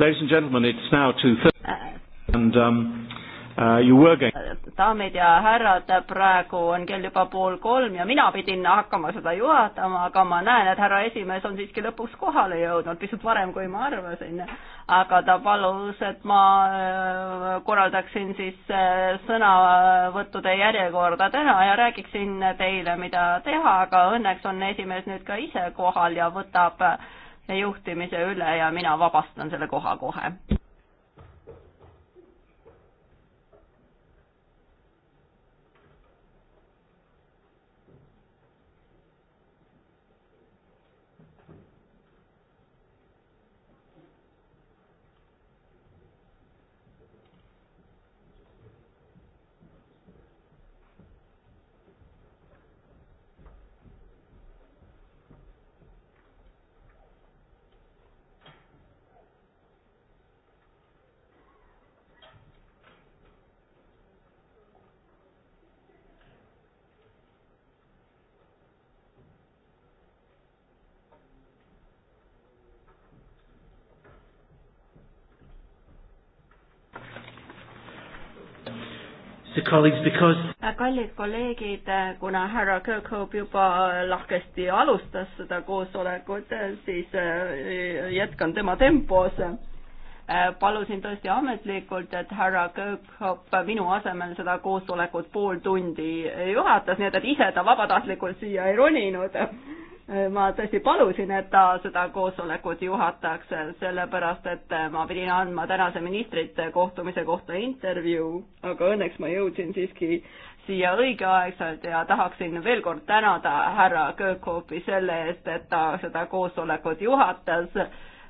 Ladies and gentlemen, it's now 2.30 and um, uh, you were going daamid ja härrad, praegu on kell juba pool kolm ja mina pidin hakkama seda juhatama, aga ma näen, et härra esimees on siiski lõpuks kohale jõudnud, pisut varem, kui ma arvasin. aga ta palus, et ma äh, korraldaksin siis äh, sõnavõttude järjekorda täna ja räägiksin teile, mida teha, aga õnneks on esimees nüüd ka ise kohal ja võtab juhtimise üle ja mina vabastan selle koha kohe. Äh, kallid kolleegid, äh, kuna härra Kirkhope juba äh, lahkesti alustas seda koosolekut, siis jätkan tema tempos. palusin tõesti ametlikult, et härra Kirkhope minu asemel seda koosolekut pool tundi juhatas, nii et, et ise ta vabatahtlikult siia ei roninud ma tõesti palusin, et ta seda koosolekut juhataks, sellepärast et ma pidin andma tänase ministrite kohtumise kohta intervjuu, aga õnneks ma jõudsin siiski siia õigeaegselt ja tahaksin veel kord tänada härra Köökhoopi selle eest, et ta seda koosolekut juhatas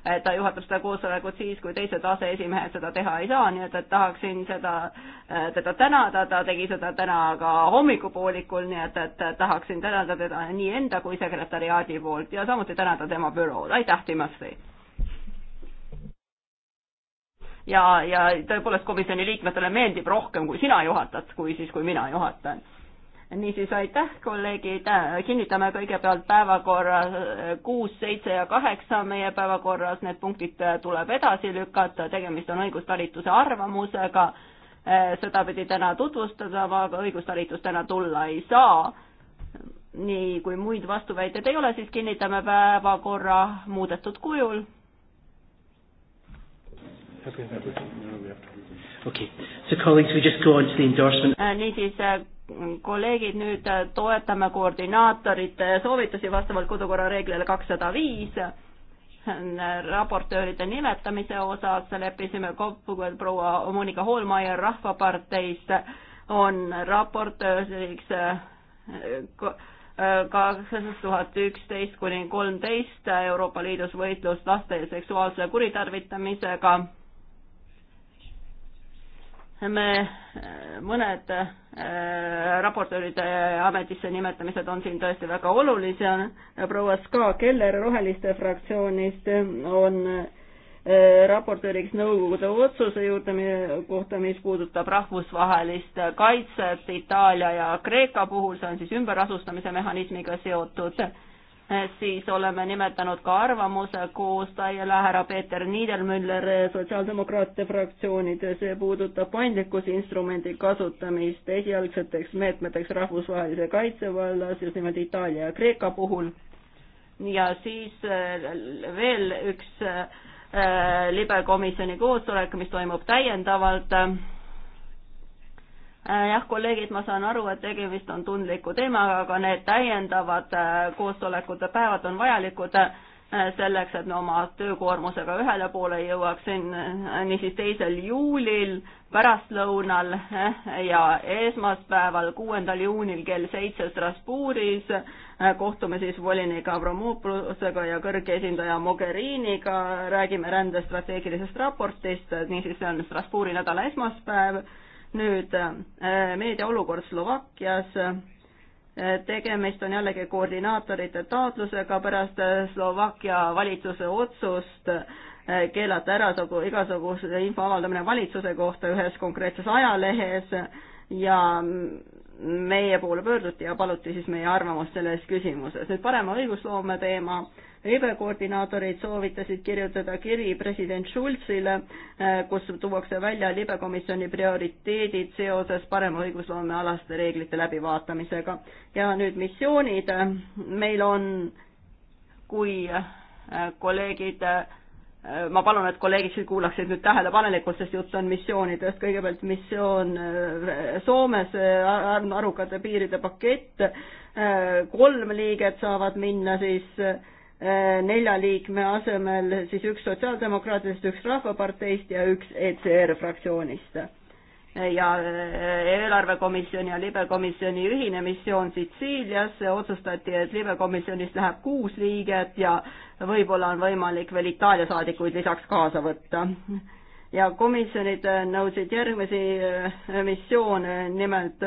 Eh, ta juhatab seda koosolekut siis, kui teised aseesimehed seda teha ei saa, nii et, et tahaksin seda, eh, teda tänada, ta tegi seda täna ka hommikupoolikul, nii et, et tahaksin tänada teda nii enda kui sekretäriaadi poolt ja samuti tänada tema bürood, aitäh, Timothy! ja, ja tõepoolest komisjoni liikmetele meeldib rohkem, kui sina juhatad, kui siis, kui mina juhatan niisiis aitäh, kolleegid, kinnitame kõigepealt päevakorra eh, kuus, seitse ja kaheksa meie päevakorras, need punktid eh, tuleb edasi lükata, tegemist on õigustalituse arvamusega, eh, seda pidi täna tutvustada, aga õigustalitus täna tulla ei saa. nii, kui muid vastuväiteid ei ole, siis kinnitame päevakorra muudetud kujul. okei okay., so colleagues, we just go on to the endorsement. niisiis kolleegid, nüüd äh, toetame koordinaatorite soovitusi vastavalt kodukorra reeglile kakssada viis raportööride nimetamise osas leppisime kokku, et proua Monika Hoolmaier Rahvaparteist on raportööriks äh, kaheksasada tuhat üksteist kuni kolmteist Euroopa Liidus võitlus laste seksuaalse kuritarvitamisega me äh, mõned äh, raportööride äh, ametisse nimetamised on siin tõesti väga olulised. proua Ska Keller Roheliste fraktsioonist on äh, raportööriks nõukogude otsuse juurde, kohta, mis puudutab rahvusvahelist kaitset Itaalia ja Kreeka puhul, see on siis ümberasustamise mehhanismiga seotud äh, siis oleme nimetanud ka arvamuse koostajale härra Peeter Niedermüller Sotsiaaldemokraatide fraktsioonide, see puudutab paindlikkusinstrumendi kasutamist esialgseteks meetmeteks rahvusvahelise kaitse vallas just nimelt Itaalia ja Kreeka puhul. ja siis äh, veel üks äh, libekomisjoni koosolek, mis toimub täiendavalt Äh, jah, kolleegid, ma saan aru, et tegemist on tundliku teemaga, aga need täiendavad äh, koosolekute päevad on vajalikud äh, selleks, et me oma töökoormusega ühele poole jõuaksin, niisiis teisel juulil pärastlõunal ja esmaspäeval, kuuendal juunil kell seitse Strasbourgis kohtume siis volinik Avramopoulosega ja kõrge esindaja Mogheriniga, räägime rändestrateegilisest raportist, niisiis see on Strasbourgi nädala esmaspäev nüüd äh, meedia olukord Slovakkias, äh, tegemist on jällegi koordinaatorite taotlusega pärast äh, Slovakkia valitsuse otsust keelata ära igasuguse info avaldamine valitsuse kohta ühes konkreetses ajalehes ja meie poole pöörduti ja paluti siis meie arvamust selles küsimuses. nüüd parema õigusloome teema libekoordinaatorid soovitasid kirjutada kiri president Schulzile, äh, kus tuuakse välja libekomisjoni prioriteedid seoses parema õigusloome alaste reeglite läbivaatamisega. ja nüüd missioonid, meil on, kui äh, kolleegid äh, ma palun, et kolleegid kuulaksid nüüd tähelepanelikult, sest jutt on missioonidest, kõigepealt missioon Soomes, arukate piiride pakett, kolm liiget saavad minna siis Äh, nelja liikme asemel siis üks sotsiaaldemokraatidest, üks Rahvaparteist ja üks ECR fraktsioonist. ja äh, eelarvekomisjoni ja libekomisjoni ühine missioon Sitsiilias, otsustati, et libekomisjonist läheb kuus liiget ja võib-olla on võimalik veel Itaalia saadikuid lisaks kaasa võtta ja komisjonid nõudsid järgmisi äh, missioone, nimelt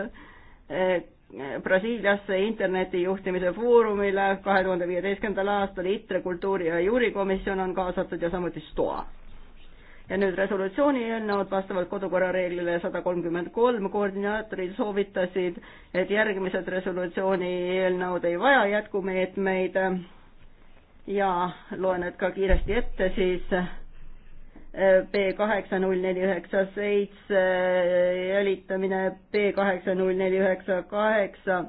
Brasiiliasse interneti juhtimise foorumile kahe tuhande viieteistkümnendal aastal, ITRE kultuuri- ja juurikomisjon on kaasatud ja samuti STOA. ja nüüd resolutsiooni eelnõud vastavalt kodukorra reeglile sada kolmkümmend kolm koordinaatorid soovitasid, et järgmised resolutsiooni eelnõud ei vaja jätkumeetmeid ja loen need ka kiiresti ette siis B kaheksa null neli üheksa seitse, jälitamine B kaheksa null neli üheksa kaheksa,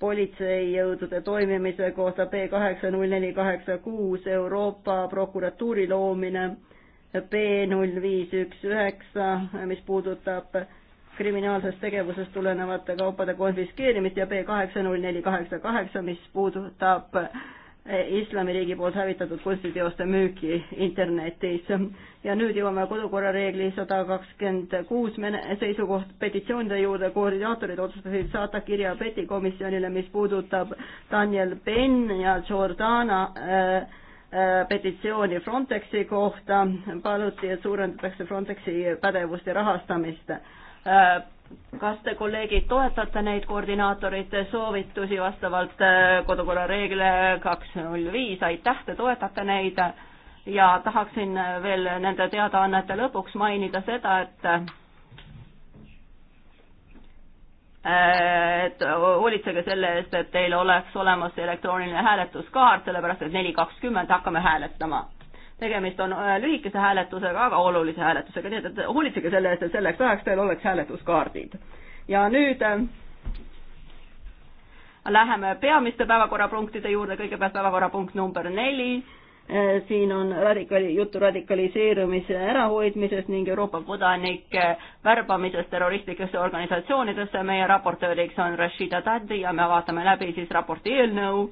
politseijõudude toimimise kohta B kaheksa null neli kaheksa kuus, Euroopa prokuratuuri loomine B null viis üks üheksa, mis puudutab kriminaalsest tegevusest tulenevate kaupade konfiskeerimist ja B kaheksa null neli kaheksa kaheksa, mis puudutab äh, islamiriigi poolt hävitatud kunstiteoste müüki internetis. ja nüüd jõuame kodukorrareegli sada kakskümmend kuus seisukoht petitsioonide juurde, koordinaatorid otsustasid saata kirja petikomisjonile, mis puudutab Daniel Ben ja Jordana äh, äh, petitsiooni Frontexi kohta, paluti, et suurendatakse Frontexi pädevust ja rahastamist äh, kas te, kolleegid, toetate neid koordinaatorite soovitusi vastavalt äh, kodukorra reeglile kaks null viis, aitäh, te toetate neid ja tahaksin veel nende teadaannete lõpuks mainida seda, et äh, et hoolitsege selle eest, et teil oleks olemas elektrooniline hääletuskaart, sellepärast et neli kakskümmend hakkame hääletama tegemist on äh, lühikese hääletusega, aga olulise hääletusega, nii et, et hoolitsege selle eest, et selleks ajaks teil oleks hääletuskaardid. ja nüüd äh, läheme peamiste päevakorrapunktide juurde, kõigepealt päevakorrapunkt number neli, äh, siin on radikali-, juttu radikaliseerumise ärahoidmisest ning Euroopa kodanike värbamisest terroristlikesse organisatsioonidesse, meie raportööriks on Rashida Tadli ja me vaatame läbi siis raporti eelnõu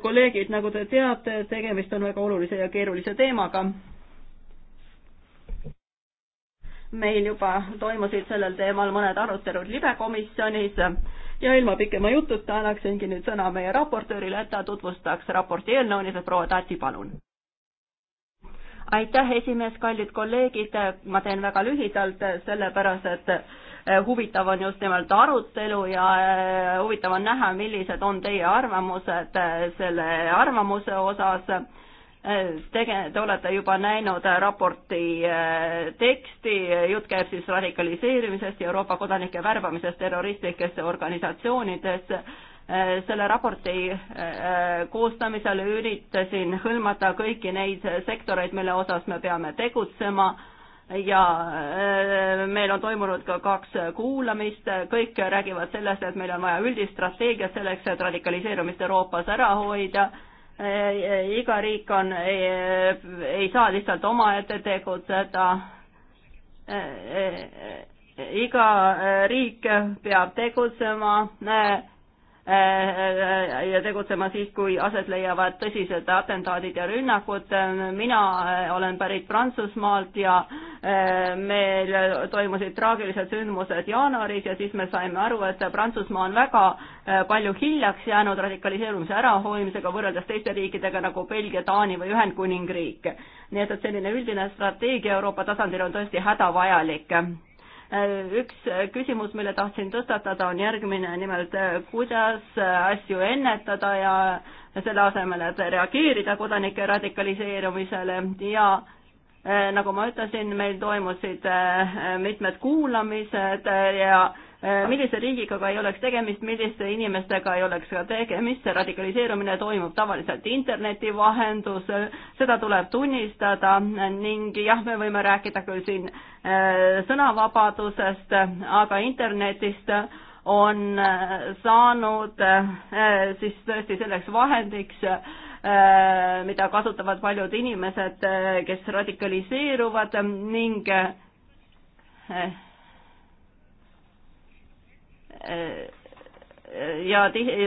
kolleegid, nagu te teate, tegemist on väga olulise ja keerulise teemaga. meil juba toimusid sellel teemal mõned arutelud libekomisjonis ja ilma pikema jututa annaksingi nüüd sõna meie raportöörile, et ta tutvustaks raporti eelnõu, nii et proua Tati, palun. aitäh, esimees, kallid kolleegid, ma teen väga lühidalt, sellepärast et Eh, huvitav on just nimelt arutelu ja eh, huvitav on näha, millised on teie arvamused eh, selle arvamuse osas. Tege-, te olete juba näinud raporti teksti, jutt käib siis radikaliseerimisest ja Euroopa kodanike värbamisest terroristlikesse organisatsioonidesse selle raporti koostamisel üritasin hõlmata kõiki neid sektoreid, mille osas me peame tegutsema ja äh, meil on toimunud ka kaks kuulamist, kõik räägivad sellest, et meil on vaja üldist strateegiat selleks, et radikaliseerumist Euroopas ära hoida. Äh, iga riik on, äh, ei saa lihtsalt omaette tegutseda. iga riik peab tegutsema Äh, ja tegutsema siis, kui aset leiavad tõsised atentaadid ja rünnakud. mina äh, olen pärit Prantsusmaalt ja äh, meil toimusid traagilised sündmused jaanuaris ja siis me saime aru, et Prantsusmaa on väga palju hiljaks jäänud radikaliseerumise ärahoidmisega võrreldes teiste riikidega nagu Belgia, Taani või Ühendkuningriik. nii et, et selline üldine strateegia Euroopa tasandil on tõesti hädavajalik Äh, üks äh, küsimus, mille tahtsin tõstatada, on järgmine, nimelt äh, kuidas asju ennetada ja selle asemel, et reageerida kodanike radikaliseerumisele ja nagu ma ütlesin, meil toimusid mitmed kuulamised ja Äh, millise riigiga ka ei oleks tegemist, milliste inimestega ei oleks ka tegemist, see radikaliseerumine toimub tavaliselt interneti vahendusel, seda tuleb tunnistada ning jah, me võime rääkida küll siin äh, sõnavabadusest, aga internetist on äh, saanud siis tõesti selleks vahendiks, mida kasutavad paljud inimesed, kes radikaliseeruvad ning ja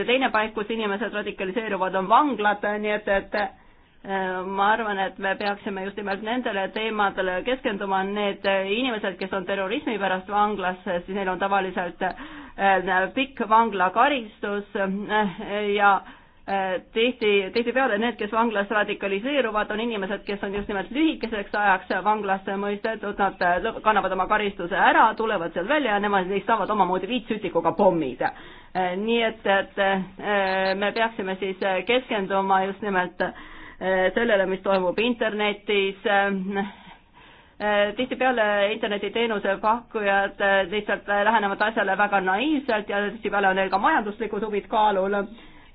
teine paik, kus inimesed radikaliseeruvad, on vanglad, nii et, et äh, ma arvan, et me peaksime just nimelt nendele teemadele keskenduma, need inimesed, kes on terrorismi pärast vanglas, siis neil on tavaliselt äh, pikk vanglakaristus äh, ja äh, Äh, tihti, tihtipeale need, kes vanglas radikaliseeruvad, on inimesed, kes on just nimelt lühikeseks ajaks vanglasse mõistetud, nad äh, kannavad oma karistuse ära, tulevad sealt välja ja nemad siis saavad omamoodi viitsütikuga pommid. Äh, nii et, et me peaksime siis keskenduma just nimelt sellele, mis toimub internetis, tihtipeale internetiteenuse pakkujad lihtsalt lähenevad asjale väga naiivselt ja tihtipeale on neil ka majanduslikud huvid kaalul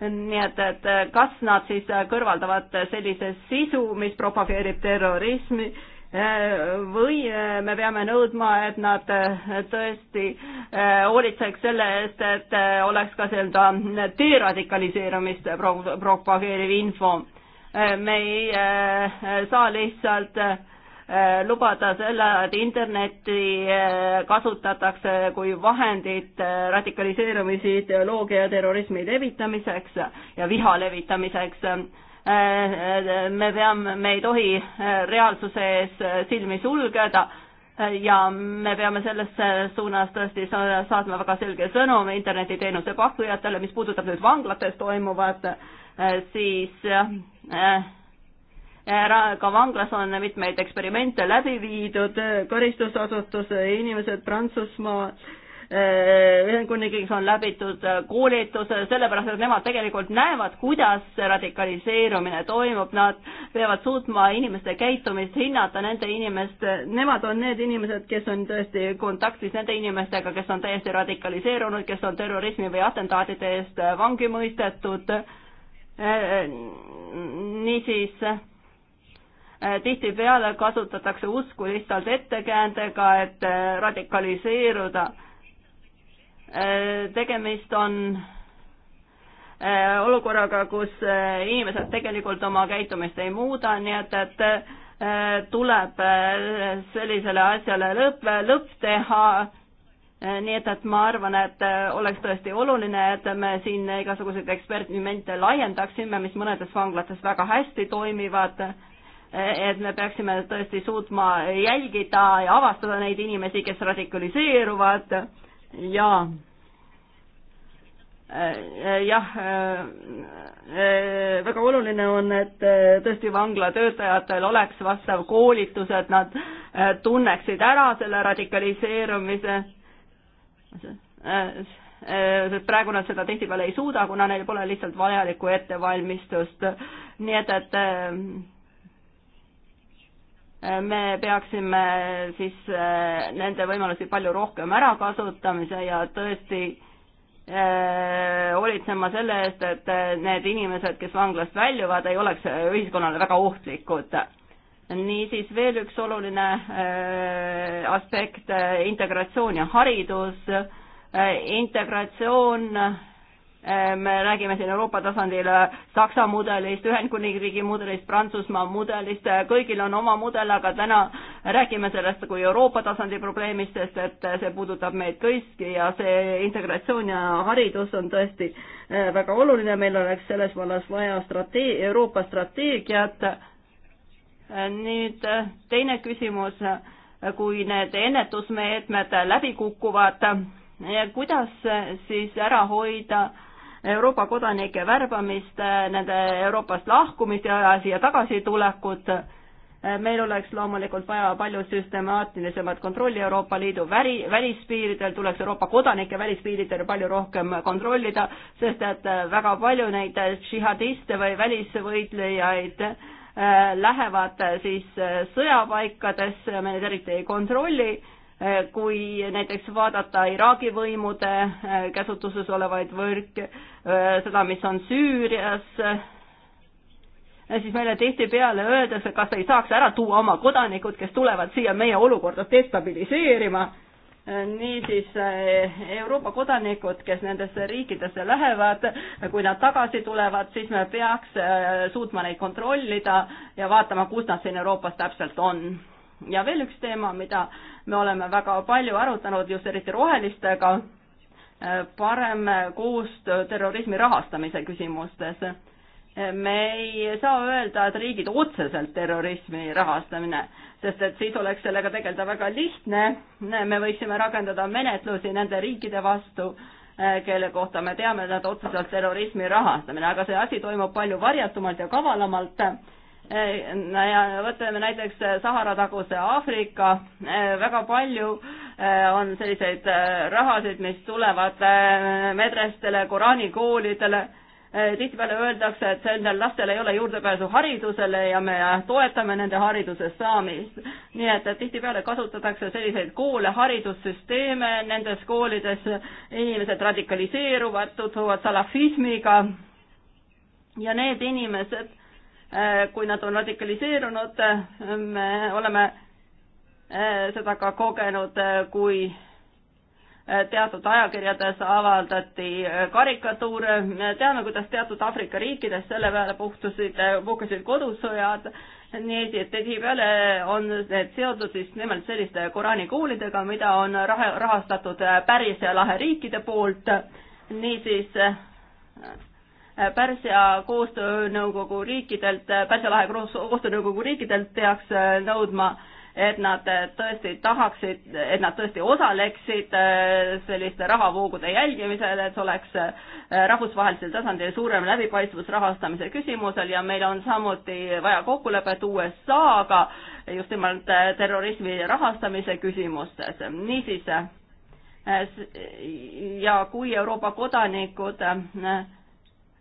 nii et, et äh, kas nad siis äh, kõrvaldavad sellise sisu, mis propageerib terrorismi äh, või me peame nõudma, et nad tõesti hoolitseks selle eest, et oleks ka nii-öelda deradikaliseerumist propageeriv info. me ei saa lihtsalt Äh, lubada selle, et internetti äh, kasutatakse kui vahendit äh, radikaliseerumise ideoloogia ja terrorismi levitamiseks ja viha levitamiseks. me peame, me ei tohi reaalsuse ees silmi sulgeda ja me peame selles suunas tõesti saatma väga selge sõnum internetiteenuse pakkujatele, mis puudutab nüüd vanglates toimuvat, siis äh, Äh, ka vanglas on mitmeid eksperimente läbi viidud, äh, karistusasutuse äh, inimesed Prantsusmaa, Ühendkuningriigis on läbitud koolituse, sellepärast et nemad tegelikult näevad, kuidas radikaliseerumine toimub, nad peavad suutma inimeste käitumist hinnata, nende inimeste, nemad on need inimesed, kes on tõesti kontaktis nende inimestega, kes on täiesti radikaliseerunud, kes on terrorismi või atentaatide eest vangi mõistetud, niisiis Äh, tihtipeale kasutatakse usku lihtsalt ettekäändega, et äh, radikaliseeruda. Äh, tegemist on olukorraga, kus inimesed tegelikult oma käitumist ei muuda, nii et, et tuleb sellisele asjale lõpp, lõpp teha nii et, et ma arvan, et oleks tõesti oluline, et me siin igasuguseid eksperimente laiendaksime, mis mõnedes vanglates väga hästi toimivad et me peaksime tõesti suutma jälgida ja avastada neid inimesi, kes radikaliseeruvad ja äh, jah, äh, väga oluline on, et äh, tõesti vanglatöötajatel oleks vastav koolitus, et nad tunneksid ära selle radikaliseerumise, sest praegu nad seda tihtipeale ei suuda, kuna neil pole lihtsalt vajalikku ettevalmistust, nii et, et me peaksime siis eh, nende võimalusi palju rohkem ära kasutamise ja tõesti eh, hoolitsema selle eest, et eh, need inimesed, kes vanglast väljuvad, ei oleks ühiskonnale väga ohtlikud. niisiis veel üks oluline aspekt, integratsioon ja haridus. integratsioon Ehm, me räägime siin Euroopa tasandil äh, Saksa mudelist, Ühendkuningriigi mudelist, Prantsusmaa mudelist, äh, kõigil on oma mudel, aga täna räägime sellest kui Euroopa tasandi probleemist, sest et äh, see puudutab meid kõiki ja see integratsioon ja haridus on tõesti väga oluline, meil oleks selles vallas vaja strate-, Euroopa strateegiat. nüüd teine küsimus, kui need ennetusmeetmed läbi kukuvad, kuidas siis ära hoida äh, Euroopa kodanike värbamist, nende Euroopast lahkumist ja siia tagasitulekut. meil oleks loomulikult vaja palju süstemaatilisemat kontrolli Euroopa Liidu väri, välispiiridel, tuleks Euroopa kodanike välispiiridel palju rohkem kontrollida, sest et väga palju neid džihadiste või välisvõitlejaid äh, lähevad siis äh, sõjapaikadesse, me neid eriti ei kontrolli kui näiteks vaadata Iraagi võimude äh, käsutuses olevaid võrke, äh, seda, mis on Süürias, äh, siis meile tihtipeale öeldakse, kas ei saaks ära tuua oma kodanikud, kes tulevad siia meie olukorda destabiliseerima niisiis Euroopa kodanikud, kes nendesse riikidesse lähevad, kui nad tagasi tulevad, siis me peaks suutma neid kontrollida ja vaatama, kus nad siin Euroopas täpselt on ja veel üks teema, mida me oleme väga palju arutanud just eriti rohelistega, parem koostöö terrorismi rahastamise küsimustes. me ei saa öelda, et riigid otseselt terrorismi rahastamine, sest et siis oleks sellega tegeleda väga lihtne, me võiksime rakendada menetlusi nende riikide vastu, kelle kohta me teame, et nad otseselt terrorismi rahastamine, aga see asi toimub palju varjatumalt ja kavalamalt võtame näiteks äh, Sahara-taguse Aafrika, äh, väga palju äh, on selliseid rahasid, mis tulevad medrestele, koraanikoolidele, tihtipeale öeldakse, et nendel lastel ei ole juurdepääsu haridusele ja me toetame nende hariduse saamist. nii et, et tihtipeale kasutatakse selliseid koole, haridussüsteeme nendes koolides, inimesed radikaliseeruvad, tutvuvad salafismiga ja need inimesed Äh, kui nad on radikaliseerunud, äh, me oleme äh, seda ka kogenud, kui teatud ajakirjades avaldati karikatuure, me teame, kuidas teatud Aafrika riikides selle peale puhtusid, puhkesid kodusõjad, niiviisi, et tihtipeale on need seotud siis nimelt selliste Korani koolidega, mida on raha, rahastatud Pärsia lahe riikide poolt, niisiis Äh, Pärsia koostöönõukogu riikidelt, äh, Pärsia lahe koostöönõukogu riikidelt peaks äh, nõudma, et nad tõesti tahaksid, et nad tõesti osaleksid selliste rahavoogude jälgimisel, et oleks rahvusvahelisel tasandil suurem läbipaistvus rahastamise küsimusel ja meil on samuti vaja kokkulepet USA-ga just nimelt terrorismi rahastamise küsimustes. niisiis, ja kui Euroopa kodanikud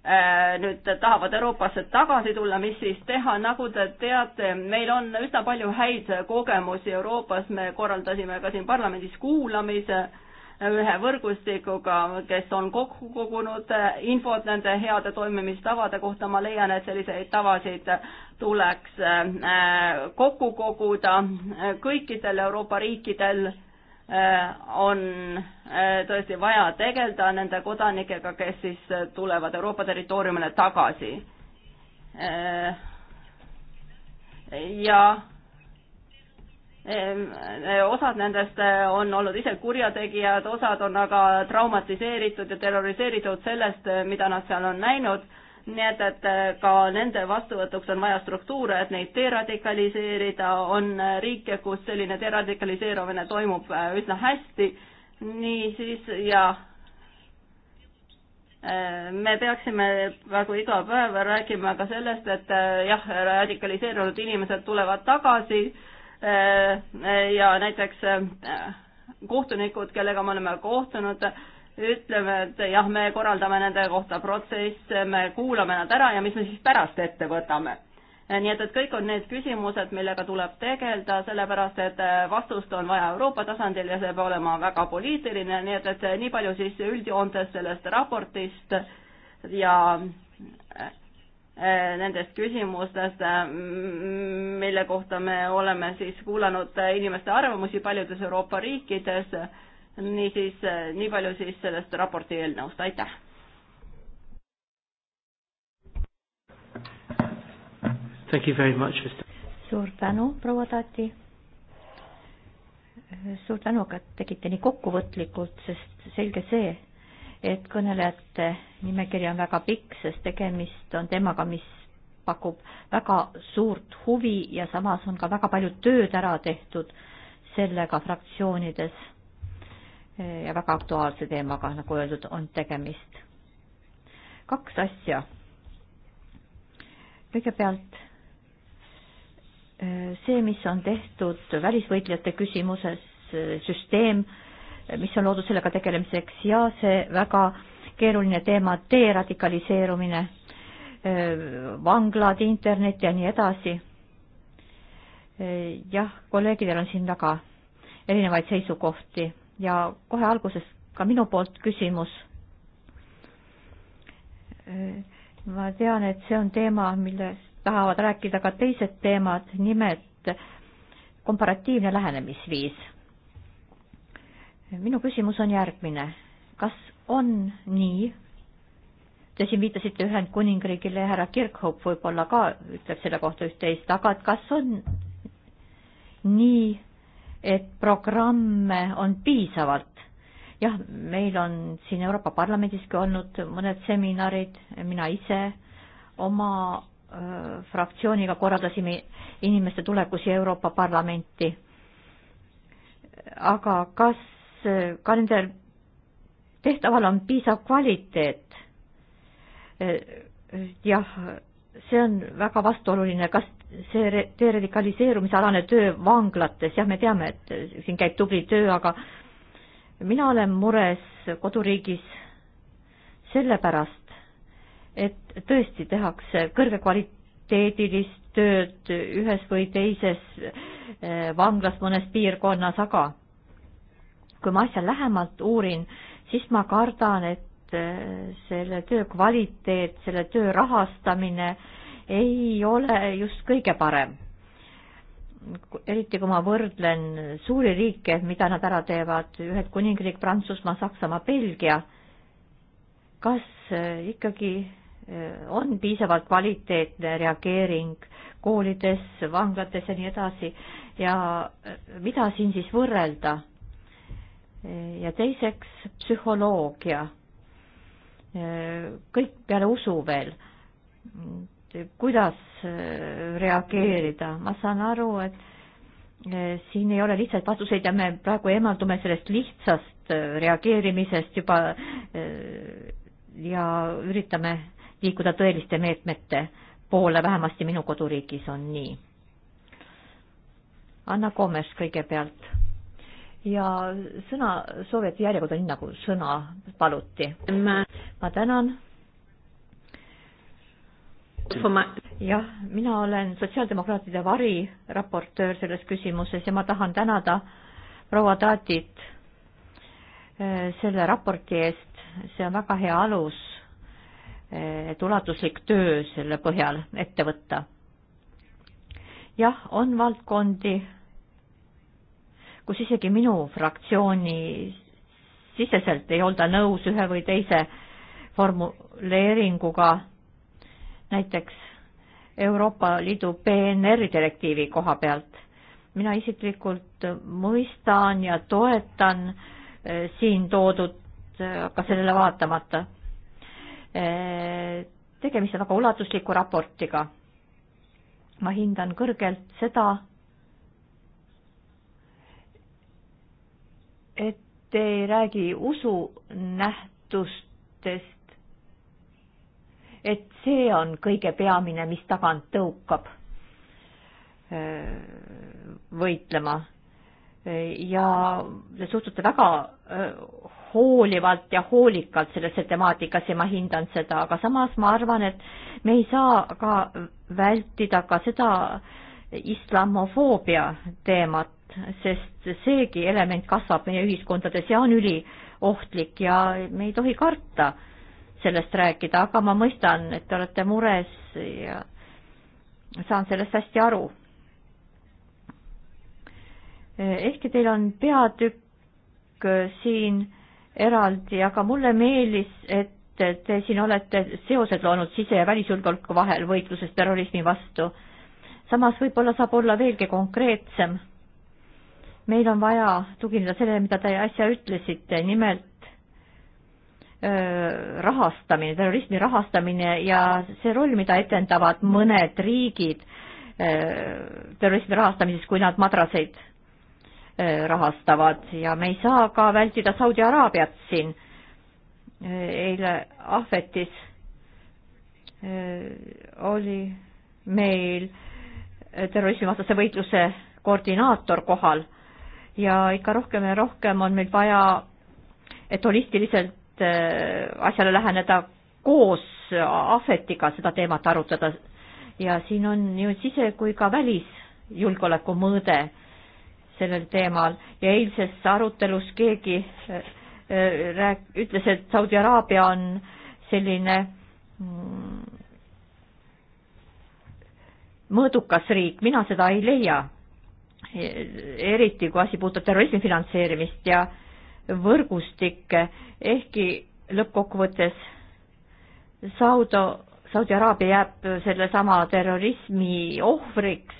Äh, nüüd tahavad Euroopasse tagasi tulla, mis siis teha, nagu te teate, meil on üsna palju häid kogemusi Euroopas, me korraldasime ka siin parlamendis kuulamise ühe võrgustikuga, kes on kokku kogunud infot nende heade toimimistavade kohta, ma leian, et selliseid tavasid tuleks äh, kokku koguda kõikidel Euroopa riikidel Äh, on äh, tõesti vaja tegeleda nende kodanikega, kes siis äh, tulevad Euroopa territooriumile tagasi. ja osad nendest on olnud ise kurjategijad, osad on aga traumatiseeritud ja terroriseeritud sellest, mida nad seal on näinud nii et, et äh, ka nende vastuvõtuks on vaja struktuure, et neid deradikaliseerida, on riike, kus selline deradikaliseerumine toimub äh, üsna hästi, niisiis ja äh, me peaksime praegu iga päev rääkima ka sellest, et jah, radikaliseerunud inimesed tulevad tagasi ja näiteks kohtunikud, kellega me oleme kohtunud, ütleme, et jah, me korraldame nende kohta protsesse, me kuulame nad ära ja mis me siis pärast ette võtame nii et, et kõik on need küsimused, millega tuleb tegeleda, sellepärast et äh, vastust on vaja Euroopa tasandil ja see peab olema väga poliitiline, nii et, et nii palju siis üldjoontes sellest raportist ja äh, nendest küsimustest, äh, mille kohta me oleme siis kuulanud inimeste arvamusi paljudes Euroopa riikides niisiis, eh, nii palju siis sellest raporti eelnõust, aitäh. suur tänu, proua Tati. suur tänu, et tegite nii kokkuvõtlikult, sest selge see, et kõnelejate nimekiri on väga pikk, sest tegemist on teemaga, mis pakub väga suurt huvi ja samas on ka väga palju tööd ära tehtud sellega fraktsioonides ja väga aktuaalse teemaga, nagu öeldud, on tegemist. kaks asja. kõigepealt eh, see, mis on tehtud välisvõitlejate küsimuses, eh, süsteem, eh, mis on loodud sellega tegelemiseks ja see väga keeruline teema, deradikaliseerumine, vanglad, internet ja nii edasi. jah, kolleegidel on siin väga erinevaid seisukohti ja kohe alguses ka minu poolt küsimus. ma tean, et see on teema, millest tahavad rääkida ka teised teemad, nimelt komparatiivne lähenemisviis. minu küsimus on järgmine. kas on nii, te siin viitasite Ühendkuningriigile ja härra Kirkhope võib-olla ka ütleb selle kohta üht-teist, aga et kas on nii, et programme on piisavalt. jah, meil on siin Euroopa Parlamendiski olnud mõned seminarid, mina ise oma äh, fraktsiooniga korraldasime inimeste tulekusi Euroopa Parlamenti. aga kas äh, ka nendel tehtaval on piisav kvaliteet äh,? jah, see on väga vastuoluline, kas see deradikaliseerumise alane töö vanglates, jah, me teame, et siin käib tubli töö, aga mina olen mures koduriigis sellepärast, et tõesti tehakse kõrgekvaliteedilist tööd ühes või teises eh, vanglas mõnes piirkonnas, aga kui ma asja lähemalt uurin, siis ma kardan, et eh, selle töö kvaliteet, selle töö rahastamine äh, ei ole just kõige parem. eriti kui ma võrdlen suuri riike, mida nad ära teevad, Ühendkuningriik, Prantsusmaa, Saksamaa, Belgia, kas eh, ikkagi eh, on piisavalt kvaliteetne reageering koolides, vanglates ja nii edasi ja eh, mida siin siis võrrelda? ja teiseks psühholoogia, kõik peale usu veel et kuidas äh, reageerida, ma saan aru, et äh, siin ei ole lihtsaid vastuseid ja me praegu eemaldume sellest lihtsast äh, reageerimisest juba ja üritame liikuda tõeliste meetmete poole, vähemasti minu koduriigis on nii. Anna Komes kõigepealt ja sõna soovijate järjekord on nii, nagu sõna paluti. ma tänan jah, mina olen sotsiaaldemokraatide variraportöör selles küsimuses ja ma tahan tänada proua Taatit eh, selle raporti eest, see on väga hea alus, eh, et ulatuslik töö selle põhjal ette võtta. jah, on valdkondi, kus isegi minu fraktsiooni siseselt ei olda nõus ühe või teise formuleeringuga näiteks Euroopa Liidu PNR-i direktiivi koha pealt. mina isiklikult mõistan ja toetan eh, siin toodud, ka eh, sellele vaatamata. Eh, tegemist on väga ulatusliku raportiga. ma hindan kõrgelt seda, et ei räägi usunähtustest, et see on kõige peamine, mis tagant tõukab võitlema. ja te suhtute väga hoolivalt ja hoolikalt sellesse temaatikasse, ma hindan seda, aga samas ma arvan, et me ei saa ka vältida ka seda islamofoobia teemat, sest seegi element kasvab meie ühiskondades ja on üliohtlik ja me ei tohi karta äh, sellest rääkida, aga ma mõistan, et te olete mures ja saan sellest hästi aru. ehkki teil on peatükk siin eraldi, aga mulle meeldis, et te siin olete seosed loonud sise- ja välisjulgeoleku vahel võitluses terrorismi vastu. samas võib-olla saab olla veelgi konkreetsem. meil on vaja tugineda sellele, mida te äsja ütlesite, nimelt rahastamine, terrorismi rahastamine ja see roll, mida etendavad mõned riigid terrorismi rahastamises, kui nad madraseid rahastavad ja me ei saa ka vältida Saudi Araabiat siin eile ahvetis oli meil terrorismivastase võitluse koordinaator kohal ja ikka rohkem ja rohkem on meil vaja, et holistiliselt Äh, asjale läheneda koos Ahvetiga, seda teemat arutada. ja siin on nii sise- kui ka välisjulgeoleku mõõde sellel teemal ja eilses arutelus keegi äh, äh, rääk-, ütles, et Saudi Araabia on selline mm, mõõdukas riik, mina seda ei leia. eriti kui asi puudutab terrorismi finantseerimist ja äh, võrgustikke, ehkki lõppkokkuvõttes Saudo, Saudi Araabia jääb sellesama terrorismi ohvriks,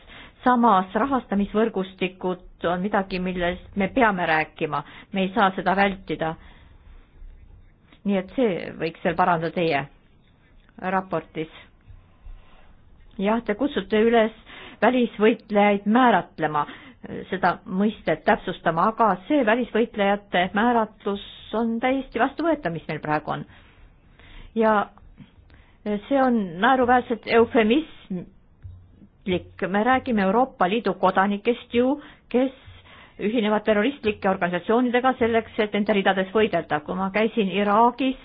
samas rahastamisvõrgustikud on midagi, millest me peame rääkima, me ei saa seda vältida. nii et see võiks veel parandada teie raportis. jah, te kutsute üles välisvõitlejaid määratlema seda mõistet täpsustama, aga see välisvõitlejate määratlus on täiesti vastuvõetav, mis meil praegu on. ja see on naeruväärselt eufemismlik, me räägime Euroopa Liidu kodanikest ju, kes ühinevad terroristlike organisatsioonidega selleks, et nende ridades võidelda. kui ma käisin Iraagis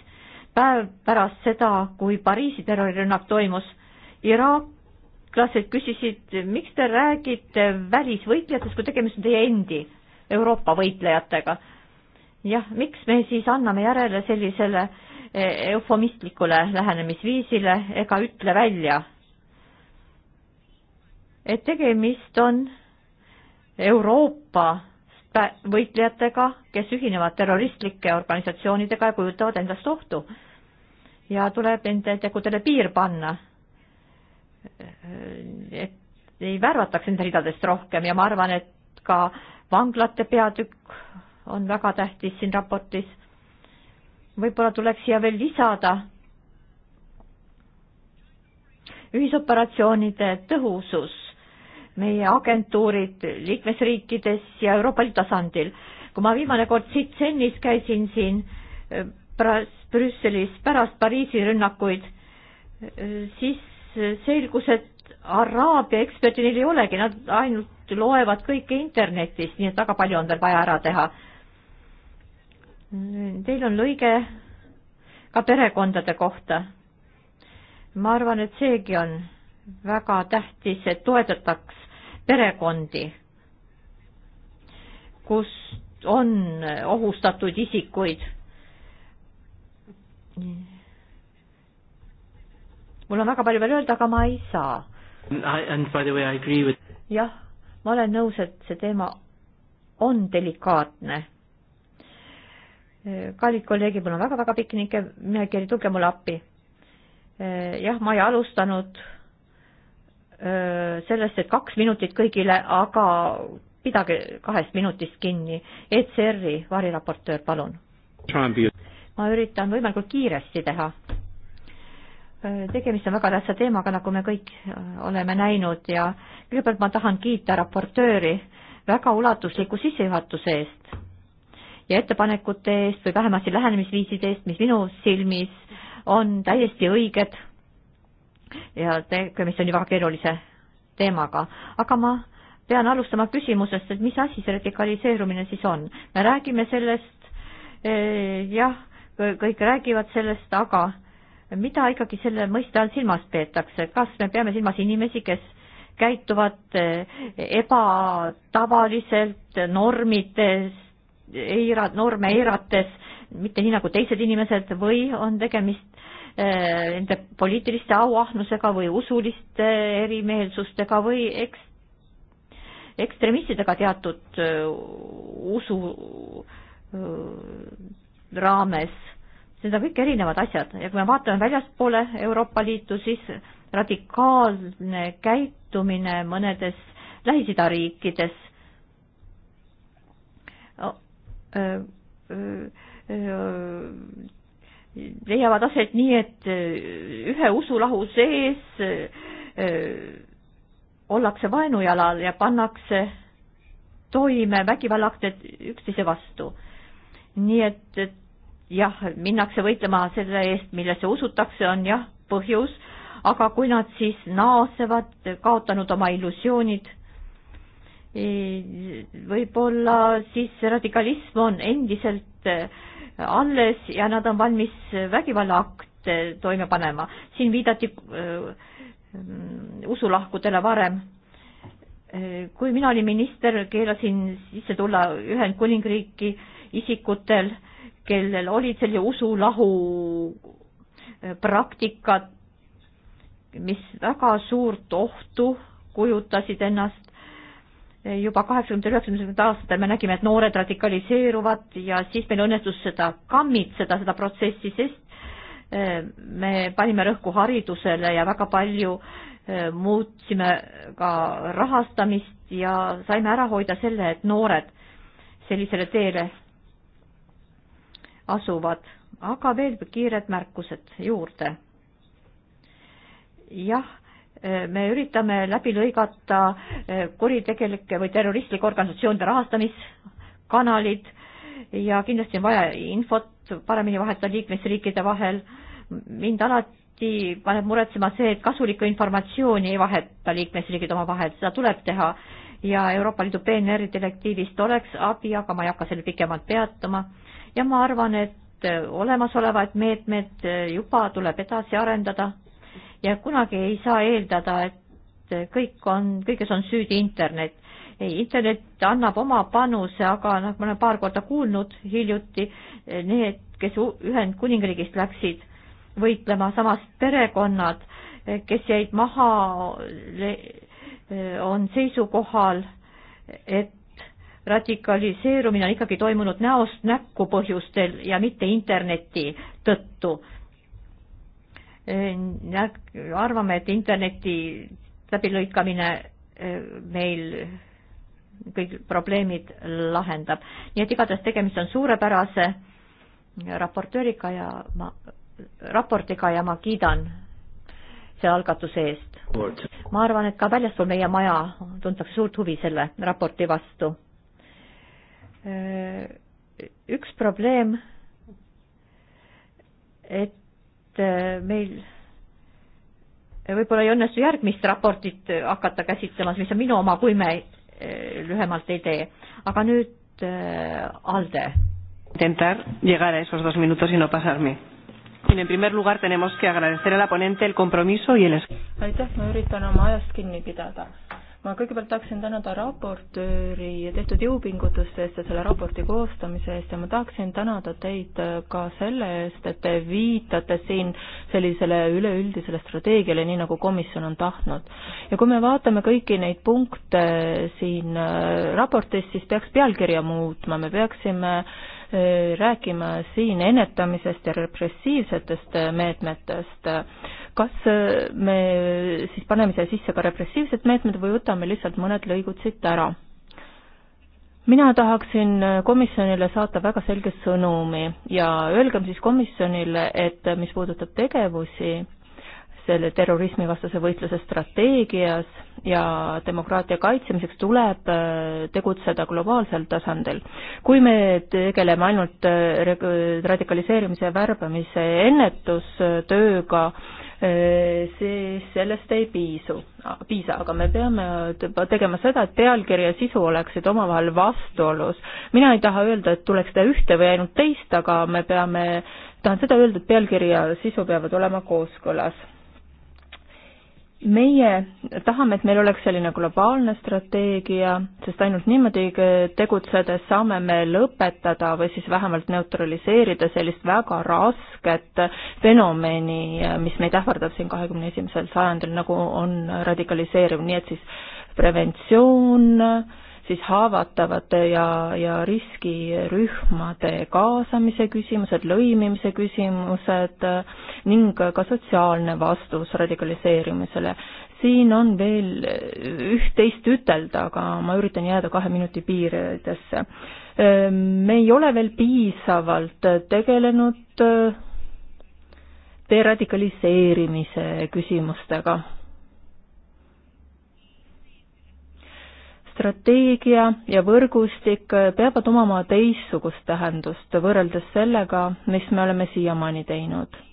päev pärast seda, kui Pariisi terrorirünnak toimus, Iraak kreeklased küsisid, miks te räägite välisvõitlejatest, kui tegemist on teie endi Euroopa võitlejatega. jah, miks me siis anname järele sellisele e, eufemistlikule lähenemisviisile ega ütle välja, et tegemist on Euroopa võitlejatega, kes ühinevad terroristlike organisatsioonidega ja kujutavad endast ohtu. ja tuleb nende tegudele piir panna et ei värvataks nende ridadest rohkem ja ma arvan, et ka vanglate peatükk on väga tähtis siin raportis. võib-olla tuleks siia veel lisada ühisoperatsioonide tõhusus, meie agentuurid liikmesriikides ja Euroopa Liidu tasandil. kui ma viimane kord Sitsennis käisin siin äh, Brüsselis pärast Pariisi rünnakuid, äh, siis selgus, et Araabia eksperti neil ei olegi, nad ainult loevad kõike internetis, nii et väga palju on veel vaja ära teha. Teil on lõige ka perekondade kohta. ma arvan, et seegi on väga tähtis, et toetataks perekondi, kus on ohustatud isikuid mul on väga palju veel öelda, aga ma ei saa. jah, ma olen nõus, et see teema on delikaatne. Äh, kallid kolleegid, mul on väga-väga pikk nimekiri, tulge mulle appi. Äh, jah, ma ei alustanud äh, sellest, et kaks minutit kõigile, aga pidage kahest minutist kinni. ECR-i variraportöör, palun. ma üritan võimalikult kiiresti teha Äh, tegemist on väga tähtsa teemaga, nagu me kõik äh, oleme näinud ja kõigepealt ma tahan kiita raportööri väga ulatusliku sissejuhatuse eest ja ettepanekute eest või vähemasti lähenemisviiside eest, mis minu silmis on täiesti õiged ja tegemist on ju väga keerulise teemaga, aga ma pean alustama küsimusest, et mis asi see radikaliseerumine siis on. me räägime sellest, eh, jah, kõik räägivad sellest, aga mida ikkagi selle mõiste all silmas peetakse, kas me peame silmas inimesi, kes käituvad eh, ebatavaliselt, normides, eira-, norme eirates, mitte nii nagu teised inimesed või on tegemist eh, nende poliitiliste auahnusega või usuliste erimeelsustega või eks-, ekstremistidega teatud eh, usu raames Need on kõik erinevad asjad ja kui me vaatame väljaspoole Euroopa Liitu, siis radikaalne käitumine mõnedes Lähis-Ida riikides leiavad aset nii, et ühe usulahu sees ollakse vaenujalal ja pannakse toime vägivallaakte üksteise vastu. nii et, et jah, minnakse võitlema selle eest, millesse usutakse, on jah, põhjus, aga kui nad siis naasevad, kaotanud oma illusioonid, e, võib-olla siis radikalism on endiselt e, alles ja nad on valmis vägivallaakte toime panema. siin viidati öö, e, mm, usulahkudele varem kui mina olin minister, keelasin sisse tulla Ühendkuningriiki isikutel, kellel olid selline usulahu eh, praktikad, mis väga suurt ohtu kujutasid ennast. Eh, juba kaheksakümnendal, üheksakümnendatel aastatel me nägime, et noored radikaliseeruvad ja siis meil õnnestus seda kammitseda, seda protsessi, sest eh, me panime rõhku haridusele ja väga palju muutsime ka rahastamist ja saime ära hoida selle, et noored sellisele teele asuvad, aga veel kiired märkused juurde. jah, me üritame läbi lõigata eh, kuritegelike või terroristlike organisatsioonide rahastamiskanalid ja kindlasti on vaja infot paremini vahetada liikmesriikide vahel. mind alati paneb muretsema see, et kasulikku informatsiooni ei vaheta liikmesriigid omavahel, seda tuleb teha ja Euroopa Liidu PNR-i direktiivist oleks abi, aga ma ei hakka sellel pikemalt peatuma ja ma arvan, et äh, olemasolevaid meetmed äh, juba tuleb edasi arendada ja kunagi ei saa eeldada, et äh, kõik on, kõiges on süüdi internet. ei, internet annab oma panuse, aga noh, ma olen paar korda kuulnud hiljuti, need, kes Ühendkuningriigist läksid võitlema, samas perekonnad, kes jäid maha, on seisukohal, et radikaliseerumine on ikkagi toimunud näost näkku põhjustel ja mitte interneti tõttu. arvame, et interneti läbilõikamine eh, meil kõik probleemid lahendab. nii et igatahes tegemist on suurepärase raportööriga ja ma, raportiga ja ma kiidan selle algatuse eest. ma arvan, et ka väljaspool meie maja tuntakse suurt huvi selle raporti vastu Äh, üks probleem, et äh, meil võib-olla ei õnnestu järgmist raportit äh, hakata käsitlema, mis on minu oma, kui me lühemalt ei tee. aga nüüd ALDE. Intentar llegar a esos dos minutos y no pasarme. En el primer lugar tenemos que agradecer a la ponente el compromiso y el aitäh, ma üritan oma ajast kinni pidada ma kõigepealt tahaksin tänada raportööri tehtud jõupingutuste eest ja selle raporti koostamise eest ja ma tahaksin tänada teid äh, ka selle eest, et te viitate siin sellisele üleüldisele strateegiale, nii nagu komisjon on tahtnud. ja kui me vaatame kõiki neid punkte siin äh, raportis, siis peaks pealkirja muutma, me peaksime äh, Äh, rääkima siin ennetamisest ja repressiivsetest äh, meetmetest. kas äh, me siis paneme siia sisse ka repressiivsed meetmed või võtame lihtsalt mõned lõigud siit ära? mina tahaksin komisjonile saata väga selge sõnumi ja öelgem siis komisjonile, et mis puudutab tegevusi, selle terrorismivastase võitluse strateegias ja demokraatia kaitsemiseks tuleb äh, tegutseda globaalsel tasandil. kui me tegeleme ainult äh, radikaliseerimise ja värbamise ennetustööga, äh, siis sellest ei piisu, piisa, aga me peame tegema seda, et pealkiri ja sisu oleksid omavahel vastuolus. mina ei taha öelda, et tuleks teha ühte või ainult teist, aga me peame, tahan seda öelda, et pealkiri ja sisu peavad olema kooskõlas meie tahame, et meil oleks selline globaalne strateegia, sest ainult niimoodi tegutsedes saame me lõpetada või siis vähemalt neutraliseerida sellist väga rasket fenomeni, mis meid ähvardab siin kahekümne esimesel sajandil, nagu on radikaliseeriv, nii et siis preventsioon äh,, siis haavatavate ja, ja riskirühmade kaasamise küsimused, lõimimise küsimused ning ka sotsiaalne vastus radikaliseerimisele. siin on veel üht-teist ütelda, aga ma üritan jääda kahe minuti piiridesse. me ei ole veel piisavalt tegelenud deradikaliseerimise küsimustega strateegia ja võrgustik peavad omama teistsugust tähendust võrreldes sellega, mis me oleme siiamaani teinud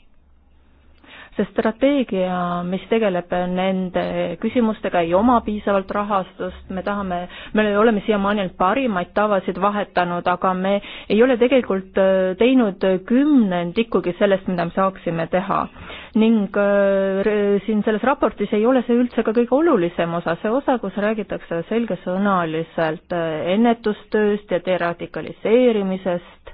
see strateegia, mis tegeleb nende küsimustega, ei oma piisavalt rahastust, me tahame, me oleme siiamaani ainult parimaid tavasid vahetanud, aga me ei ole tegelikult äh, teinud kümnendikugi sellest, mida me saaksime teha. ning äh, siin selles raportis ei ole see üldse ka kõige olulisem osa, see osa, kus räägitakse selgesõnaliselt äh, ennetustööst ja deradikaliseerimisest,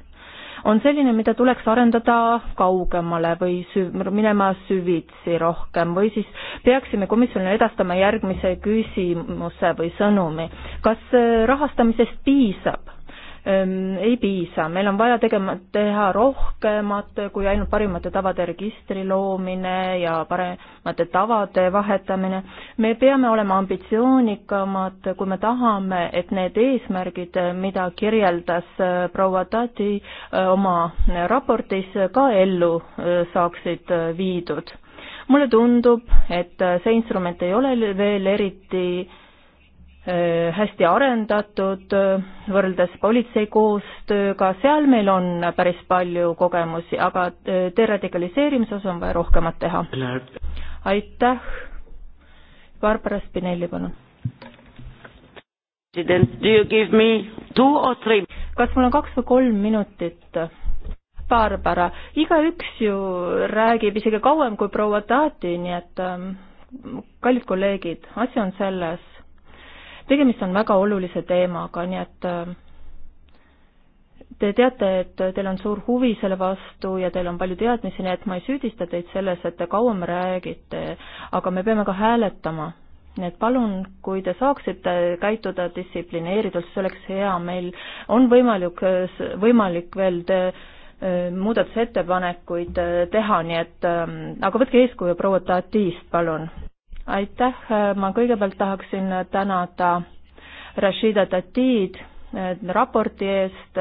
on selline, mida tuleks arendada kaugemale või süv-, minema süvitsi rohkem või siis peaksime komisjonile edastama järgmise küsimuse või sõnumi. kas eh, rahastamisest piisab? ei piisa, meil on vaja tegema, teha rohkemat kui ainult parimate tavade registri loomine ja paremate tavade vahetamine. me peame olema ambitsioonikamad, kui me tahame, et need eesmärgid, mida kirjeldas äh, proua Tati äh, oma raportis, ka ellu äh, saaksid viidud. mulle tundub, et see instrument ei ole veel eriti Äh, hästi arendatud äh, võrreldes politsei koostööga, seal meil on päris palju kogemusi, aga äh, deradikaliseerimise osas on vaja rohkemat teha. aitäh. Barbara Spinelli, palun. kas mul on kaks või kolm minutit? Barbara, igaüks ju räägib isegi kauem kui proua Taati, nii et ähm, kallid kolleegid, asi on selles, tegemist on väga olulise teemaga, nii et äh, te teate, et teil on suur huvi selle vastu ja teil on palju teadmisi, nii et ma ei süüdista teid selles, et te kauem räägite, aga me peame ka hääletama. nii et palun, kui te saaksite käituda distsiplineeritult, see oleks hea, meil on võimalik, võimalik veel te, äh, muudatusettepanekuid äh, teha, nii et ähm, aga võtke eeskuju proua Tatist, palun aitäh, ma kõigepealt tahaksin tänada Rashida Tatid äh, raporti eest,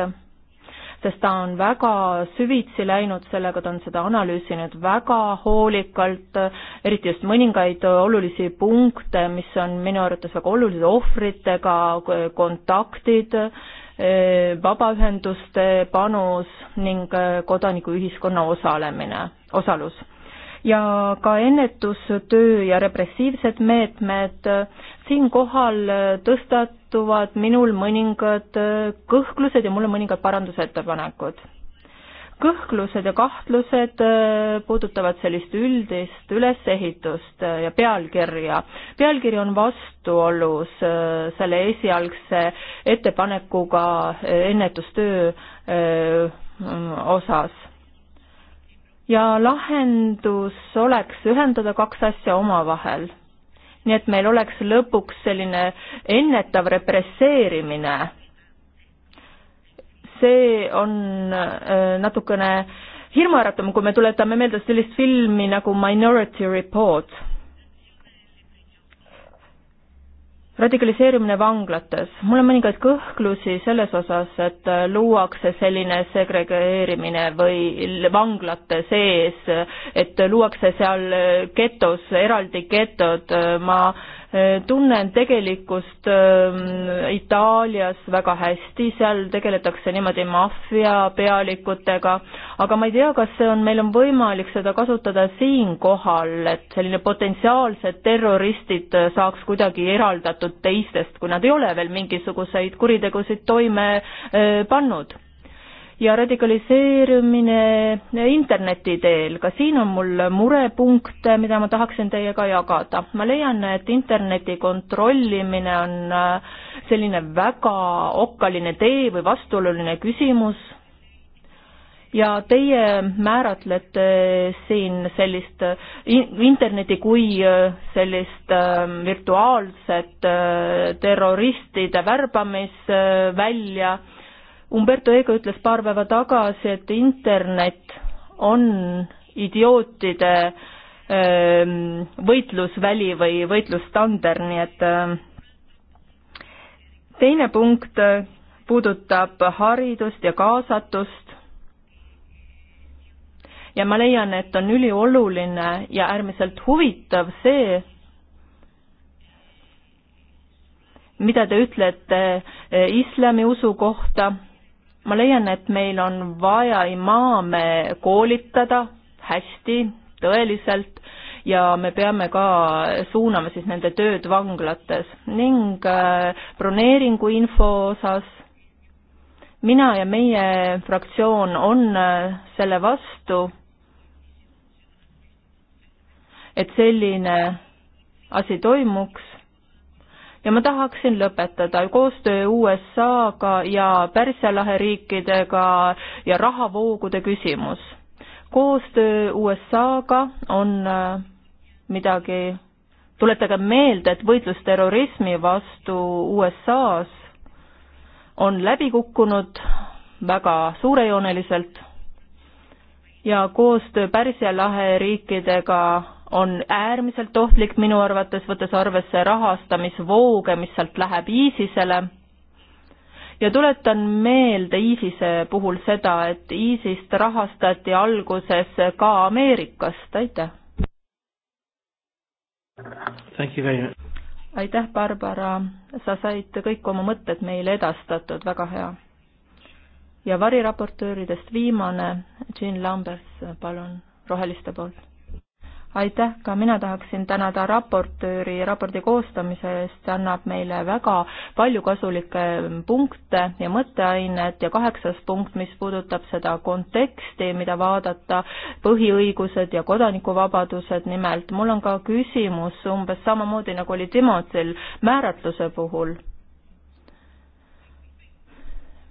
sest ta on väga süvitsi läinud sellega, ta on seda analüüsinud väga hoolikalt, eriti just mõningaid olulisi punkte, mis on minu arvates väga olulised, ohvritega kontaktid, äh, vabaühenduste panus ning äh, kodanikuühiskonna osalemine, osalus ja ka ennetustöö ja repressiivsed meetmed. siinkohal tõstatuvad minul mõningad kõhklused ja mul on mõningad parandusettepanekud. kõhklused ja kahtlused puudutavad sellist üldist ülesehitust ja pealkirja. pealkiri on vastuolus selle esialgse ettepanekuga ennetustöö osas ja lahendus oleks ühendada kaks asja omavahel. nii et meil oleks lõpuks selline ennetav represseerimine. see on äh, natukene hirmuäratavam, kui me tuletame meelde sellist filmi nagu Minority Report radikaliseerumine vanglates. mul on mõningaid kõhklusi selles osas, et äh, luuakse selline segregeerimine või vanglate sees, et luuakse seal äh, getos, eraldi getod, äh, ma tunnen tegelikkust ähm, Itaalias väga hästi, seal tegeletakse niimoodi maffia pealikutega, aga ma ei tea, kas see on, meil on võimalik seda kasutada siinkohal, et selline potentsiaalsed terroristid saaks kuidagi eraldatud teistest, kui nad ei ole veel mingisuguseid kuritegusid toime äh, pannud ja radikaliseerumine interneti teel, ka siin on mul murepunkte, mida ma tahaksin teiega jagada. ma leian, et interneti kontrollimine on äh, selline väga okkaline tee või vastuoluline küsimus ja teie määratlete siin sellist äh, interneti kui äh, sellist virtuaalset terroristide värbamisvälja Umberto Eco ütles paar päeva tagasi, et internet on idiootide ähm, võitlusväli või võitlustander, nii et ähm, teine punkt äh, puudutab haridust ja kaasatust ja ma leian, et on ülioluline ja äärmiselt huvitav see, mida te ütlete äh, islamiusu kohta ma leian, et meil on vaja imaame koolitada hästi, tõeliselt ja me peame ka suunama siis nende tööd vanglates ning äh, broneeringu info osas mina ja meie fraktsioon on äh, selle vastu, et selline asi toimuks ja ma tahaksin lõpetada koostöö USA-ga ja Pärsia lahe riikidega ja rahavoogude küsimus. koostöö USA-ga on äh, midagi, tuletage meelde, et võitlus terrorismi vastu USA-s on läbi kukkunud väga suurejooneliselt ja koostöö Pärsia lahe riikidega on äärmiselt ohtlik minu arvates, võttes arvesse rahastamisvooge, mis sealt läheb ISISele. ja tuletan meelde ISISe puhul seda, et ISISt rahastati alguses ka Ameerikast, aitäh. aitäh, Barbara, sa said kõik oma mõtted meile edastatud, väga hea. ja variraportööridest viimane, Jean Lambers, palun, Roheliste poolt aitäh, ka mina tahaksin tänada raportööri raporti koostamise eest, see annab meile väga palju kasulikke punkte ja mõtteainet ja kaheksas punkt, mis puudutab seda konteksti, mida vaadata, põhiõigused ja kodanikuvabadused nimelt. mul on ka küsimus umbes samamoodi, nagu oli Timotil määratluse puhul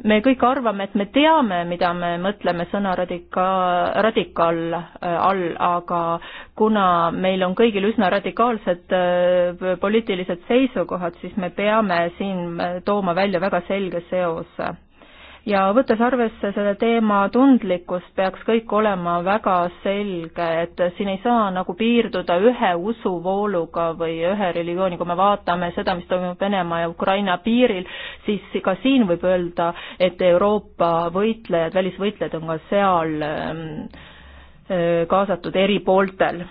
me kõik arvame, et me teame, mida me mõtleme sõna radika-, radikaal äh, all, aga kuna meil on kõigil üsna radikaalsed äh, poliitilised seisukohad, siis me peame siin äh, tooma välja väga selge seose ja võttes arvesse selle teema tundlikkust, peaks kõik olema väga selge, et siin ei saa nagu piirduda ühe usuvooluga või ühe religiooni, kui me vaatame seda, mis toimub Venemaa ja Ukraina piiril, siis ka siin võib öelda, et Euroopa võitlejad, välisvõitlejad on ka seal ähm, äh, kaasatud eri pooltel.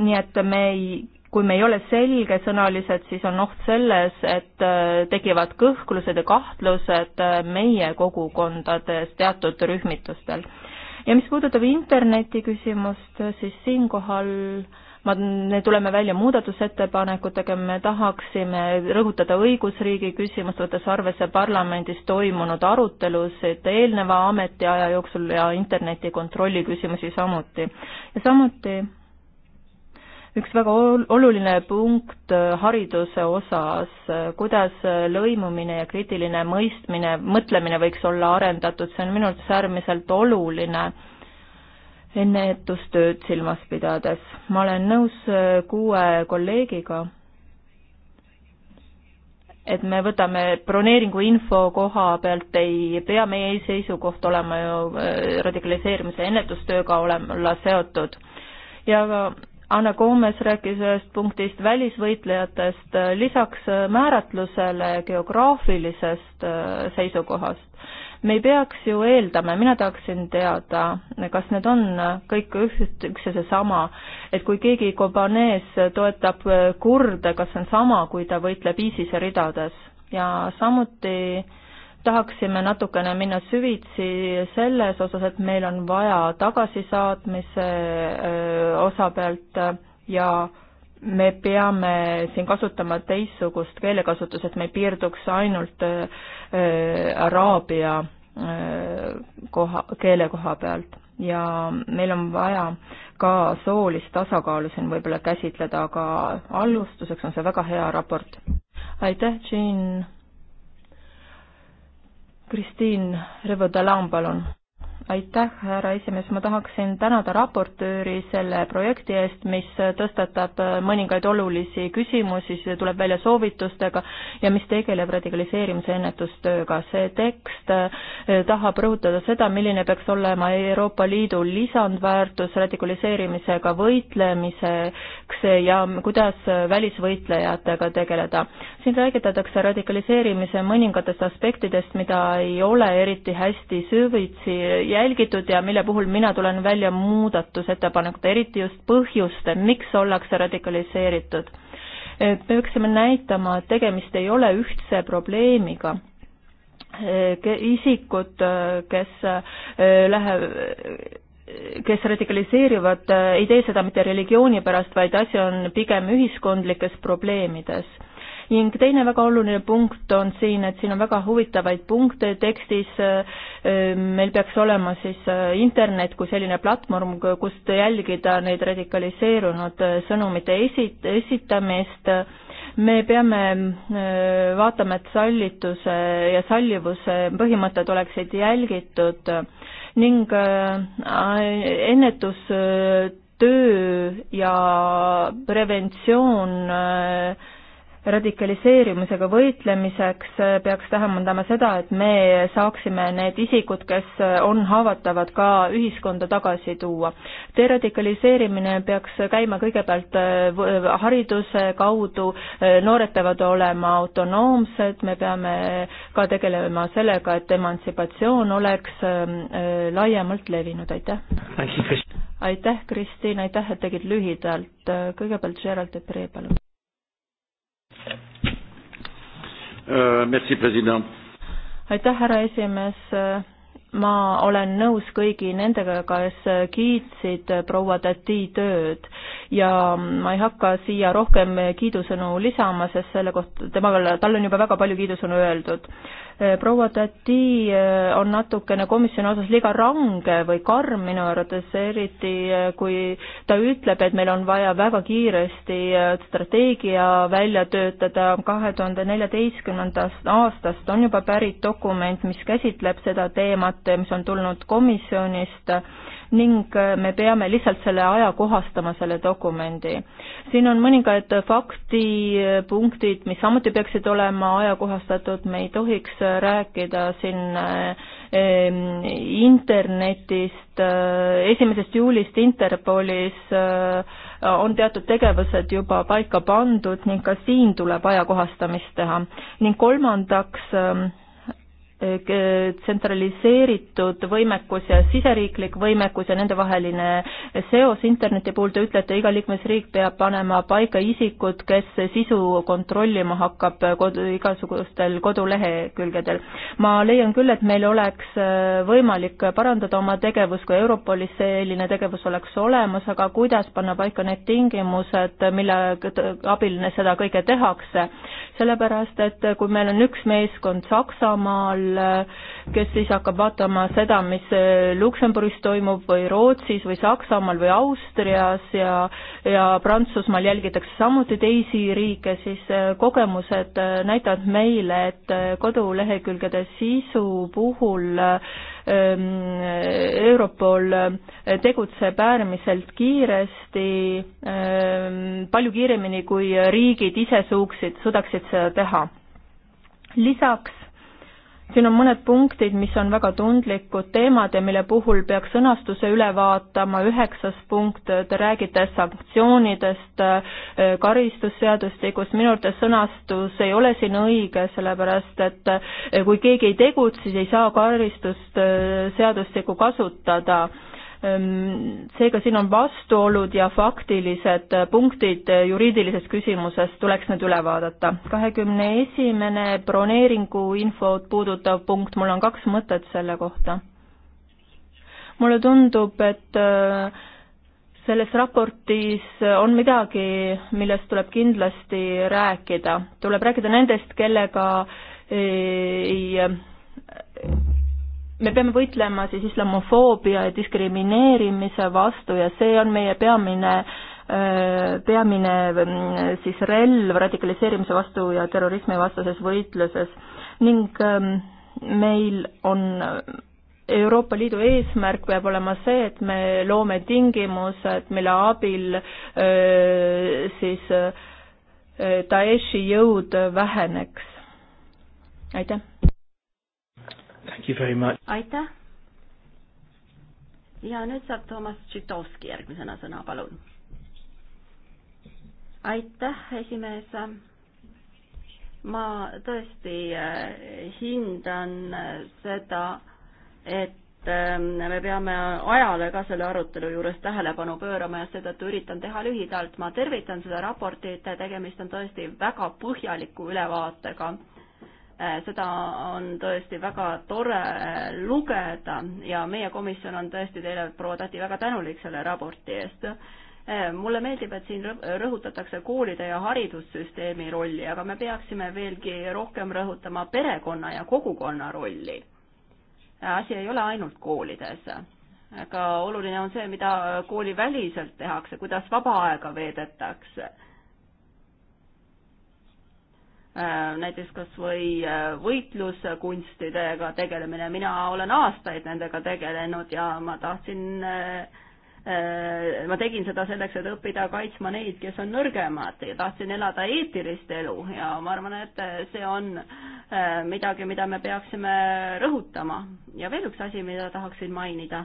nii et me ei kui me ei ole selgesõnalised, siis on oht selles, et äh, tekivad kõhklused ja kahtlused äh, meie kogukondades teatud rühmitustel. ja mis puudutab interneti küsimust, siis siinkohal ma, me tuleme välja muudatusettepanekutega, me tahaksime rõhutada õigusriigi küsimust, võttes arvesse parlamendis toimunud arutelusid eelneva ametiaja jooksul ja interneti kontrolli küsimusi samuti. ja samuti üks väga oluline punkt äh, hariduse osas, äh, kuidas äh, lõimumine ja kriitiline mõistmine, mõtlemine võiks olla arendatud, see on minu arvates äärmiselt oluline ennetustööd silmas pidades. ma olen nõus kuue kolleegiga, et me võtame broneeringu info koha pealt, ei pea meie seisukoht olema ju radikaliseerimise ennetustööga olema seotud ja Anna Gomes rääkis ühest punktist välisvõitlejatest, lisaks määratlusele geograafilisest äh, seisukohast. me ei peaks ju eeldama, mina tahaksin teada, kas need on kõik üht, üks ja seesama, et kui keegi Kobanees toetab äh, kurde, kas see on sama, kui ta võitleb ISISe ridades ja samuti äh, tahaksime natukene minna süvitsi selles osas, et meil on vaja tagasisaatmise osa pealt äh, ja me peame siin kasutama teistsugust keelekasutust, et me ei piirduks ainult äh, äh, araabia koha, keele koha pealt ja meil on vaja ka soolist tasakaalu siin võib-olla käsitleda, aga alustuseks on see väga hea raport. aitäh, Jean! Kristiin Revo-Dalam, palun aitäh, härra esimees, ma tahaksin tänada raportööri selle projekti eest, mis tõstatab mõningaid olulisi küsimusi, see tuleb välja soovitustega ja mis tegeleb radikaliseerimise ennetustööga. see tekst eh, tahab rõhutada seda, milline peaks olema Euroopa Liidu lisandväärtus radikaliseerimisega võitlemiseks ja kuidas välisvõitlejatega tegeleda. siin räägitakse radikaliseerimise mõningatest aspektidest, mida ei ole eriti hästi süvitsi jälgitud ja mille puhul mina tulen välja muudatusettepanekute, eriti just põhjuste, miks ollakse radikaliseeritud. peaksime näitama, et tegemist ei ole ühtse probleemiga isikud, kes eh, läheb, kes radikaliseerivad, eh, ei tee seda mitte religiooni pärast, vaid asi on pigem ühiskondlikes probleemides ning teine väga oluline punkt on siin, et siin on väga huvitavaid punkte tekstis, meil peaks olema siis äh, internet kui selline platvorm, kust jälgida neid radikaliseerunud äh, sõnumite esit-, esitamist, me peame äh, vaatama, et sallituse ja sallivuse põhimõtted oleksid jälgitud ning ennetustöö ja preventsioon äh, radikaliseerumisega võitlemiseks äh, peaks tähendama seda, et me saaksime need isikud, kes äh, on haavatavad, ka ühiskonda tagasi tuua. deradikaliseerimine peaks käima kõigepealt äh, hariduse kaudu, noored peavad olema autonoomsed, me peame ka tegelema sellega, et emantsipatsioon oleks ähm, laiemalt levinud, aitäh! aitäh, Kristiin, aitäh, et tegid lühidalt, kõigepealt Gerald Depree, palun! Euh, aitäh, härra esimees, ma olen nõus kõigi nendega, kes kiitsid proua Tati tööd ja ma ei hakka siia rohkem kiidusõnu lisama, sest selle kohta, temaga, tal on juba väga palju kiidusõnu öeldud. Eh, proua Tati eh, on natukene komisjoni osas liiga range või karm minu arvates, eriti eh, kui ta ütleb, et meil on vaja väga kiiresti strateegia välja töötada, kahe tuhande neljateistkümnendast aastast on juba pärit dokument, mis käsitleb seda teemat, mis on tulnud komisjonist ning äh, me peame lihtsalt selle ajakohastama, selle dokumendi. siin on mõningad faktipunktid, mis samuti peaksid olema ajakohastatud, me ei tohiks äh, rääkida siin äh, internetist, esimesest juulist Interpolis on teatud tegevused juba paika pandud ning ka siin tuleb ajakohastamist teha. ning kolmandaks, ähm, tsentraliseeritud võimekus ja siseriiklik võimekus ja nendevaheline seos interneti puhul, te ütlete, iga liikmesriik peab panema paika isikud, kes sisu kontrollima hakkab kodu, igasugustel kodulehekülgedel. ma leian küll, et meil oleks võimalik parandada oma tegevust, kui Europolis selline tegevus oleks olemas, aga kuidas panna paika need tingimused, mille abil seda kõike tehakse sellepärast et kui meil on üks meeskond Saksamaal, kes siis hakkab vaatama seda, mis Luksemburgis toimub või Rootsis või Saksamaal või Austrias ja, ja Prantsusmaal jälgitakse samuti teisi riike, siis kogemused näitavad meile, et kodulehekülgede sisu puhul Ehm, Europol eh, tegutseb äärmiselt kiiresti, ehm, palju kiiremini, kui riigid ise suuksid, suudaksid seda teha. lisaks siin on mõned punktid, mis on väga tundlikud teemad ja mille puhul peaks sõnastuse üle vaatama, üheksas punkt, te räägite sanktsioonidest, äh, karistusseadustikust, minu arvates sõnastus ei ole siin õige, sellepärast et äh, kui keegi ei tegutse, siis ei saa karistust äh, seadustikku kasutada Ehm, seega siin on vastuolud ja faktilised äh, punktid äh, juriidilises küsimuses tuleks need üle vaadata. kahekümne esimene broneeringu infot puudutav punkt, mul on kaks mõtet selle kohta. mulle tundub, et äh, selles raportis on midagi, millest tuleb kindlasti rääkida, tuleb rääkida nendest, kellega ei me peame võitlema siis islamofoobia ja diskrimineerimise vastu ja see on meie peamine peamine mm, siis relv radikaliseerimise vastu ja terrorismi vastases võitluses ning meil on Euroopa Liidu eesmärk peab olema see, et me loome tingimused, mille abil siis Daeshi jõud väheneks. aitäh! aitäh. ja nüüd saab Toomas Tšitovski järgmisena sõna, palun. aitäh, esimees. ma tõesti äh, hindan äh, seda, et ähm, me peame ajale ka selle arutelu juures tähelepanu pöörama ja seetõttu üritan teha lühidalt. ma tervitan seda raportit, tegemist on tõesti väga põhjaliku ülevaatega Äh, seda on tõesti väga tore äh, lugeda ja meie komisjon on tõesti teile, proua Tati, väga tänulik selle raporti eest. Äh, mulle meeldib, et siin rõhutatakse koolide ja haridussüsteemi rolli, aga me peaksime veelgi rohkem rõhutama perekonna ja kogukonna rolli. asi ei ole ainult koolides, aga oluline on see, mida kooliväliselt tehakse, kuidas vaba aega veedetakse Äh, näiteks kas või äh, võitluskunstidega tegelemine, mina olen aastaid nendega tegelenud ja ma tahtsin, äh, ma tegin seda selleks, et õppida kaitsma neid, kes on nõrgemad ja tahtsin elada eetilist elu ja ma arvan, et see on midagi, mida me peaksime rõhutama. ja veel üks asi, mida tahaksin mainida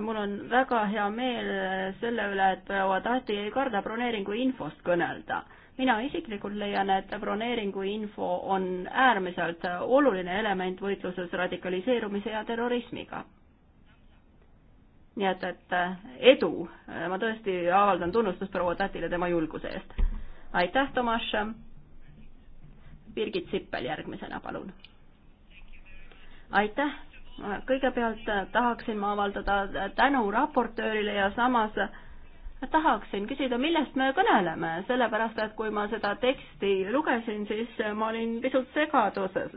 mul on väga hea meel selle üle, et proua Tati ei karda broneeringu infost kõnelda. mina isiklikult leian, et broneeringu info on äärmiselt oluline element võitluses radikaliseerumise ja terrorismiga. nii et, et edu, ma tõesti avaldan tunnustust proua Tatile tema julguse eest. aitäh, Tomas. Birgit Sippel järgmisena, palun. aitäh kõigepealt äh, tahaksin ma avaldada äh, tänu raportöörile ja samas äh, tahaksin küsida, millest me kõneleme, sellepärast et kui ma seda teksti lugesin, siis ma olin pisut segaduses.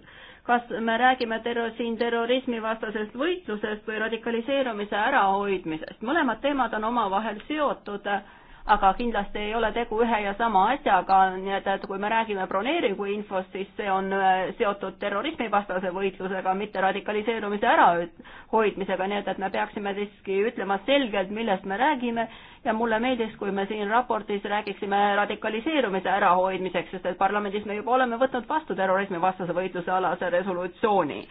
kas me räägime terro-, siin terrorismivastasest võitlusest või radikaliseerumise ärahoidmisest, mõlemad teemad on omavahel seotud aga kindlasti ei ole tegu ühe ja sama asjaga, nii et, et kui me räägime broneeringu infost, siis see on äh, seotud terrorismivastase võitlusega, mitte radikaliseerumise ärahoidmisega, nii et, et me peaksime siiski ütlema selgelt, millest me räägime ja mulle meeldiks, kui me siin raportis räägiksime radikaliseerumise ärahoidmiseks, sest et parlamendis me juba oleme võtnud vastu terrorismivastase võitluse alase resolutsiooni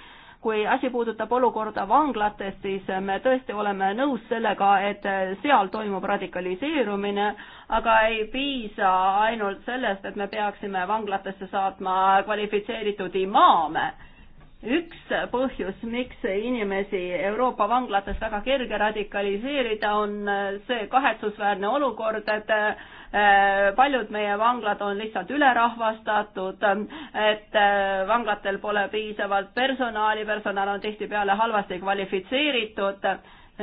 kui asi puudutab olukorda vanglates, siis me tõesti oleme nõus sellega, et seal toimub radikaliseerumine, aga ei piisa ainult sellest, et me peaksime vanglatesse saatma kvalifitseeritud imaame üks põhjus, miks inimesi Euroopa vanglates väga kerge radikaliseerida, on see kahetsusväärne olukord, et Äh, paljud meie vanglad on lihtsalt ülerahvastatud, et äh, vanglatel pole piisavalt personali, personal on tihtipeale halvasti kvalifitseeritud,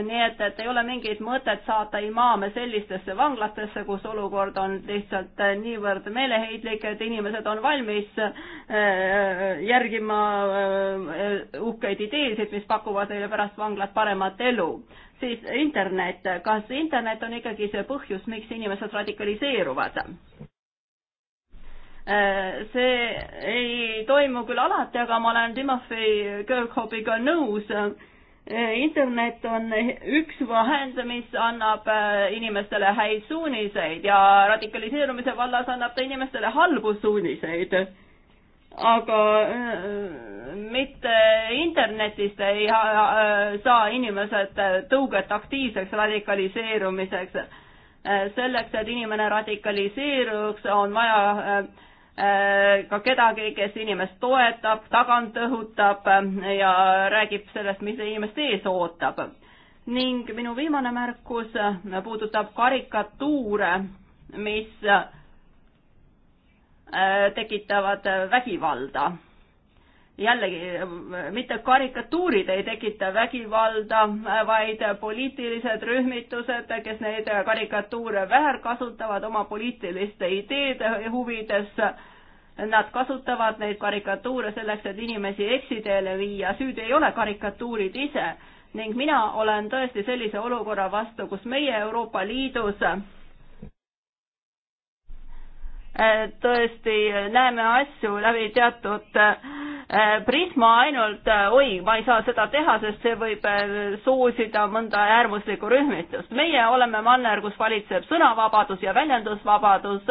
nii et, et ei ole mingit mõtet saata imaame sellistesse vanglatesse, kus olukord on lihtsalt äh, niivõrd meeleheitlik, et inimesed on valmis järgima uhkeid ideesid, mis pakuvad neile pärast vanglat paremat elu siis internet, kas internet on ikkagi see põhjus, miks inimesed radikaliseeruvad? see ei toimu küll alati, aga ma olen Timofei Kirkhoppiga nõus. internet on üks vahend, mis annab inimestele häid suuniseid ja radikaliseerumise vallas annab ta inimestele halbu suuniseid aga äh, mitte internetist ei äh, saa inimesed tõuget aktiivseks radikaliseerumiseks. Äh, selleks, et inimene radikaliseeruks, on vaja ka kedagi, kes inimest toetab, tagant õhutab ja räägib sellest, mis inimest ees ootab. ning minu viimane märkus puudutab karikatuure, mis Äh, tekitavad äh, vägivalda. jällegi, äh, mitte karikatuurid ei tekita vägivalda, vaid poliitilised rühmitused, kes neid karikatuure väärkasutavad oma poliitiliste ideede huvides, nad kasutavad neid karikatuure selleks, et inimesi eksiteele viia, süüdi ei ole karikatuurid ise ning mina olen tõesti sellise olukorra vastu, kus meie Euroopa Liidus Äh, tõesti näeme asju läbi teatud äh, prisma ainult, äh, oi, ma ei saa seda teha, sest see võib soosida mõnda äärmuslikku rühmitust. meie oleme manner, kus valitseb sõnavabadus ja väljendusvabadus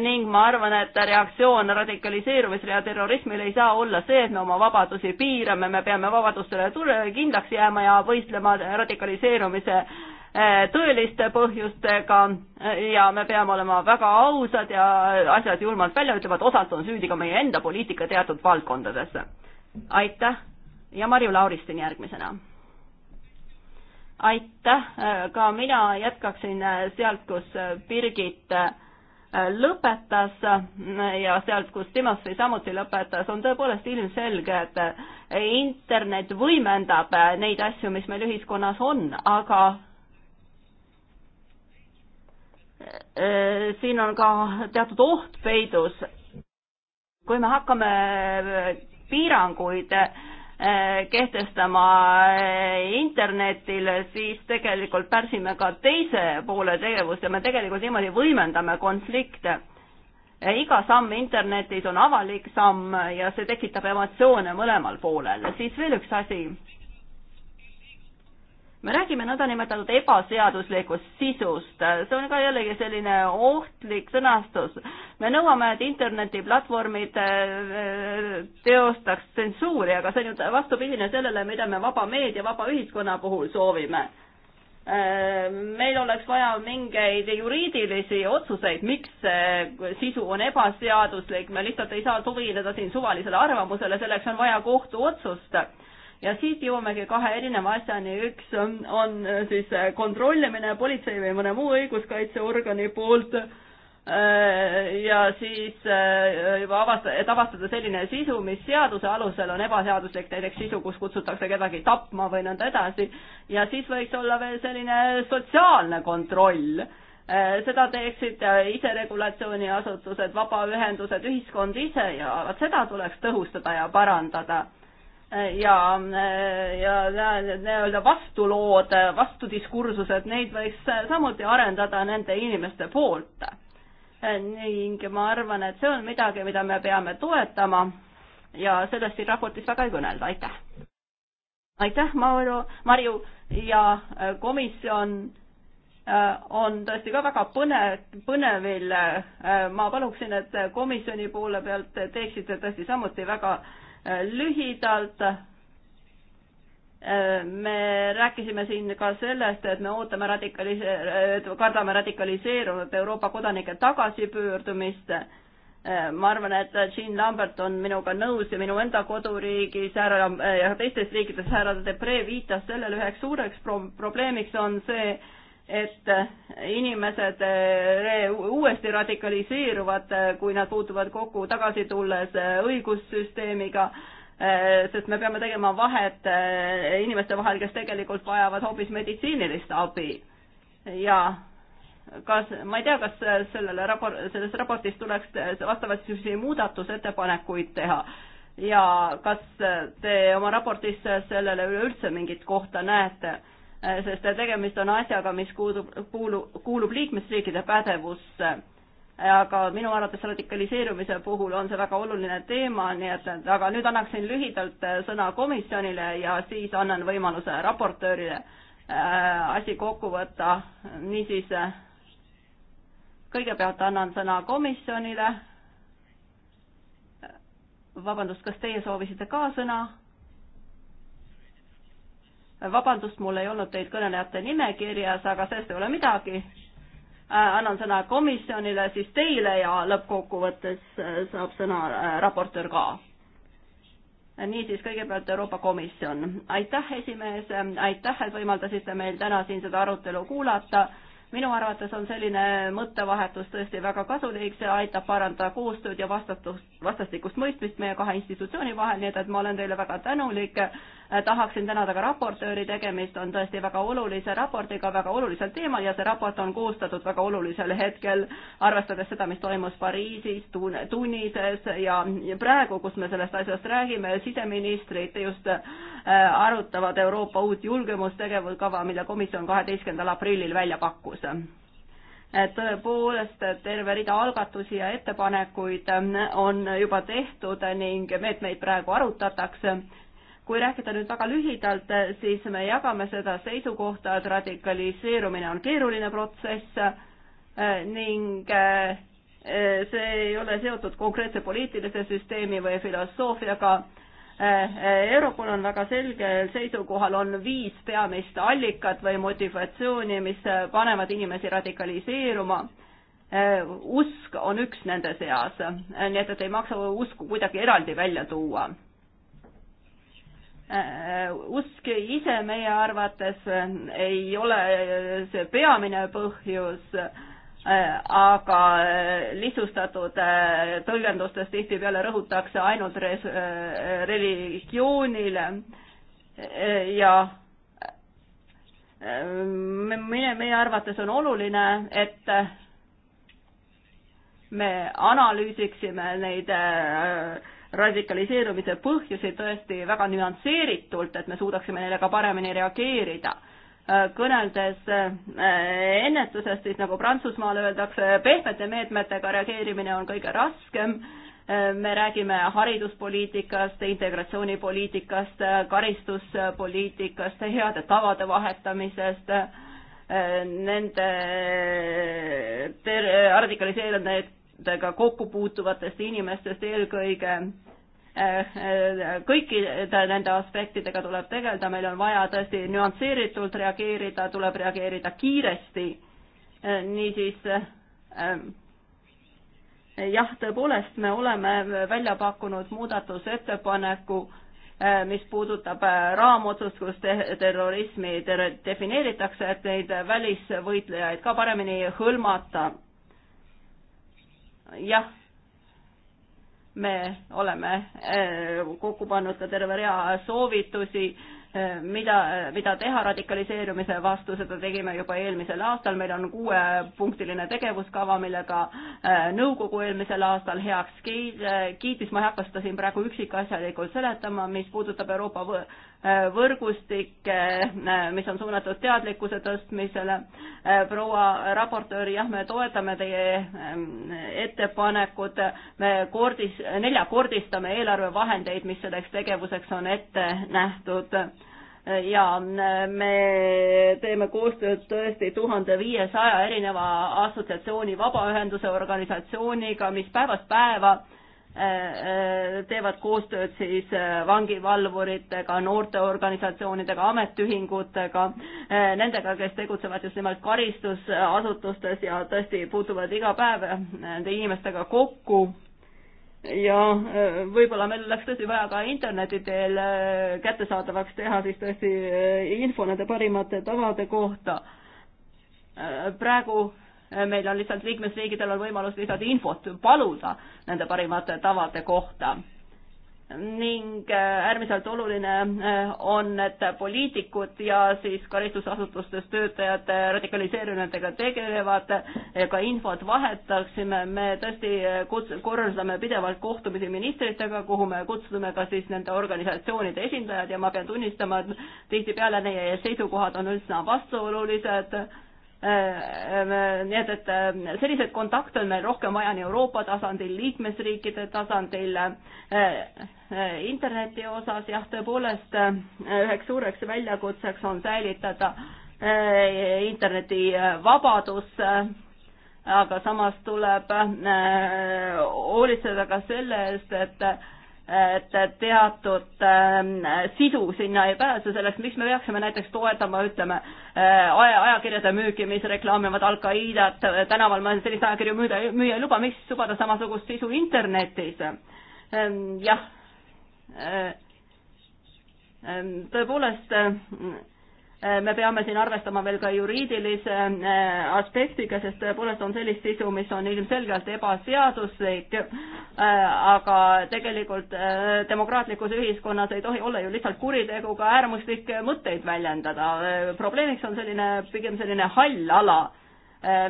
ning ma arvan, et reaktsioon radikaliseerumisele ja terrorismile ei saa olla see, et me oma vabadusi piirame, me peame vabadustele kindlaks jääma ja võistlema radikaliseerumise äh, Äh, tõeliste põhjustega äh, ja me peame olema väga ausad ja asjad julmalt välja ütlema, et osalt on süüdi ka meie enda poliitika teatud valdkondades. aitäh ja Marju Lauristin järgmisena. aitäh, äh, ka mina jätkaksin sealt, kus Birgit lõpetas ja sealt, kus Timothy samuti lõpetas, on tõepoolest ilmselge, et internet võimendab neid asju, mis meil ühiskonnas on, aga Äh, siin on ka teatud oht peidus. kui me hakkame äh, piiranguid äh, kehtestama internetile, siis tegelikult pärsime ka teise poole tegevust ja me tegelikult niimoodi võimendame konflikte. iga samm internetis on avalik samm ja see tekitab emotsioone mõlemal poolel. siis veel üks asi me räägime nõndanimetatud ebaseaduslikust sisust, see on ka jällegi selline ohtlik sõnastus. me nõuame, et internetiplatvormid äh, teostaks tsensuuri, aga see on ju vastupidine sellele, mida me vaba meedia, vaba ühiskonna puhul soovime. Äh, meil oleks vaja mingeid juriidilisi otsuseid, miks see sisu on ebaseaduslik, me lihtsalt ei saa tugineda siin suvalisele arvamusele, selleks on vaja kohtuotsust ja siit jõuamegi kahe erineva asjani, üks on, on äh, siis äh, kontrollimine politsei või mõne muu õiguskaitseorgani poolt äh, ja siis juba avasta-, et avastada selline sisu, mis seaduse alusel on ebaseaduslik, näiteks sisu, kus kutsutakse kedagi tapma või nõnda edasi, ja siis võiks olla veel selline sotsiaalne kontroll seda teeksid iseregulatsiooni asutused, vabaühendused, ühiskond ise ja seda tuleks tõhustada ja parandada ja, ja nii-öelda vastulood, vastudiskursused, neid võiks samuti arendada nende inimeste poolt. ning ma arvan, et see on midagi, mida me peame toetama ja sellest siin raportis väga ei kõnelda, aitäh. aitäh, Mauro, Marju ja komisjon äh, on tõesti ka väga põnev, põnevil. Äh, ma paluksin, et komisjoni poole pealt teeksite tõesti samuti väga äh, Äh, lühidalt äh, me rääkisime siin ka sellest, et me ootame radikalise-, kardame radikaliseerunud Euroopa kodanike tagasipöördumist. Äh, ma arvan, et Jean Lambert on minuga nõus ja minu enda koduriigis härra ja teistes riikides härra Debre viitas sellele üheks suureks pro probleemiks on see, et inimesed eh, uuesti radikaliseeruvad, eh, kui nad puutuvad kokku tagasi tulles eh, õigussüsteemiga, sest me peame tegema vahet inimeste vahel, kes tegelikult vajavad hoopis meditsiinilist abi. ja kas, ma ei tea, kas sellele rapor-, selles raportis tuleks vastavaid selliseid muudatusettepanekuid teha ja kas te oma raportis sellele üleüldse mingit kohta näete Äh, sest äh, tegemist on asjaga, mis kuulub, kuulub, kuulub liikmesriikide pädevusse. Äh, aga minu arvates radikaliseerumise puhul on see väga oluline teema, nii et, aga nüüd annaksin lühidalt sõna komisjonile ja siis annan võimaluse raportöörile asi kokku võtta. niisiis, kõigepealt annan sõna komisjonile. vabandust, kas teie soovisite ka sõna? vabandust, mul ei olnud teid kõnelejate nimekirjas, aga sellest ei ole midagi. Äh, annan sõna komisjonile, siis teile ja lõppkokkuvõttes äh, saab sõna äh, raportöör ka. niisiis, kõigepealt Euroopa Komisjon. aitäh, esimees, aitäh, et võimaldasite meil täna siin seda arutelu kuulata minu arvates on selline mõttevahetus tõesti väga kasulik, see aitab parandada koostööd ja vastatust, vastastikust mõistmist meie kahe institutsiooni vahel, nii et, et ma olen teile väga tänulik tahaksin tänada ka raportööri, tegemist on tõesti väga olulise raportiga väga olulisel teemal ja see raport on koostatud väga olulisel hetkel, arvestades seda, mis toimus Pariisis, Tunises ja praegu, kus me sellest asjast räägime, siseministrid just äh, arutavad Euroopa uut julgemustegevuskava, mille komisjon kaheteistkümnendal aprillil välja pakkus tõepoolest terve rida algatusi ja ettepanekuid äh, on juba tehtud ning meetmeid praegu arutatakse kui rääkida nüüd väga lühidalt, siis me jagame seda seisukohta, et radikaliseerumine on keeruline protsess eh, ning eh, see ei ole seotud konkreetse poliitilise süsteemi või filosoofiaga. Eh, Europol on väga selgel seisukohal, on viis peamist allikat või motivatsiooni, mis panevad inimesi radikaliseeruma. usk on üks nende seas, nii et, et ei maksa usku kuidagi eraldi välja tuua Äh, usk ise meie arvates äh, ei ole see peamine põhjus, äh, aga lihtsustatud tõlgendustes tihtipeale rõhutakse ainult res-, religioonile ja meie, meie arvates on oluline, et me analüüsiksime neid äh, radikaliseerumise põhjusi tõesti väga nüansseeritult, et me suudaksime neile ka paremini reageerida. Äh, kõneldes äh, ennetusest, siis nagu Prantsusmaal öeldakse, pehmete meetmetega reageerimine on kõige raskem äh, me räägime hariduspoliitikast, integratsioonipoliitikast, karistuspoliitikast, heade tavade vahetamisest, nende ter-, radikaliseerunud inimestega kokku puutuvatest inimestest eelkõige äh, äh, kõikide nende aspektidega tuleb tegeleda, meil on vaja tõesti nüansseeritult reageerida, tuleb reageerida kiiresti. Äh, niisiis jah, tõepoolest, me oleme välja pakkunud muudatusettepaneku, mis puudutab raamotsust, kus te terrorismi ter defineeritakse, et neid välisvõitlejaid ka paremini hõlmata jah, me oleme äh, kokku pannud ka terve rea soovitusi, äh, mida, mida teha radikaliseerumise vastu, seda tegime juba eelmisel aastal, meil on kuuepunktiline tegevuskava, millega äh, nõukogu eelmisel aastal heaks kiitis, ma ei hakka seda siin praegu üksikasjalikult seletama, mis puudutab Euroopa võrgustik, äh, mis on suunatud teadlikkuse tõstmisele. Äh, proua raportöör, jah, me toetame teie ähm, ettepanekut, me kordis, neljakordistame eelarvevahendeid, mis selleks tegevuseks on ette nähtud äh, ja me teeme koostööd tõesti tuhande viiesaja erineva assotsiatsiooni, vabaühenduse organisatsiooniga, mis päevast päeva äh, Äh, äh, teevad koostööd siis äh, vangivalvuritega, noorteorganisatsioonidega, ametiühingutega, nendega, kes tegutsevad just nimelt karistusasutustes ja tõesti puutuvad iga päev nende inimestega kokku. ja võib-olla meil oleks tõesti vaja ka interneti teel kättesaadavaks teha siis tõesti info nende parimate tavade kohta praegu meil on lihtsalt liikmesriigidel on võimalus lihtsalt infot paluda nende parimate tavade kohta ning äh, äärmiselt oluline äh, on, et poliitikud ja siis karistusasutustes töötajad äh, radikaliseerunutega tegelevad, ka infot vahetaksime, me tõesti kuts-, korraldame pidevalt kohtumisi ministritega, kuhu me kutsume ka siis nende organisatsioonide esindajad ja ma pean tunnistama, et tihtipeale meie seisukohad on üsna vastuolulised nii et, et äh, selliseid kontakte on meil rohkem vaja nii Euroopa tasandil, liikmesriikide tasandil, äh, äh, interneti osas jah, tõepoolest üheks suureks väljakutseks on säilitada internetivabadus, aga samas tuleb hoolitseda ka selle eest, et et teatud ähm, sisu sinna ei pääse, selleks miks me peaksime näiteks toetama, ütleme, äh, ajakirjade müüki, mis reklaamivad Al-Qaidat, äh, tänaval ma sellist ajakirju müüda, müüa ei luba, miks lubada samasugust sisu internetis? Ähm, jah, äh, ähm, tõepoolest Äh, me peame siin arvestama veel ka juriidilise äh, aspektiga, sest tõepoolest on sellist sisu, mis on ilmselgelt ebaseaduslik, äh, aga tegelikult demokraatlikus ühiskonnas ei tohi olla ju lihtsalt kuriteguga äärmuslikke mõtteid väljendada. probleemiks on selline, pigem selline hall ala.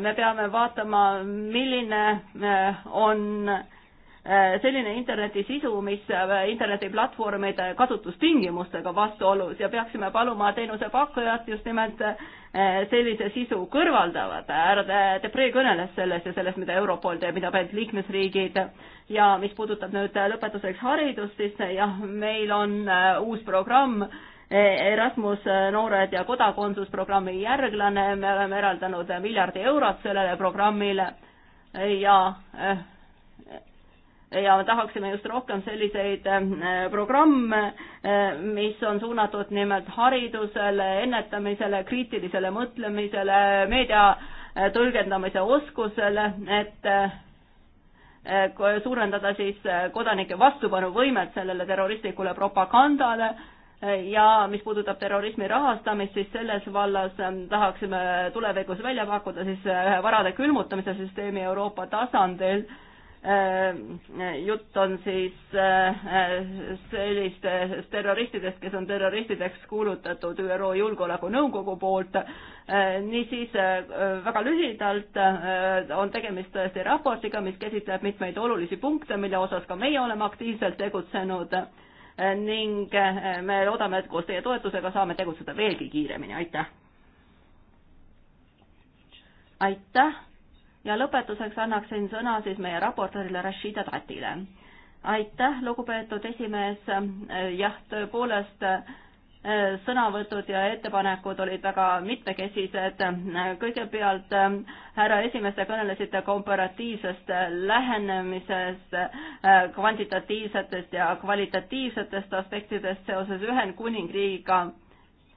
me peame vaatama, milline on Äh, selline interneti sisu, mis äh, internetiplatvormide kasutustingimustega vastuolus ja peaksime paluma teenusepakkujat just nimelt äh, sellise sisu kõrvaldavad. härra Depree kõneles sellest ja sellest, mida Europol teeb, mida peavad liikmesriigid ja mis puudutab nüüd lõpetuseks haridust, siis jah, meil on uus programm Erasmus noored ja kodakondsusprogrammi järglane, me oleme eraldanud miljardi eurot sellele programmile ja ja tahaksime just rohkem selliseid äh, programme, äh, mis on suunatud nimelt haridusele, ennetamisele, kriitilisele mõtlemisele, meedia äh, tõlgendamise oskusele, et suurendada siis kodanike vastupanuvõimet sellele terroristlikule propagandale ja mis puudutab terrorismi rahastamist, siis selles vallas ähm, tahaksime tulevikus välja pakkuda siis ühe varade külmutamise süsteemi Euroopa tasandil Äh, jutt on siis äh, sellistest terroristidest, kes on terroristideks kuulutatud ÜRO Julgeolekunõukogu poolt. Äh, niisiis väga lühidalt on tegemist tõesti raportiga, mis käsitleb mitmeid olulisi punkte, mille osas ka meie oleme aktiivselt tegutsenud ning me loodame, et koos teie toetusega saame tegutseda veelgi kiiremini, aitäh! aitäh! ja lõpetuseks annaksin sõna siis meie raportöörile Rashida Tatile. aitäh, lugupeetud esimees, jah, tõepoolest sõnavõtud ja ettepanekud olid väga mitmekesised. kõigepealt, härra esimees, te kõnelesite komparatiivsest lähenemisest, kvantitatiivsetest ja kvalitatiivsetest aspektidest seoses Ühendkuningriigiga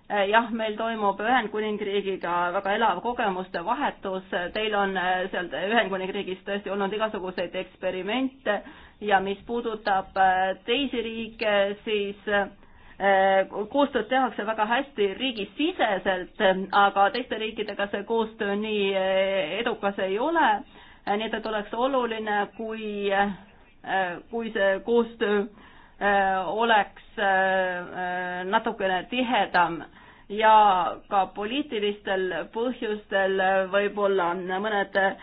Eh, jah, meil toimub Ühendkuningriigiga väga elav kogemuste vahetus, teil on eh, seal Ühendkuningriigis tõesti olnud igasuguseid eksperimente ja mis puudutab eh, teisi riike, siis koostööd tehakse väga hästi riigisiseselt, aga teiste riikidega see koostöö nii edukas ei ole, nii et, et oleks oluline, kui, kui see koostöö Äh, oleks äh, natukene tihedam ja ka poliitilistel põhjustel võib-olla mõned äh,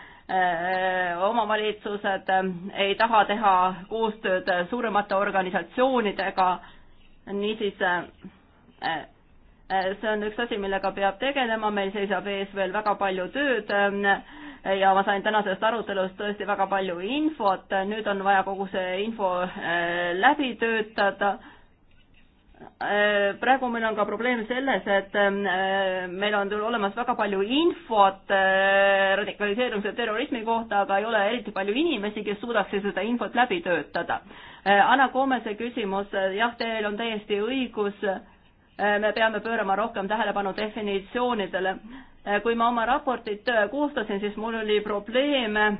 omavalitsused ei taha teha koostööd suuremate organisatsioonidega, niisiis see on üks asi, millega peab tegelema, meil seisab ees veel väga palju tööd ja ma sain tänasest arutelust tõesti väga palju infot, nüüd on vaja kogu see info äh, läbi töötada. Äh, praegu meil on ka probleem selles, et äh, meil on küll olemas väga palju infot radikaliseerumise ja terrorismi kohta, aga ei ole eriti palju inimesi, kes suudaksid seda infot läbi töötada. Anna Koomese küsimus, jah, teil on täiesti õigus, me peame pöörama rohkem tähelepanu definitsioonidele Äh, kui ma oma raportit äh, koostasin, siis mul oli probleem, äh,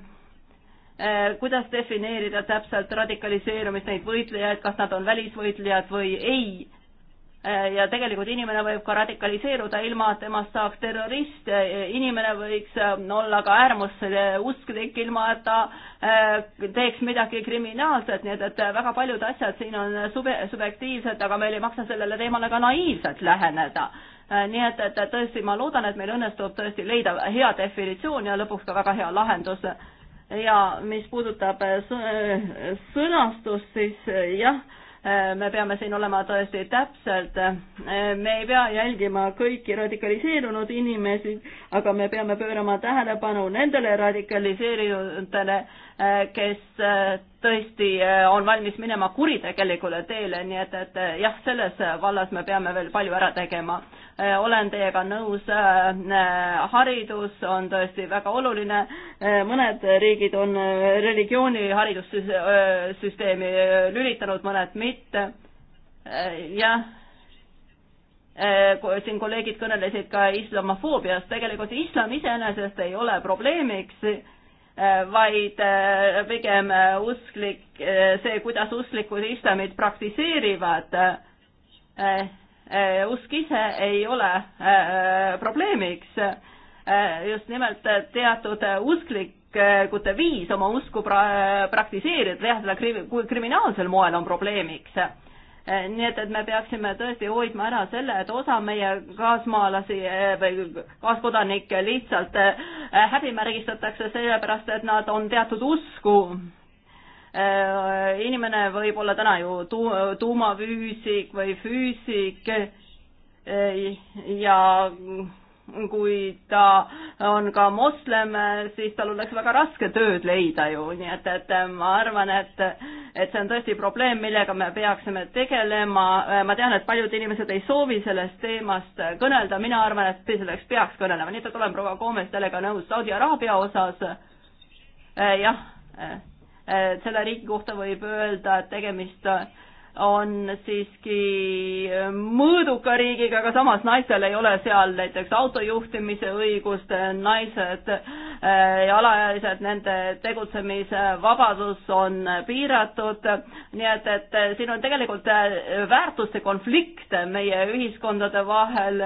kuidas defineerida täpselt radikaliseerumist, neid võitlejaid, kas nad on välisvõitlejad või ei. ja tegelikult inimene võib ka radikaliseeruda, ilma et temast saaks terrorist, inimene võiks olla ka äärmususklik, ilma et ta teeks midagi kriminaalset, nii et, et väga paljud asjad siin on sube-, subjektiivsed, aga meil ei maksa sellele teemale ka naiivselt läheneda Äh, nii et, et tõesti, ma loodan, et meil õnnestub tõesti leida hea definitsioon ja lõpuks ka väga hea lahendus. ja mis puudutab äh, äh, sõnastust, siis jah, me peame siin olema tõesti täpselt, me ei pea jälgima kõiki radikaliseerunud inimesi, aga me peame pöörama tähelepanu nendele radikaliseerijatele, kes tõesti on valmis minema kuritegelikule teele, nii et, et jah, selles vallas me peame veel palju ära tegema Äh, olen teiega nõus, äh, haridus on tõesti väga oluline, äh, mõned riigid on religiooni haridussüsteemi lülitanud, mõned mitte, jah, siin kolleegid kõnelesid ka islamofoobiast, tegelikult islam iseenesest ei ole probleemiks, vaid pigem usklik, see, kuidas usklikud islamid praktiseerivad, Eh, usk ise ei ole eh, probleemiks. Eh, just nimelt teatud usklikute viis oma usku pra-, praktiseerida, teha seda kri-, kriminaalsel moel on probleemiks nii et, et me peaksime tõesti hoidma ära selle, et osa meie kaasmaalasi või kaaskodanikke lihtsalt häbimärgistatakse sellepärast, et nad on teatud usku Äh, inimene võib olla täna ju tu-, tuumafüüsik või füüsik äh, ja kui ta on ka moslem, siis tal oleks väga raske tööd leida ju, nii et, et äh, ma arvan, et et see on tõesti probleem, millega me peaksime tegelema, ma tean, et paljud inimesed ei soovi sellest teemast kõnelda, mina arvan, et selleks peaks kõnelema, nii et olen proua Koomes sellega nõus, Saudi Araabia osas jah Äh, selle riigi kohta võib öelda, et tegemist on siiski äh, mõõduka riigiga, aga samas naistel ei ole seal näiteks autojuhtimise õigust, naised ja äh, alaealised, nende tegutsemise vabadus on piiratud, nii et, et siin on tegelikult väärtuste konflikt meie ühiskondade vahel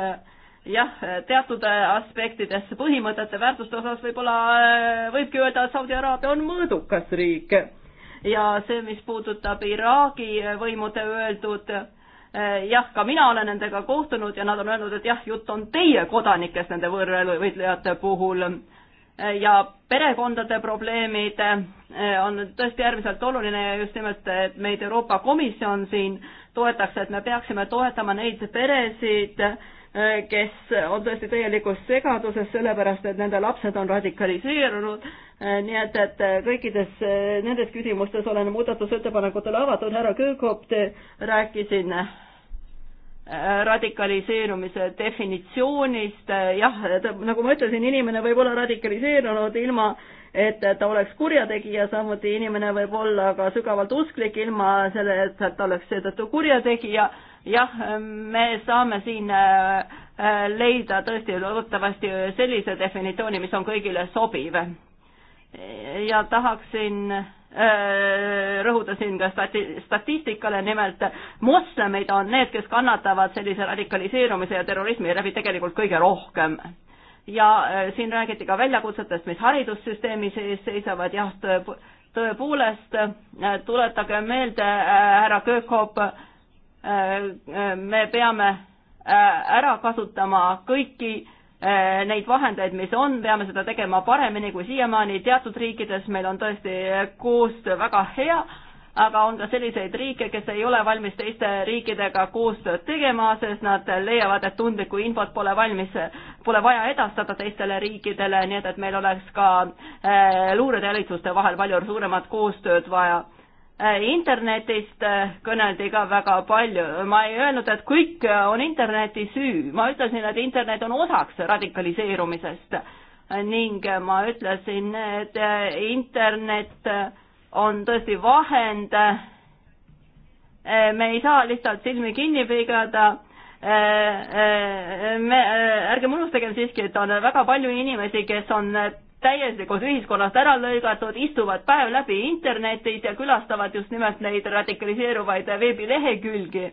jah, teatud äh, aspektides põhimõtete väärtuste osas võib-olla äh, võibki öelda, et Saudi Araabia on mõõdukas riik ja see, mis puudutab Iraagi võimude öeldud äh, jah, ka mina olen nendega kohtunud ja nad on öelnud, et jah, jutt on teie kodanikest nende võrrelvõitlejate puhul ja perekondade probleemid on tõesti äärmiselt oluline ja just nimelt, et meid Euroopa Komisjon siin toetaks, et me peaksime toetama neid peresid, Äh, kes on tõesti täielikus segaduses, sellepärast et nende lapsed on radikaliseerunud. Äh, nii et, et äh, kõikides nendes küsimustes olen muudatusettepanekutele avatud, härra Köökop, te rääkisin radikaliseerumise definitsioonist, jah, nagu ma ütlesin, inimene võib olla radikaliseerunud ilma, et ta oleks kurjategija, samuti inimene võib olla ka sügavalt usklik ilma selle, et ta oleks seetõttu kurjategija jah, me saame siin äh, leida tõesti loodetavasti sellise definitsiooni, mis on kõigile sobiv. ja tahaksin äh, rõhuda siin ka stati-, statistikale, nimelt moslemid on need, kes kannatavad sellise radikaliseerumise ja terrorismi läbi tegelikult kõige rohkem ja äh, siin räägiti ka väljakutsetest, mis haridussüsteemis ees seisavad, jah, tõepoolest tuletage meelde, härra Köökhoop, Äh, äh, me peame äh, ära kasutama kõiki neid vahendeid, mis on, peame seda tegema paremini kui siiamaani, teatud riikides meil on tõesti koostöö väga hea, aga on ka selliseid riike, kes ei ole valmis teiste riikidega koostööd tegema, sest nad leiavad, et tundlikku infot pole valmis, pole vaja edastada teistele riikidele, nii et, et meil oleks ka luureteenistuste vahel palju suuremat koostööd vaja Äh, internetist äh, kõneldi ka väga palju, ma ei öelnud, et kõik äh, on interneti süü, ma ütlesin, et internet on osaks radikaliseerumisest ning ma ütlesin, et internet on tõesti vahend, me ei saa lihtsalt silmi kinni pigada me, ärgem unustagem siiski, et on väga palju inimesi, kes on täielikult ühiskonnast ära lõigatud, istuvad päev läbi internetis ja külastavad just nimelt neid radikaliseeruvaid veebilehekülgi.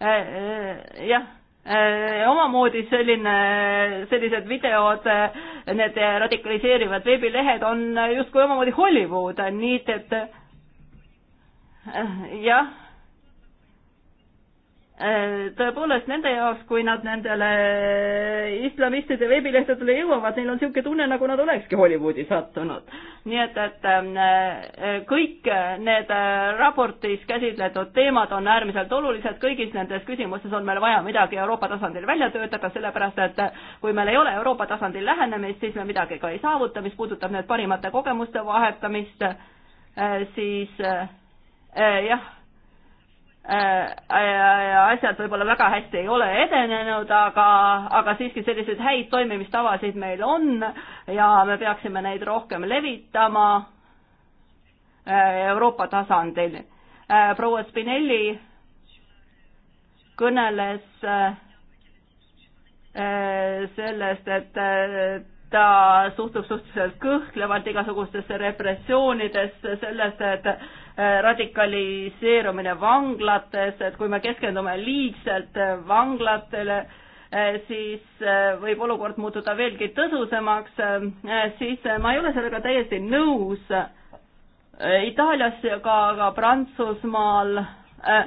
Äh, äh, jah, äh, omamoodi selline, sellised videod, need radikaliseerivad veebilehed on justkui omamoodi Hollywood, nii et, et jah, Äh, tõepoolest nende jaoks, kui nad nendele islamistide veebilehtedele jõuavad, neil on niisugune tunne, nagu nad olekski Hollywoodi sattunud. nii et, et äh, kõik need äh, raportis käsitletud teemad on äärmiselt olulised, kõigis nendes küsimustes on meil vaja midagi Euroopa tasandil välja töötada, sellepärast et kui meil ei ole Euroopa tasandil lähenemist, siis me midagi ka ei saavuta, mis puudutab nüüd parimate kogemuste vahetamist, siis jah Äh, äh, äh, asjad võib-olla väga hästi ei ole edenenud, aga, aga siiski selliseid häid toimimistavasid meil on ja me peaksime neid rohkem levitama Euroopa tasandil. proua Spinelli kõneles sellest, et ta suhtub suhteliselt kõhklevalt igasugustesse repressioonidesse, sellest, et Äh, radikaliseerumine vanglates, et kui me keskendume liigselt äh, vanglatele, äh, siis võib olukord muutuda veelgi tõsusemaks, siis ma ei ole sellega täiesti nõus. Itaalias ja ka, ka Prantsusmaal äh,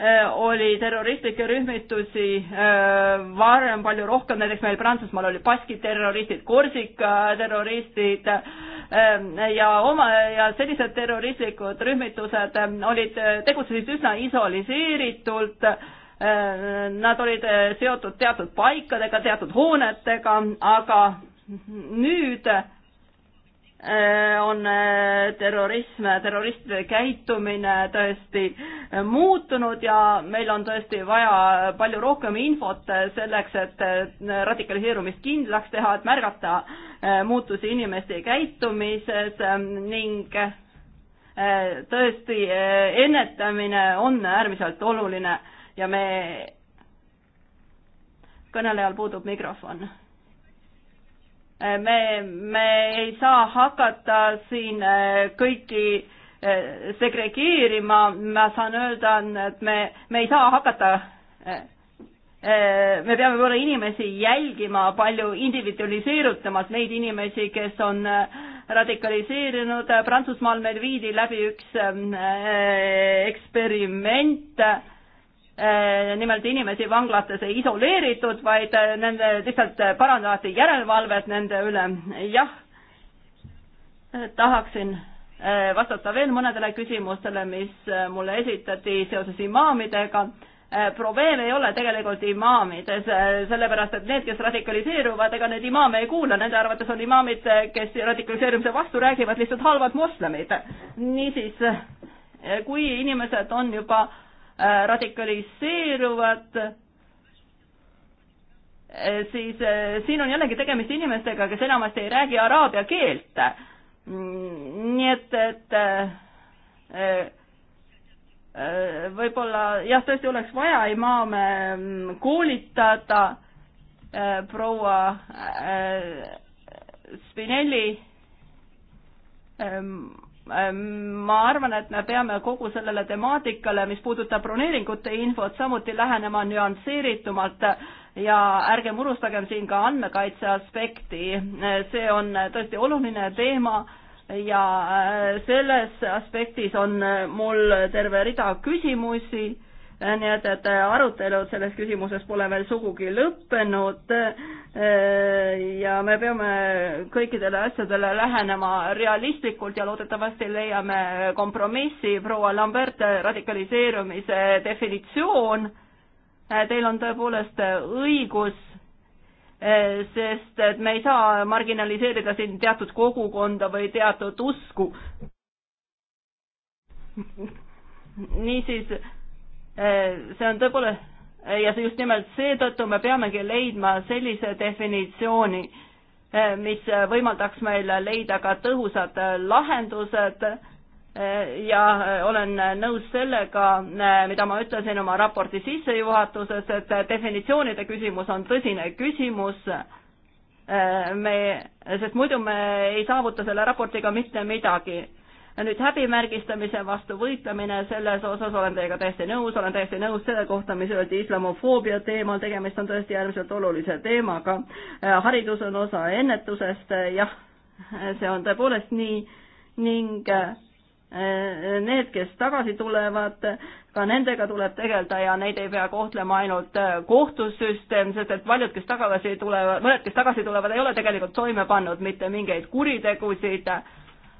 Äh, oli terroristlikke rühmitusi äh, varem palju rohkem, näiteks meil Prantsusmaal oli baskid terroristid, Korsika äh, terroristid ja oma ja sellised terroristlikud rühmitused olid, tegutsesid üsna isoliseeritult. Nad olid seotud teatud paikadega, teatud hoonetega, aga nüüd Äh, on äh, terrorism, terroristide käitumine tõesti äh, muutunud ja meil on tõesti vaja palju rohkem infot selleks, et radikaliseerumist kindlaks teha, et märgata muutusi inimeste käitumises ähm, ning tõesti ennetamine on äärmiselt oluline ja me, kõnelejal puudub mikrofon me, me ei saa hakata siin äh, kõiki äh, segregeerima, ma saan öelda, et me, me ei saa hakata äh, me peame võib-olla inimesi jälgima palju individualiseerutamas neid inimesi, kes on radikaliseerunud. Prantsusmaal meil viidi läbi üks eksperiment Äh, nimelt inimesi vanglatesse isoleeritud, vaid äh, nende lihtsalt äh, parandati järelevalvet nende üle. jah, tahaksin vastata veel mõnedele küsimustele, mis mulle esitati seoses imaamidega. probleem ei ole tegelikult imaamides, sellepärast et need, kes radikaliseeruvad, ega need imaame ei kuula, nende arvates on imaamid, kes radikaliseerumise vastu räägivad, lihtsalt halvad moslemid. niisiis, kui inimesed on juba äh, Äh, radikaliseeruvad, äh, siis äh, siin on jällegi tegemist inimestega, kes enamasti ei räägi araabia keelt. Mm, nii et, et võib-olla jah, tõesti oleks vaja imaame mm, koolitada proua Spinelli ähm, Ehm, ma arvan, et me peame kogu sellele temaatikale, mis puudutab broneeringute infot, samuti lähenema nüansseeritumalt ja ärgem unustagem siin ka andmekaitse aspekti. see on tõesti oluline teema ja äh, selles aspektis on mul terve rida küsimusi nii et, et arutelud selles küsimuses pole veel sugugi lõppenud eh, ja me peame kõikidele asjadele lähenema realistlikult ja loodetavasti leiame kompromissi. proua Lambert, radikaliseerumise definitsioon, eh, teil on tõepoolest õigus, eh, sest et me ei saa marginaliseerida siin teatud kogukonda või teatud usku. niisiis Äh, see on tõepoolest äh, ja see just nimelt seetõttu me peamegi leidma sellise definitsiooni, äh, mis võimaldaks meil leida ka tõhusad lahendused ja olen nõus sellega, mida ma ütlesin oma raporti sissejuhatuses, et definitsioonide küsimus on tõsine küsimus, me, sest muidu me ei saavuta selle raportiga mitte midagi nüüd häbimärgistamise vastu võitlemine, selles osas olen teiega täiesti nõus, olen täiesti nõus selle kohta, mis öeldi islamofoobia teemal, tegemist on tõesti äärmiselt olulise teemaga. Äh, haridus on osa ennetusest, äh, jah, see on tõepoolest nii ning äh, need, kes tagasi tulevad, ka nendega tuleb tegeleda ja neid ei pea kohtlema ainult kohtusüsteem, sest et paljud, kes tagasi tulevad, mõned, kes tagasi tulevad, ei ole tegelikult toime pannud mitte mingeid kuritegusid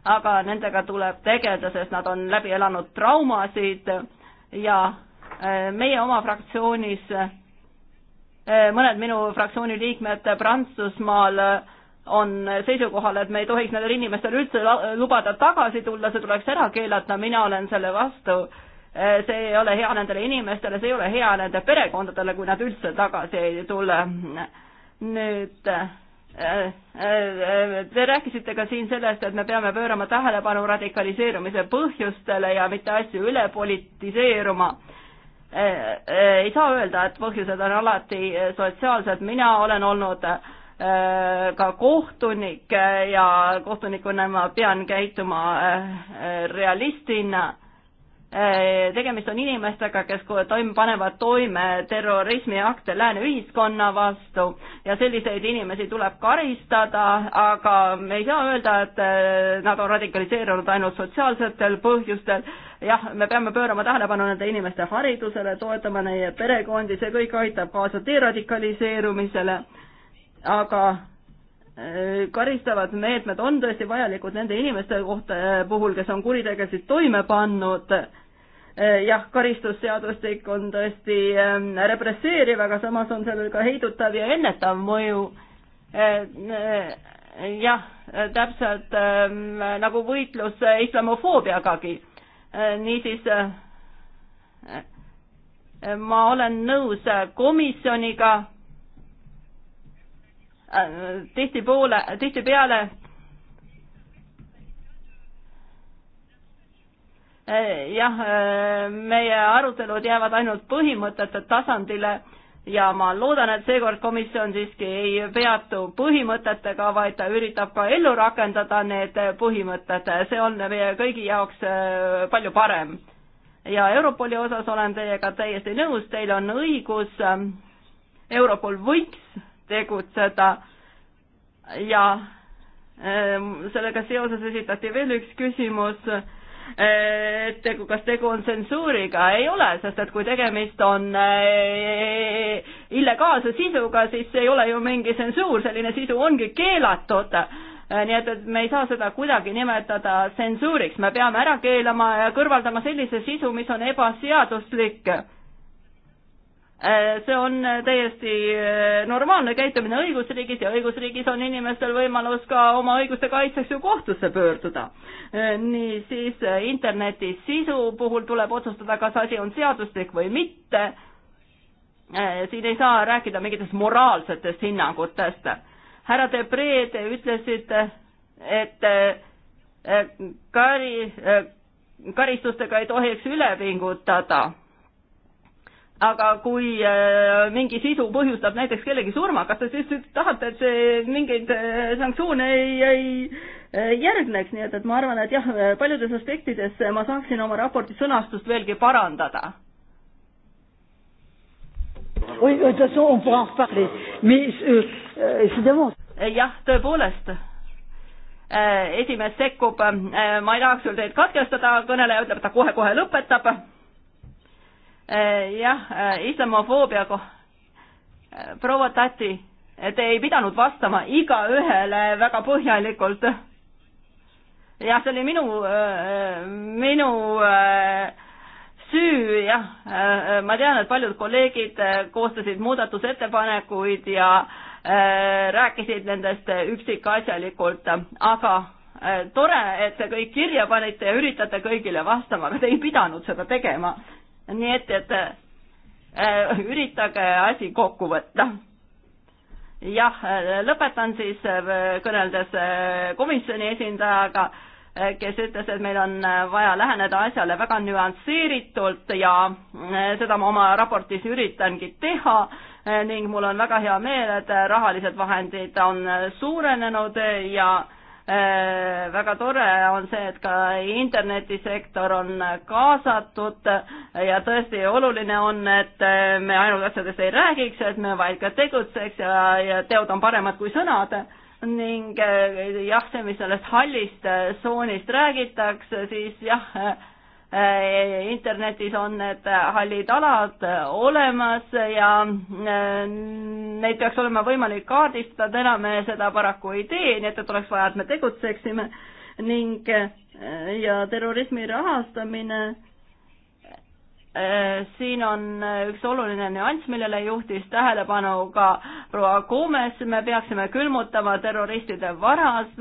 aga nendega tuleb tegeleda, sest nad on läbi elanud traumasid ja eh, meie oma fraktsioonis, eh, mõned minu fraktsiooni liikmed Prantsusmaal on seisukohal, et me ei tohiks nendel inimestel üldse lubada tagasi tulla, see tuleks ära keelata, mina olen selle vastu. Eh, see ei ole hea nendele inimestele, see ei ole hea nende perekondadele, kui nad üldse tagasi ei tule. nüüd äh, Te rääkisite ka siin sellest, et me peame pöörama tähelepanu radikaliseerumise põhjustele ja mitte asju üle politiseeruma. Äh, äh, ei saa öelda, et põhjused on alati sotsiaalsed, mina olen olnud äh, ka kohtunik ja kohtunikuna ma pean käituma realistina Äh, tegemist on inimestega, kes toim-, panevad toime terrorismiakte lääne ühiskonna vastu ja selliseid inimesi tuleb karistada, aga me ei saa öelda, et äh, nad on radikaliseerunud ainult sotsiaalsetel põhjustel, jah, me peame pöörama tähelepanu nende inimeste haridusele, toetama neie perekondi, see kõik aitab kaasa deradikaliseerumisele, aga äh, karistavad meetmed on tõesti vajalikud nende inimeste kohta puhul, kes on kuritegesid toime pannud Äh, jah, karistusseadustik on tõesti ähm, represseeriv, aga samas on sellel ka heidutav ja ennetav mõju. Äh, äh, jah, täpselt ähm, nagu võitlus islamofoobiagagi. niisiis ma olen nõus komisjoniga tihtipoole, tihtipeale Eh, jah, eh, meie arutelud jäävad ainult põhimõtete tasandile ja ma loodan, et seekord komisjon siiski ei peatu põhimõtetega, vaid ta üritab ka ellu rakendada need põhimõtted, see on meie kõigi jaoks eh, palju parem. ja Europoli osas olen teiega täiesti nõus, teil on õigus, Europol võiks tegutseda ja sellega seoses esitati veel üks küsimus et tegu, kas tegu on tsensuuriga, ei ole, sest et kui tegemist on eh, illegaalse sisuga, siis ei ole ju mingi tsensuur, selline sisu ongi keelatud. Eh, nii et, et me ei saa seda kuidagi nimetada tsensuuriks, me peame ära keelama ja kõrvaldama sellise sisu, mis on ebaseaduslik Äh, see on äh, täiesti äh, normaalne käitumine õigusriigis ja õigusriigis on inimestel võimalus ka oma õiguste kaitseks ju kohtusse pöörduda. niisiis internetis sisu puhul tuleb otsustada, kas asi on seaduslik või mitte. siin ei saa rääkida mingitest moraalsetest hinnangutest. härra Debre, te ütlesite, et kari, karistustega ei tohiks üle pingutada aga kui äh, mingi sisu põhjustab näiteks kellegi surma, kas te siis tahate, et see mingeid äh, sanktsioone ei, ei äh, järgneks, nii et, et ma arvan, et jah, paljudes aspektides ma saaksin oma raporti sõnastust veelgi parandada. Euh, euh, jah, tõepoolest esimees sekkub, ma ei tahaks küll teid katkestada, kõneleja ütleb, et ta kohe-kohe lõpetab Eh, jah, eh, islamofoobia ko-, eh, proua Tati, te ei pidanud vastama igaühele väga põhjalikult. jah, see oli minu, minu süü, jah, ma tean, et paljud kolleegid koostasid muudatusettepanekuid ja rääkisid nendest üksikasjalikult, aga tore, et te kõik kirja panite ja üritate kõigile vastama, aga te ei pidanud seda tegema nii et, et äh, üritage asi kokku võtta. jah, lõpetan siis äh, kõneldes äh, komisjoni esindajaga, äh, kes ütles, et meil on vaja läheneda asjale väga nüansseeritult ja seda ma oma raportis üritangi teha ning mul on väga hea meel, et rahalised vahendid on suurenenud ja Äh, väga tore on see, et ka internetisektor on kaasatud ja tõesti oluline on, et me ainult asjadest ei räägiks, et me vaid ka tegutseks ja, ja teod on paremad kui sõnad ning äh, jah, see, mis sellest hallist äh, tsoonist räägitakse, siis jah, Äh, internetis on need hallid alad äh, olemas ja äh, neid peaks olema võimalik kaardistada, täna me seda paraku ei tee, nii et, et oleks vaja, et me tegutseksime ning ja terrorismi rahastamine, siin on üks oluline nüanss, millele juhtis tähelepanu ka proua Gomes, me peaksime külmutama terroristide varas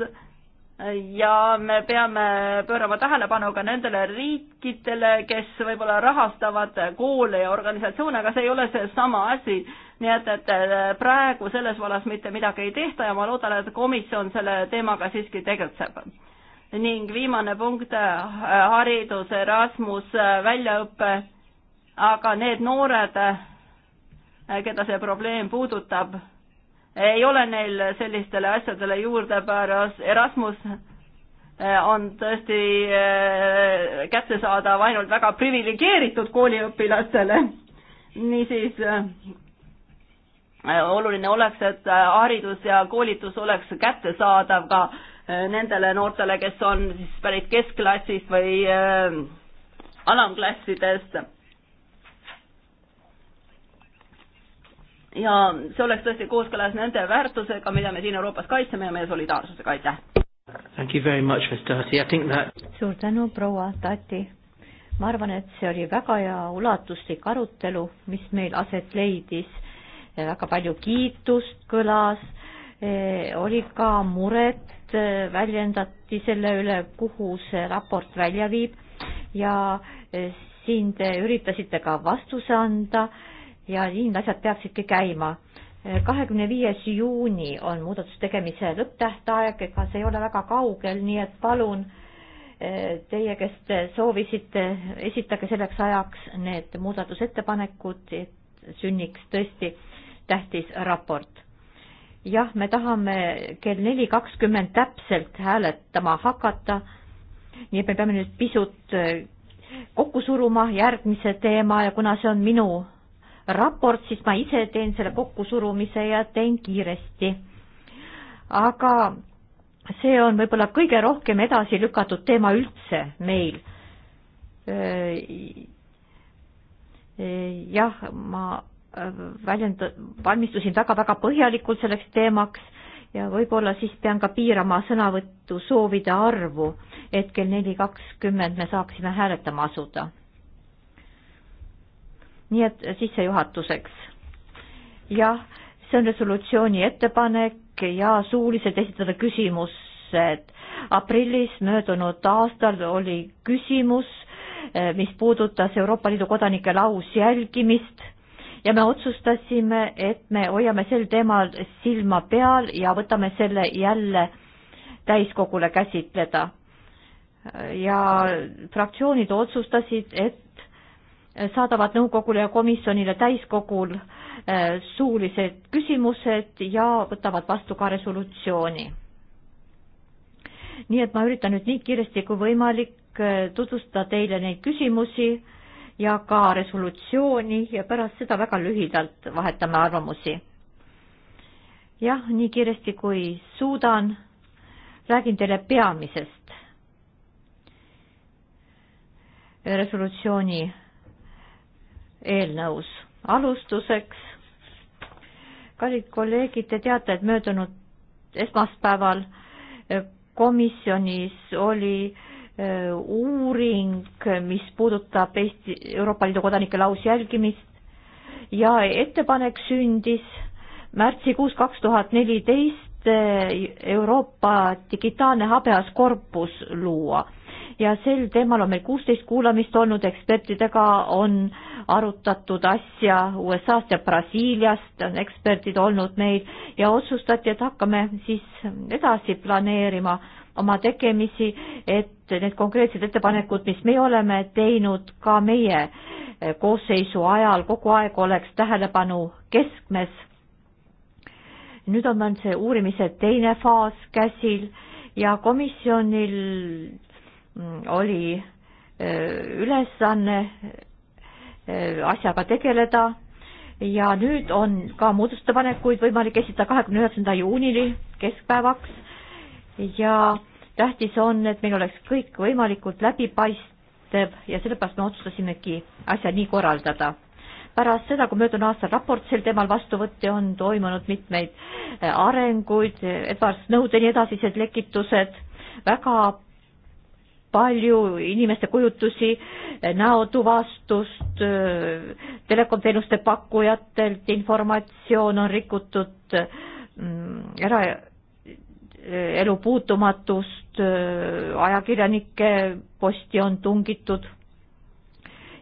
ja me peame pöörama tähelepanu ka nendele riikidele, kes võib-olla rahastavad koole ja organisatsioone, aga see ei ole seesama asi. nii et, et praegu selles vallas mitte midagi ei tehta ja ma loodan, et komisjon selle teemaga siiski tegutseb. ning viimane punkt, haridus, Erasmus, väljaõpe, aga need noored, keda see probleem puudutab ei ole neil sellistele asjadele juurdepääs, Erasmus eh, on tõesti eh, kättesaadav ainult väga priviligeeritud kooliõpilastele. niisiis eh, oluline oleks, et haridus ja koolitus oleks kättesaadav ka nendele noortele, kes on siis pärit keskklassist või alamklassidest ja see oleks tõesti kooskõlas nende väärtusega, mida me siin Euroopas kaitseme ja meie solidaarsusega, aitäh! That... suur tänu, proua Tati! ma arvan, et see oli väga hea ulatuslik arutelu, mis meil aset leidis, väga palju kiitust kõlas eh,, oli ka muret eh,, väljendati selle üle, kuhu see raport välja viib ja eh, siin te üritasite ka vastuse anda ja nii need asjad peaksidki käima. kahekümne viies juuni on muudatuse tegemise lõpptähtaeg, ega see ei ole väga kaugel, nii et palun eh, teie, kes te soovisite, esitage selleks ajaks need muudatusettepanekud, et sünniks tõesti tähtis raport. jah, me tahame kell neli kakskümmend täpselt hääletama hakata, nii et me peame nüüd pisut eh, kokku suruma järgmise teema ja kuna see on minu raport, siis ma ise teen selle kokkusurumise ja teen kiiresti. aga see on võib-olla kõige rohkem edasi lükatud teema üldse meil. jah, ma väljend-, valmistusin väga-väga põhjalikult selleks teemaks ja võib-olla siis pean ka piirama sõnavõttu soovide arvu, et kell neli kakskümmend me saaksime hääletama asuda nii et sissejuhatuseks. jah, see on resolutsiooni ettepanek ja suuliselt esitada küsimused. aprillis möödunud aastal oli küsimus, eh, mis puudutas Euroopa Liidu kodanike lausjälgimist ja me otsustasime, et me hoiame sel teemal silma peal ja võtame selle jälle täiskogule käsitleda. ja fraktsioonid otsustasid, et saadavad nõukogule ja komisjonile täiskogul äh, suulised küsimused ja võtavad vastu ka resolutsiooni. nii et ma üritan nüüd nii kiiresti kui võimalik äh, tutvustada teile neid küsimusi ja ka resolutsiooni ja pärast seda väga lühidalt vahetame arvamusi. jah, nii kiiresti kui suudan, räägin teile peamisest resolutsiooni eelnõus. alustuseks, kallid kolleegid, te teate, et möödunud esmaspäeval eh, komisjonis oli eh, uuring, mis puudutab Eesti, Euroopa Liidu kodanike lausjälgimist ja ettepanek sündis märtsikuus kaks tuhat neliteist eh, Euroopa digitaalne habeaskorpus luua ja sel teemal on meil kuusteist kuulamist olnud, ekspertidega on arutatud asja USA-st ja Brasiiliast on eksperdid olnud meil ja otsustati, et hakkame siis edasi planeerima oma tegemisi, et need konkreetsed ettepanekud, mis meie oleme teinud ka meie koosseisu ajal kogu aeg oleks tähelepanu keskmes nüüd on meil see uurimise teine faas käsil ja komisjonil oli e, ülesanne e, asjaga tegeleda ja nüüd on ka muudatusettepanekuid võimalik esitada kahekümne üheksanda juunini keskpäevaks ja tähtis on, et meil oleks kõik võimalikult läbipaistev ja sellepärast me otsustasimegi asja nii korraldada pärast seda, kui möödunud aastal raport sel teemal vastu võtti, on toimunud mitmeid e, arenguid, Edward Snowdeni edasised lekitused, väga palju inimeste kujutusi, näotuvastust, telekomteenuste pakkujatelt informatsioon on rikutud, eraelu mm, puutumatust, ajakirjanike posti on tungitud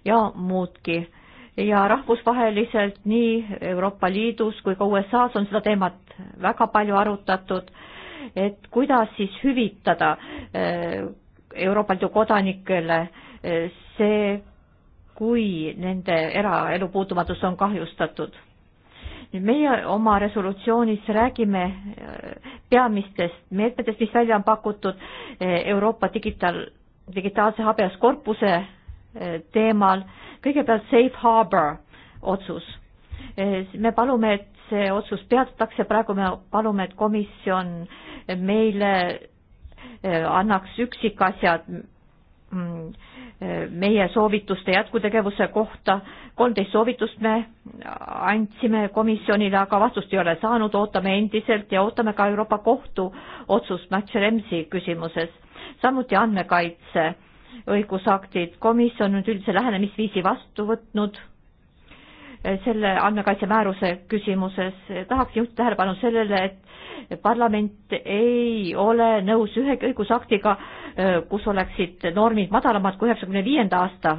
ja muudki. ja rahvusvaheliselt nii Euroopa Liidus kui ka USA-s on seda teemat väga palju arutatud et kuidas siis hüvitada eh, Euroopa Liidu kodanikele see, kui nende eraelu puutumatus on kahjustatud. meie oma resolutsioonis räägime äh, peamistest meetmetest, mis välja on pakutud äh, Euroopa digitaal, digitaalse habeaskorpuse äh, teemal. kõigepealt safe harbor otsus. me palume, et see otsus peatatakse, praegu me palume, et komisjon meile Äh, annaks üksikasjad mm, äh, meie soovituste jätkutegevuse kohta. kolmteist soovitust me andsime komisjonile, aga vastust ei ole saanud, ootame endiselt ja ootame ka Euroopa Kohtu otsust Mats Remsi küsimuses. samuti andmekaitse õigusaktid, komisjon on üldise lähenemisviisi vastu võtnud Eh, selle andmekaitse määruse küsimuses. tahaks juhtida tähelepanu sellele, et parlament ei ole nõus ühegi õigusaktiga, eh, kus oleksid normid madalamad kui üheksakümne viienda aasta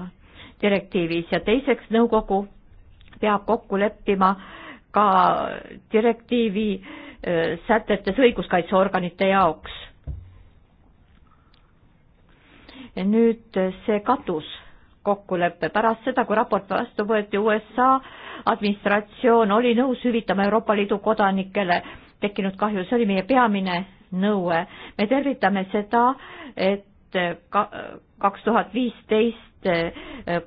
direktiivis ja teiseks nõukogu peab kokku leppima ka direktiivi eh, sätetes õiguskaitseorganite jaoks. nüüd see katus kokkulepe. pärast seda, kui raport vastu võeti, USA administratsioon oli nõus hüvitama Euroopa Liidu kodanikele tekkinud kahju, see oli meie peamine nõue. me tervitame seda, et ka kaks tuhat viisteist eh,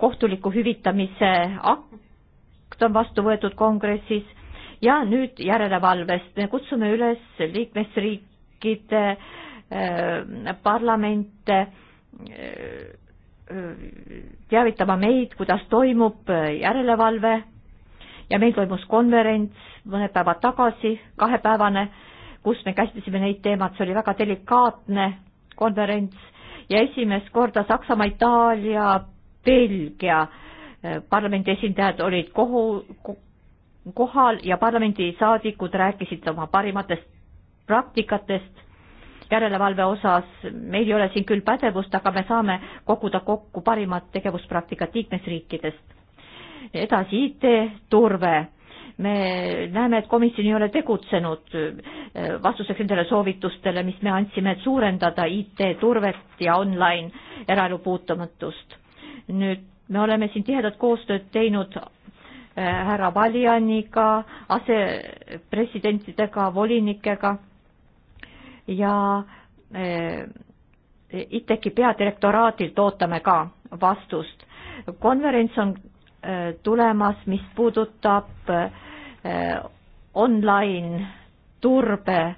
kohtuliku hüvitamise akt on vastu võetud kongressis ja nüüd järelevalvest. me kutsume üles liikmesriikide eh, parlamente eh, teavitama meid, kuidas toimub äh, järelevalve ja meil toimus konverents mõned päevad tagasi, kahepäevane, kus me käsitlesime neid teemat, see oli väga delikaatne konverents ja esimest korda Saksamaa, Itaalia, Belgia äh, parlamendi esindajad olid kohu, kohal ja parlamendisaadikud rääkisid oma parimatest praktikatest järelevalve osas, meil ei ole siin küll pädevust, aga me saame koguda kokku parimat tegevuspraktikat liikmesriikidest. edasi IT-turve me näeme, et komisjon ei ole tegutsenud eh, vastuseks nendele soovitustele, mis me andsime, et suurendada IT-turvet ja online eraelu puutumatust. nüüd me oleme siin tihedat koostööd teinud eh, härra Valjaniga, asepresidentidega, volinikega ja eh, ITEK-i peadirektoraadilt ootame ka vastust. konverents on eh, tulemas, mis puudutab eh, online turbe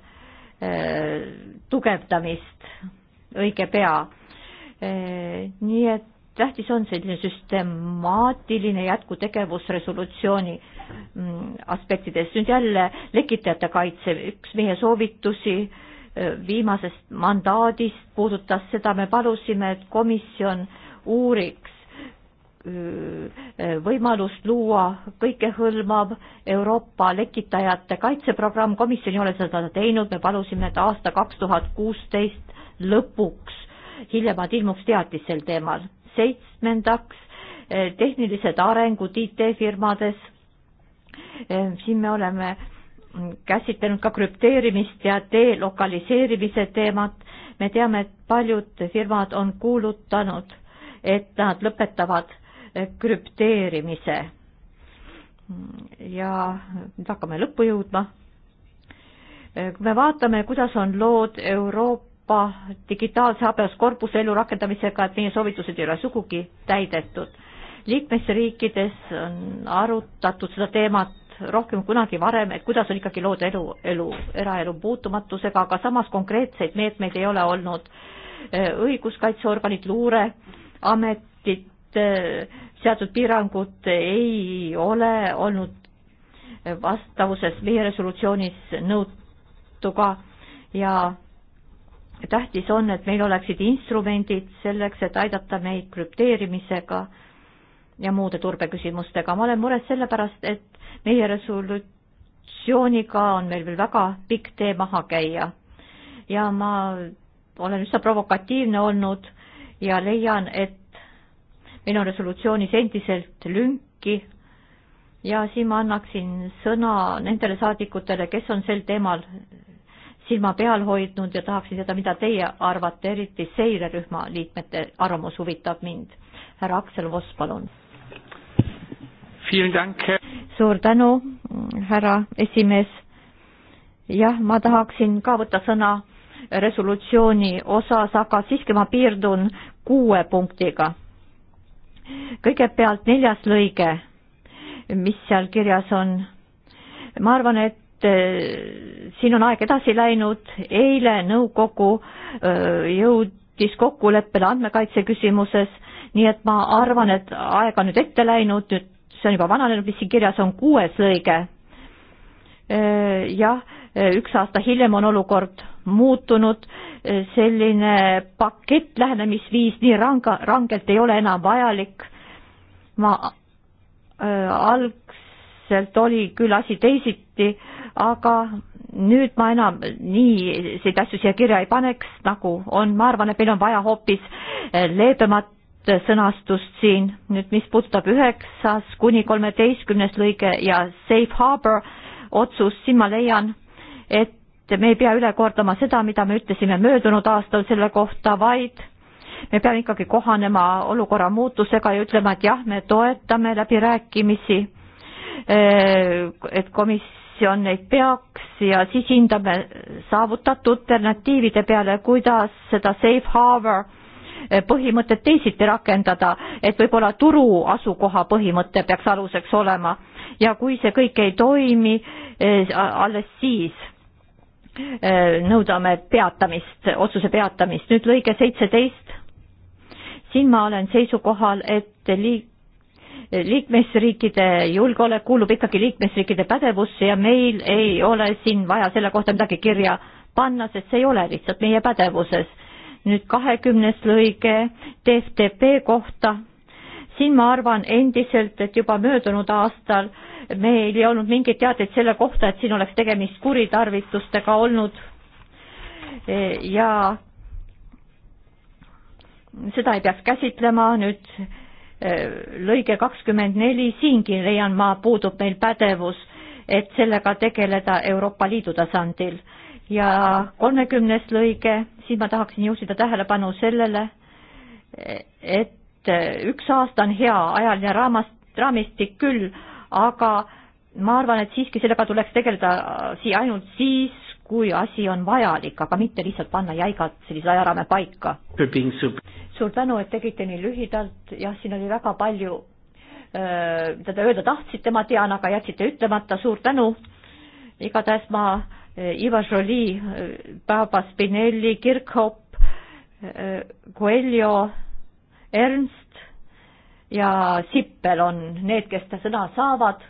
tugevdamist õige pea. nii et tähtis on selline süstemaatiline jätkutegevus resolutsiooni mm, aspektides. nüüd jälle lekitajate kaitse, üks meie soovitusi viimasest mandaadist puudutas seda, me palusime, et komisjon uuriks võimalust luua kõikehõlmav Euroopa lekitajate kaitseprogramm, komisjon ei ole seda teinud, me palusime, et aasta kaks tuhat kuusteist lõpuks hiljemalt ilmuks teatis sel teemal. seitsmendaks, tehnilised arengud IT-firmades, siin me oleme käsitlenud ka krüpteerimist ja delokaliseerimise teemat. me teame, et paljud firmad on kuulutanud, et nad lõpetavad eh, krüpteerimise. ja nüüd hakkame lõppu jõudma. Eh, kui me vaatame, kuidas on lood Euroopa digitaalse habeaskorpuse elu rakendamisega, et meie soovitused ei ole sugugi täidetud liikmesriikides on arutatud seda teemat rohkem kunagi varem, et kuidas on ikkagi lood elu, elu, eraelu puutumatusega, aga samas konkreetseid meetmeid ei ole olnud. Äh, õiguskaitseorganid, luureametid, äh, seatud piirangud ei ole olnud vastavuses meie resolutsioonis nõutuga ja tähtis on, et meil oleksid instrumendid selleks, et aidata meid krüpteerimisega äh, ja muude turbeküsimustega. ma olen mures sellepärast, et meie resolutsiooniga on meil veel väga pikk tee maha käia. ja ma olen üsna provokatiivne olnud ja leian, et meil on resolutsioonis endiselt lünki ja siin ma annaksin sõna nendele saadikutele, kes on sel teemal silma peal hoidnud ja tahaksin seda, mida teie arvate, eriti seirerühma liikmete arvamus huvitab mind. härra Aksel Voss, palun suur tänu, härra esimees. jah, ma tahaksin ka võtta sõna resolutsiooni osas, aga siiski ma piirdun kuue punktiga. kõigepealt neljas lõige, mis seal kirjas on. ma arvan, et äh, siin on aeg edasi läinud, eile nõukogu äh, jõudis kokkuleppele andmekaitse küsimuses, nii et ma arvan, et aeg on nüüd ette läinud, nüüd see on juba vananenud, mis siin kirjas on, kuues lõige. Äh, jah, äh, üks aasta hiljem on olukord muutunud, äh, selline pakett, lähenemisviis nii ranga, rangelt ei ole enam vajalik. ma äh, algselt oli küll asi teisiti, aga nüüd ma enam nii neid asju siia kirja ei paneks, nagu on, ma arvan, et meil on vaja hoopis leebemat sõnastust siin, nüüd mis puudutab üheksas kuni kolmeteistkümnes lõige ja safe harbor otsus, siin ma leian, et me ei pea üle kordama seda, mida me ütlesime möödunud aastal selle kohta, vaid me peame ikkagi kohanema olukorra muutusega ja ütlema, et jah, me toetame läbirääkimisi, et komisjon neid peaks ja siis hindame saavutatud alternatiivide peale, kuidas seda safe harbor Eh, põhimõtet teisiti rakendada, et võib-olla turu asukoha põhimõte peaks aluseks olema ja kui see kõik ei toimi, eh, alles siis eh, nõudame peatamist, otsuse peatamist. nüüd lõige seitseteist. siin ma olen seisukohal, et liik-, liikmesriikide julgeolek kuulub ikkagi liikmesriikide pädevusse ja meil ei ole siin vaja selle kohta midagi kirja panna, sest see ei ole lihtsalt meie pädevuses nüüd kahekümnes lõige DFTP kohta. siin ma arvan endiselt, et juba möödunud aastal meil ei olnud mingeid teateid selle kohta, et siin oleks tegemist kuritarvitustega olnud ja seda ei peaks käsitlema nüüd e, lõige kakskümmend neli, siingi leian ma, puudub meil pädevus, et sellega tegeleda Euroopa Liidu tasandil ja kolmekümnes lõige siin ma tahaksin juhtida tähelepanu sellele, et üks aasta on hea ajaline raamast, raamistik küll, aga ma arvan, et siiski sellega tuleks tegeleda siia ainult siis, kui asi on vajalik, aga mitte lihtsalt panna jäigalt sellise ajaraame paika. suur tänu, et tegite nii lühidalt, jah, siin oli väga palju, mida te öelda tahtsite, ma tean, aga jätsite ütlemata, suur tänu. igatahes ma Eh, iva Jolie, Baba eh, Spinelli, Kirkhoop, eh, Coelho, Ernst ja Sippel on need, kes ta sõna saavad,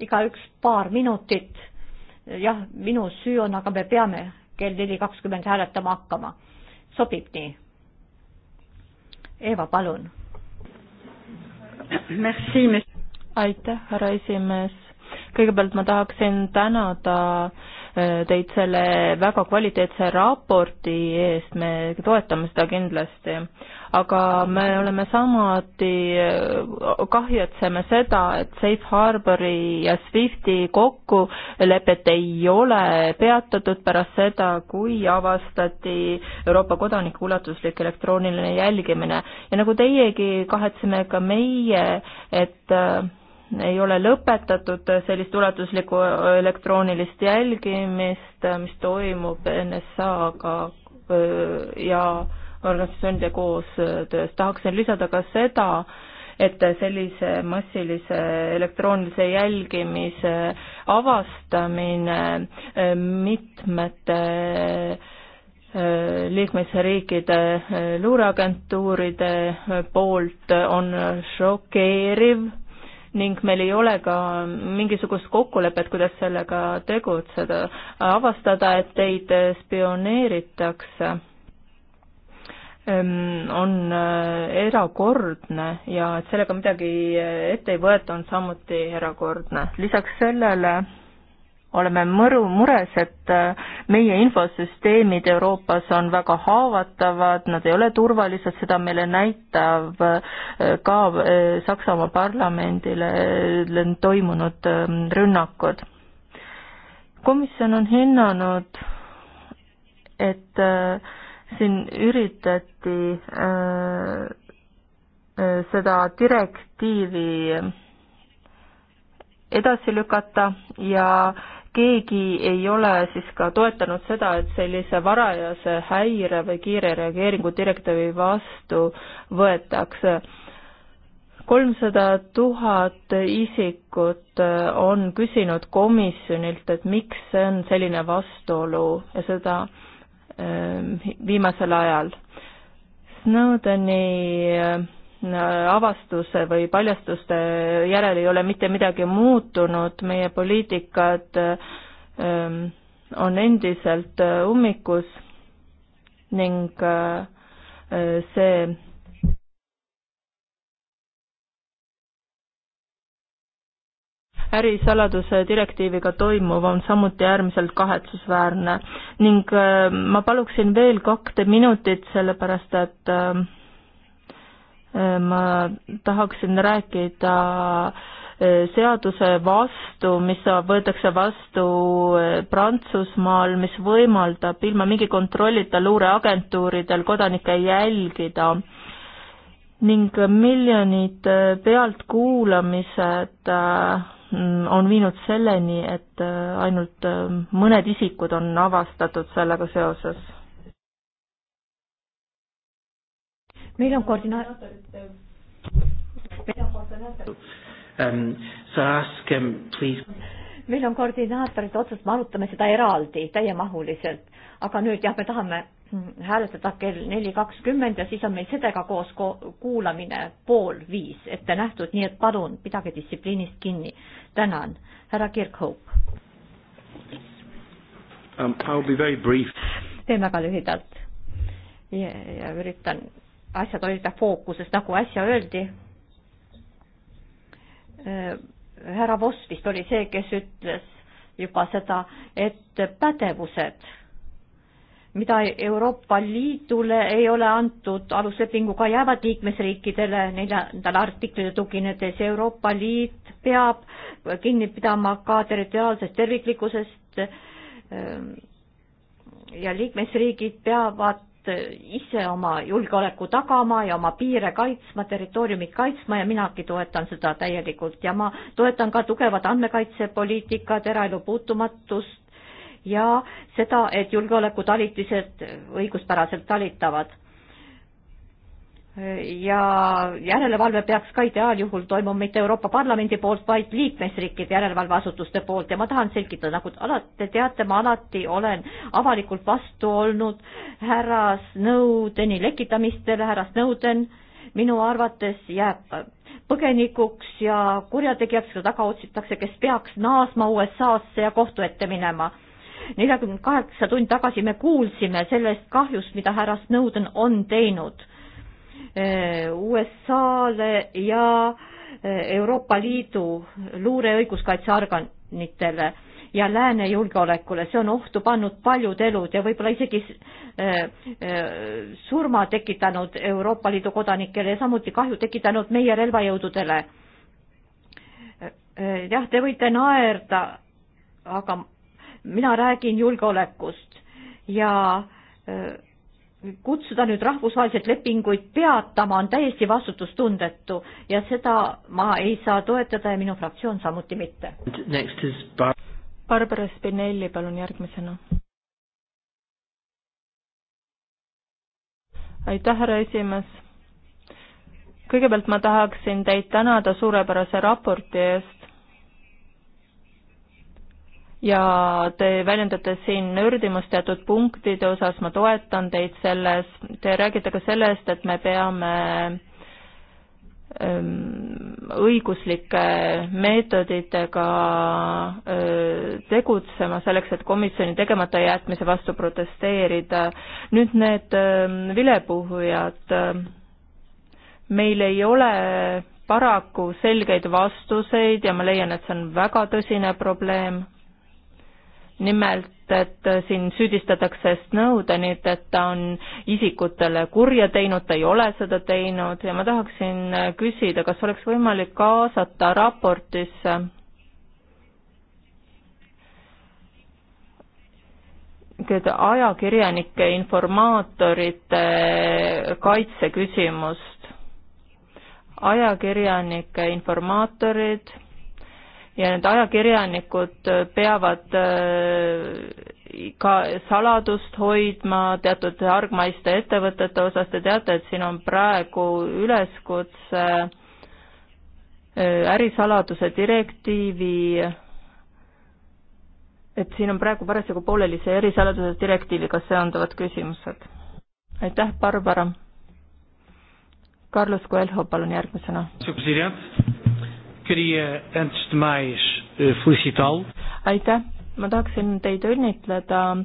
igaüks paar minutit. jah, minu süü on, aga me peame kell neli kakskümmend hääletama hakkama. sobib nii? Eeva, palun. aitäh, härra esimees. kõigepealt ma tahaksin tänada äh, teid selle väga kvaliteetse raporti eest, me toetame seda kindlasti. aga me oleme samuti, kahjutseme seda, et Safe Harbori ja SWIFTi kokkulepet ei ole peatatud pärast seda, kui avastati Euroopa kodanike ulatuslik elektrooniline jälgimine. ja nagu teiegi, kahetseme ka meie, et ei ole lõpetatud sellist ulatuslikku elektroonilist jälgimist, mis toimub NSA-ga ja organisatsioonide koostöös. tahaksin lisada ka seda, et sellise massilise elektroonilise jälgimise avastamine mitmete liikmesriikide luureagentuuride poolt on šokeeriv ning meil ei ole ka mingisugust kokkulepet, kuidas sellega tegutseda. avastada, et teid spioneeritakse, ehm, on äh, erakordne ja et sellega midagi ette ei võeta, on samuti erakordne. lisaks sellele oleme mõru, mures, et äh, meie infosüsteemid Euroopas on väga haavatavad, nad ei ole turvalised, seda meile näitab äh, ka äh, Saksamaa parlamendile toimunud ähm, rünnakud. komisjon on hinnanud, et siin üritati seda direktiivi edasi lükata ja äh, keegi ei ole siis ka toetanud seda, et sellise varajase häire või kiire reageeringu direktiivi vastu võetakse. kolmsada tuhat isikut äh, on küsinud komisjonilt, et miks see on selline vastuolu ja seda äh, viimasel ajal. Snowdeni äh, avastuse või paljastuste järel ei ole mitte midagi muutunud, meie poliitikad ähm, on endiselt äh, ummikus ning äh, see ärisaladuse direktiiviga toimuv on samuti äärmiselt kahetsusväärne ning äh, ma paluksin veel kahte minutit, sellepärast et äh, ma tahaksin rääkida äh, seaduse vastu, mis saab, võetakse vastu äh, Prantsusmaal, mis võimaldab ilma mingi kontrollita luureagentuuridel kodanikke jälgida ning miljonid äh, pealtkuulamised on viinud selleni, et ainult mõned isikud on avastatud sellega seoses Ähm, um, meil on koordinaatorite um,. meil on koordinaatorite otsus, me arutame seda eraldi täiemahuliselt, aga nüüd jah, me tahame mm, hääletada kell neli kakskümmend ja siis on meil sedega koos ko kuulamine pool viis ette nähtud, nii et palun pidage distsipliinist kinni. tänan, härra Kirkhoop um,. teen väga lühidalt ja, ja üritan asjad hoida fookuses, nagu äsja öeldi. Äh, härra Voss vist oli see, kes ütles juba seda, et pädevused, mida Euroopa Liidule ei ole antud aluslepinguga, jäävad liikmesriikidele neljandale artiklile tuginedes. Euroopa Liit peab kinni pidama ka territoriaalsest terviklikkusest ähm, ja liikmesriigid peavad ise oma julgeoleku tagama ja oma piire kaitsma, territooriumit kaitsma ja minagi toetan seda täielikult ja ma toetan ka tugevat andmekaitsepoliitikat, eraelu puutumatust ja seda, et julgeolekutalitised õiguspäraselt talitavad ja järelevalve peaks ka ideaaljuhul toimuma mitte Euroopa Parlamendi poolt, vaid liikmesriikide järelevalveasutuste poolt ja ma tahan selgitada, nagu alati te teate, ma alati olen avalikult vastu olnud härra Snowdeni lekitamistele, härra Snowden minu arvates jääb põgenikuks ja kurjategijaks, keda taga otsitakse, kes peaks naasma USA-sse ja kohtu ette minema neljakümne kaheksa tundi tagasi me kuulsime sellest kahjust, mida härra Snowden on teinud USA-le ja eh, Euroopa Liidu luure õiguskaitseorganitele ja lääne julgeolekule, see on ohtu pannud paljud elud ja võib-olla isegi eh, eh, surma tekitanud Euroopa Liidu kodanikele ja samuti kahju tekitanud meie relvajõududele. jah, te võite naerda, aga mina räägin julgeolekust ja öö, kutsuda nüüd rahvusvahelised lepinguid peatama on täiesti vastutustundetu ja seda ma ei saa toetada ja minu fraktsioon samuti mitte. Bar Barbara Spinelli, palun järgmisena. aitäh, härra esimees. kõigepealt ma tahaksin teid tänada suurepärase raporti eest, ja te väljendate siin nördimust teatud punktide osas, ma toetan teid selles, te räägite ka sellest, et me peame ähm, õiguslike meetoditega äh, tegutsema selleks, et komisjoni tegemata jätmise vastu protesteerida. nüüd need ähm, vilepuhujad, äh, meil ei ole paraku selgeid vastuseid ja ma leian, et see on väga tõsine probleem nimelt, et siin süüdistatakse Snowdenit, et ta on isikutele kurja teinud, ta ei ole seda teinud ja ma tahaksin küsida, kas oleks võimalik kaasata raportisse ajakirjanike, informaatorite kaitse küsimust. ajakirjanike, informaatorid ja need ajakirjanikud äh, peavad äh, ka saladust hoidma teatud argmaiste ettevõtete osas, te teate, et siin on praegu üleskutse äh, ärisaladuse direktiivi, et siin on praegu parasjagu pooleli see ärisaladuse direktiiviga seonduvad küsimused. aitäh, Barbara! Carlos Coelho, palun järgmisena. Queria, antes de mais, eh, felicitá-lo. aitäh, ma tahaksin teid õnnitleda.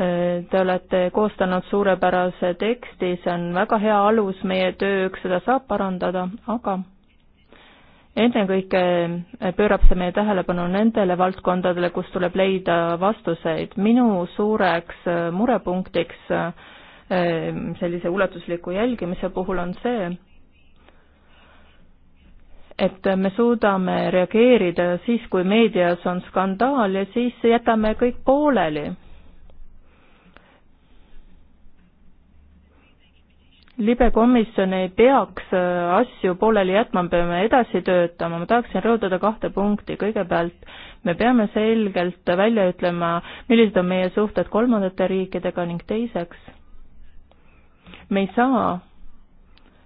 Eh, te olete koostanud suurepärase teksti, see on väga hea alus meie tööks, seda saab parandada, aga ennekõike eh, pöörab see meie tähelepanu nendele valdkondadele, kus tuleb leida vastuseid. minu suureks murepunktiks sellise ulatusliku jälgimise puhul on see, et me suudame reageerida siis, kui meedias on skandaal ja siis jätame kõik pooleli. libekomisjon ei peaks asju pooleli jätma, me peame edasi töötama, ma tahaksin rõhutada kahte punkti, kõigepealt me peame selgelt välja ütlema, millised on meie suhted kolmandate riikidega ning teiseks, me ei saa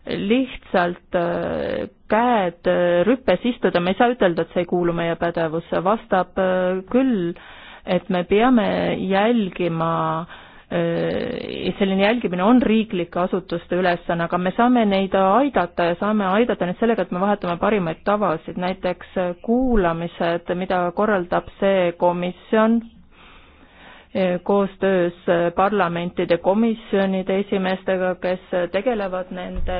lihtsalt äh, käed äh, rüpes istuda, me ei saa ütelda, et see ei kuulu meie pädevusse, vastab äh, küll, et me peame jälgima, selline jälgimine on riiklike asutuste ülesanne, aga me saame neid aidata ja saame aidata neid sellega, et me vahetame parimaid tavasid, näiteks kuulamised, mida korraldab see komisjon koostöös parlamentide komisjonide esimeestega, kes tegelevad nende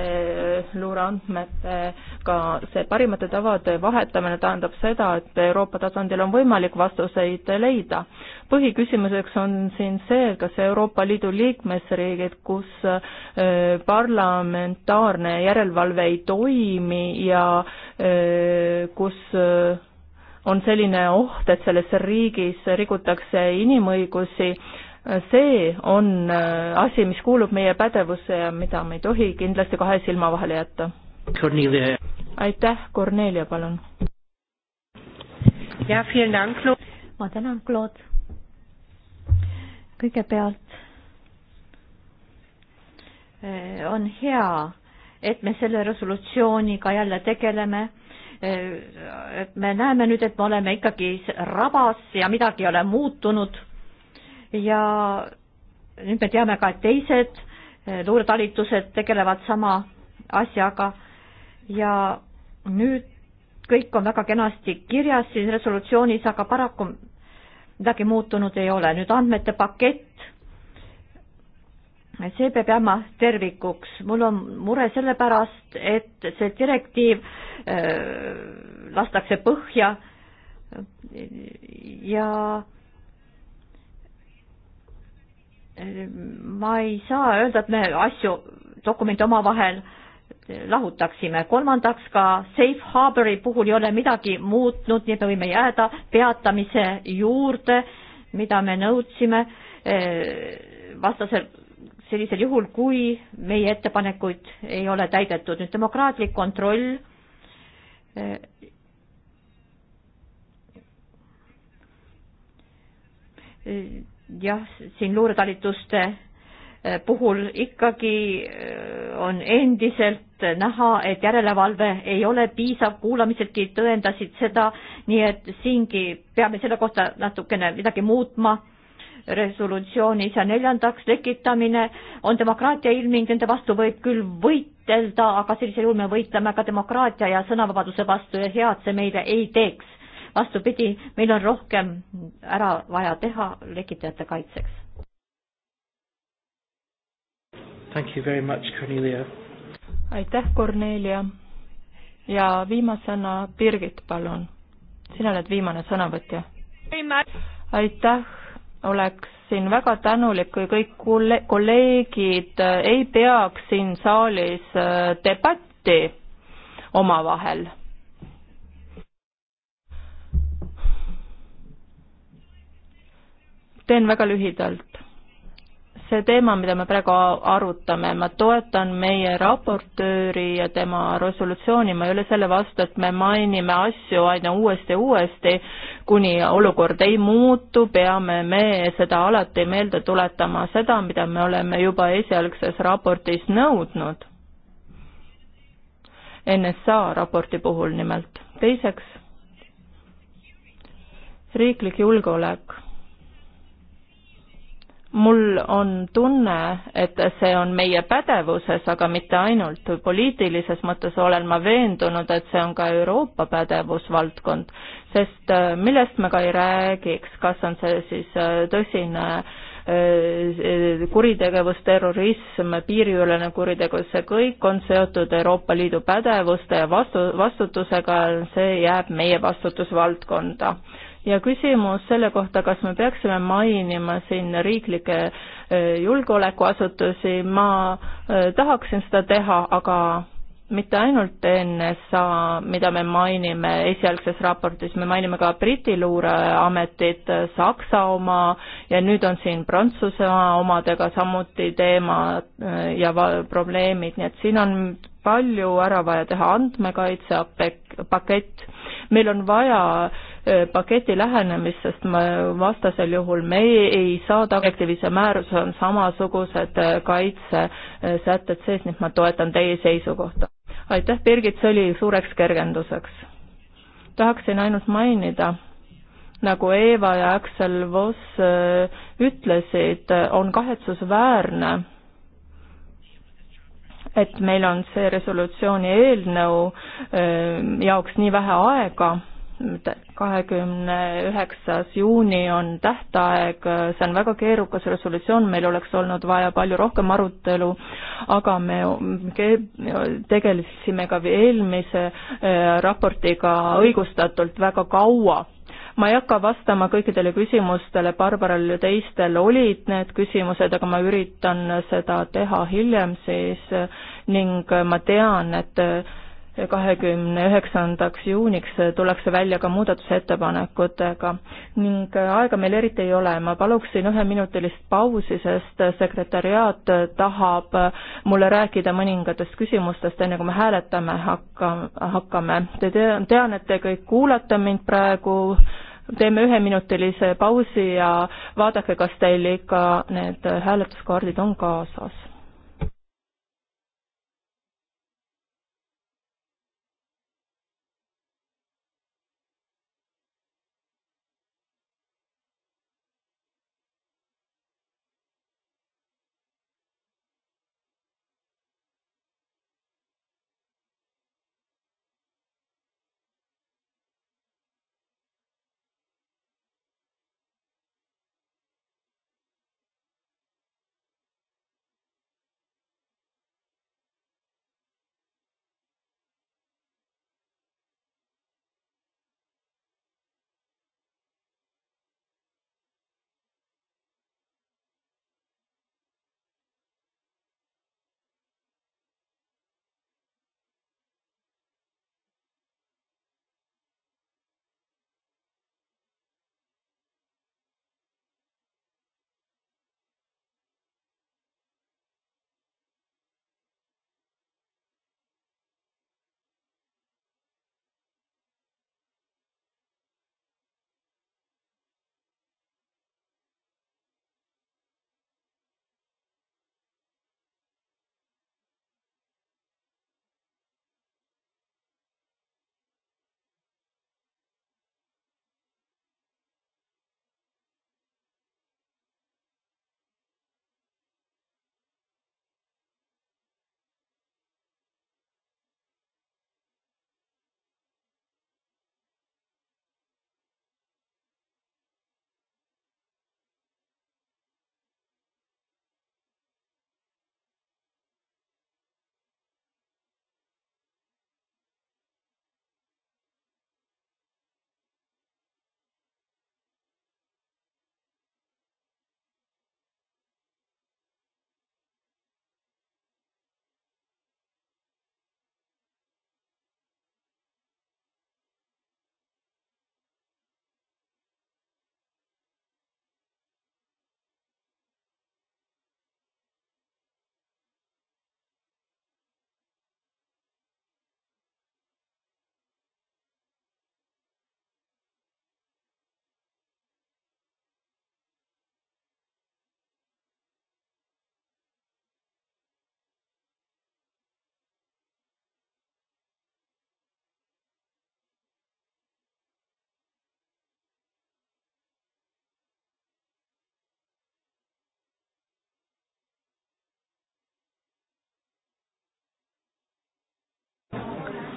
luureandmetega, see parimate tavade vahetamine tähendab seda, et Euroopa tasandil on võimalik vastuseid leida. põhiküsimuseks on siin see, kas Euroopa Liidu liikmesriigid, kus äh, parlamentaarne järelevalve ei toimi ja äh, kus äh, on selline oht, et selles riigis rikutakse inimõigusi, see on äh, asi, mis kuulub meie pädevusse ja mida me ei tohi kindlasti kahe silma vahele jätta. aitäh, Kornelia, palun. ma tänan, Claude. kõigepealt äh, on hea, et me selle resolutsiooniga jälle tegeleme et äh, me näeme nüüd, et me oleme ikkagi rabas ja midagi ei ole muutunud. ja nüüd me teame ka, et teised äh, luuretalitused tegelevad sama asjaga ja nüüd kõik on väga kenasti kirjas siin resolutsioonis, aga paraku midagi muutunud ei ole. nüüd andmete pakett see peab jääma tervikuks. mul on mure sellepärast, et see direktiiv äh, lastakse põhja ja äh, ma ei saa öelda, et me asju, dokumente omavahel lahutaksime. kolmandaks ka safe harbori puhul ei ole midagi muutnud, nii et me võime jääda peatamise juurde, mida me nõudsime äh, vastasel sellisel juhul, kui meie ettepanekuid ei ole täidetud. nüüd demokraatlik kontroll. jah, siin luuretalituste puhul ikkagi on endiselt näha, et järelevalve ei ole piisav, kuulamisedki tõendasid seda, nii et siingi peame selle kohta natukene midagi muutma resolutsioonis ja neljandaks tekitamine on demokraatia ilming, nende vastu võib küll võitelda, aga sellisel juhul me võitleme ka demokraatia ja sõnavabaduse vastu ja head see meile ei teeks. vastupidi, meil on rohkem ära vaja teha lekitajate kaitseks. Thank you very much, Cornelia. aitäh, Cornelia. ja viimasena Birgit, palun. sina oled viimane sõnavõtja. aitäh oleksin väga tänulik, kui kõik kolleegid äh, ei peaks siin saalis äh, debatti omavahel. teen väga lühidalt see teema, mida me praegu arutame, ma toetan meie raportööri ja tema resolutsiooni, ma ei ole selle vastu, et me mainime asju aina uuesti ja uuesti, kuni olukord ei muutu, peame me seda alati meelde tuletama, seda, mida me oleme juba esialgses raportis nõudnud. NSA raporti puhul nimelt. teiseks, riiklik julgeolek mul on tunne, et see on meie pädevuses, aga mitte ainult poliitilises mõttes olen ma veendunud, et see on ka Euroopa pädevusvaldkond, sest äh, millest me ka ei räägiks, kas on see siis äh, tõsine äh, kuritegevus, terrorism, piiriülene kuritegevus, see kõik on seotud Euroopa Liidu pädevuste ja vastu, vastutusega, see jääb meie vastutusvaldkonda ja küsimus selle kohta, kas me peaksime mainima siin riiklikke äh, julgeolekuasutusi, ma äh, tahaksin seda teha, aga mitte ainult NSA, mida me mainime esialgses raportis, me mainime ka Briti luureametit, äh, Saksa oma ja nüüd on siin Prantsuse omadega samuti teema ja probleemid, nii et siin on palju ära vaja teha, andmekaitse pakett meil on vaja äh, paketi lähenemist, sest me vastasel juhul me ei saa tagatiivse määruse, on samasugused äh, kaitsesätted äh, sees, nii et ma toetan teie seisukohta. aitäh, Birgit, see oli suureks kergenduseks. tahaksin ainult mainida nagu Eeva ja Aksel Voss ütlesid, on kahetsusväärne, et meil on see resolutsiooni eelnõu äh, jaoks nii vähe aega, kahekümne üheksas juuni on tähtaeg, see on väga keerukas resolutsioon, meil oleks olnud vaja palju rohkem arutelu, aga me tegelesime ka eelmise äh, raportiga õigustatult väga kaua ma ei hakka vastama kõikidele küsimustele, Barbaral ja teistel olid need küsimused, aga ma üritan seda teha hiljem siis ning ma tean, et kahekümne üheksandaks juuniks tullakse välja ka muudatusettepanekutega ning aega meil eriti ei ole, ma paluksin üheminutilist pausi, sest sekretäriaat tahab mulle rääkida mõningatest küsimustest, enne kui me hääletame hakka, hakkame. Te tean, et te kõik kuulate mind praegu, teeme üheminutilise pausi ja vaadake, kas teil ikka need hääletuskaardid on kaasas.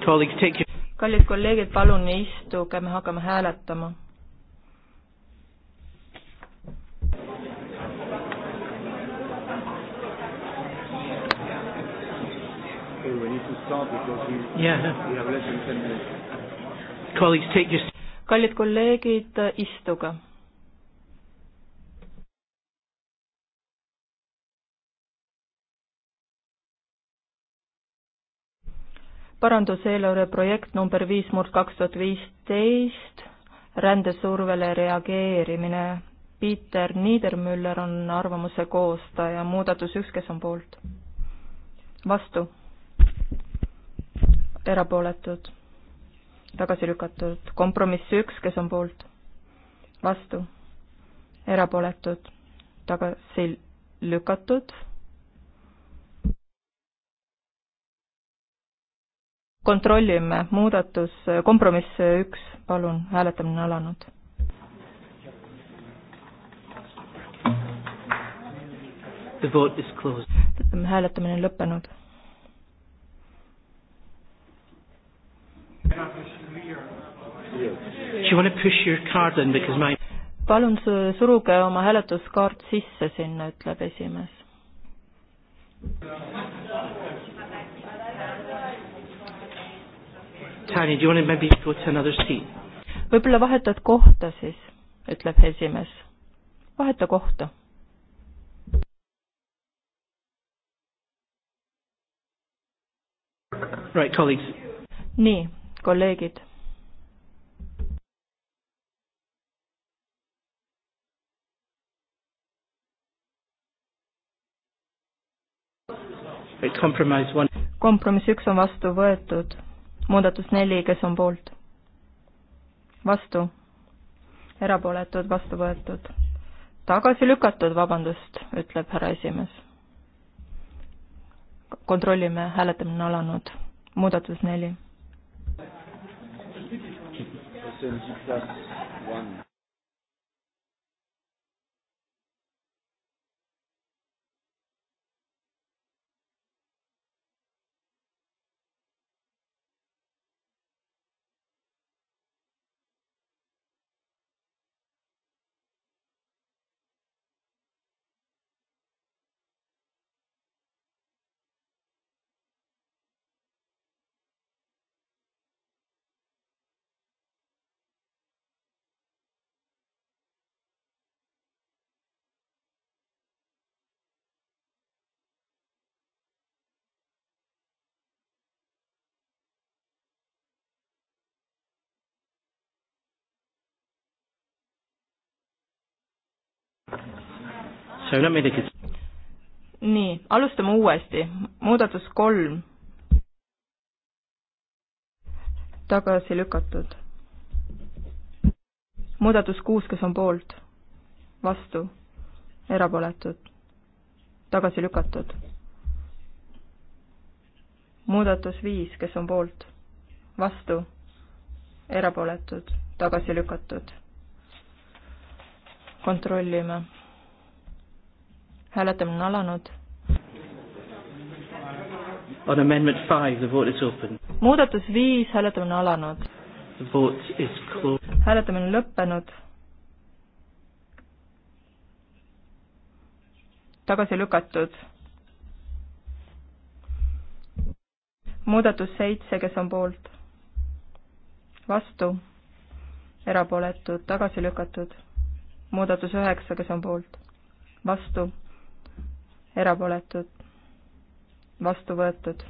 kallid kolleegid, palun istuge, me hakkame hääletama kallid kolleegid, istuge paranduseelarve projekt number viis murd kaks tuhat viisteist, rändesurvele reageerimine. Peter Niedermüller on arvamuse koostaja, muudatus üks, kes on poolt? vastu? erapooletud? tagasi lükatud, kompromiss üks, kes on poolt? vastu? erapooletud? tagasi lükatud kontrollime, muudatus, kompromiss üks, palun, hääletamine on alanud. hääletamine on lõppenud. palun suruge oma hääletuskaart sisse sinna, ütleb esimees. Tanya, do you want to maybe go to another seat? võib-olla vahetad kohta siis, ütleb esimees. vaheta kohta Right, colleagues. nii, kolleegid. kompromiss üks on vastu võetud muudatus neli, kes on poolt? vastu? erapooletud, vastu võetud? tagasi lükatud, vabandust, ütleb härra esimees. kontrollime, hääletamine on alanud. muudatus neli. nii, alustame uuesti, muudatus kolm. tagasi lükatud. muudatus kuus, kes on poolt, vastu, erapooletud, tagasi lükatud. muudatus viis, kes on poolt, vastu, erapooletud, tagasi lükatud. kontrollime hääletamine on alanud. On amendment five, the vote is open. muudatus viis, hääletamine on alanud. The vote is closed. hääletamine on lõppenud. tagasi lükatud. muudatus seitse, kes on poolt? vastu? erapooletud, tagasi lükatud. muudatus üheksa, kes on poolt? vastu? erapooletud, vastu võetud.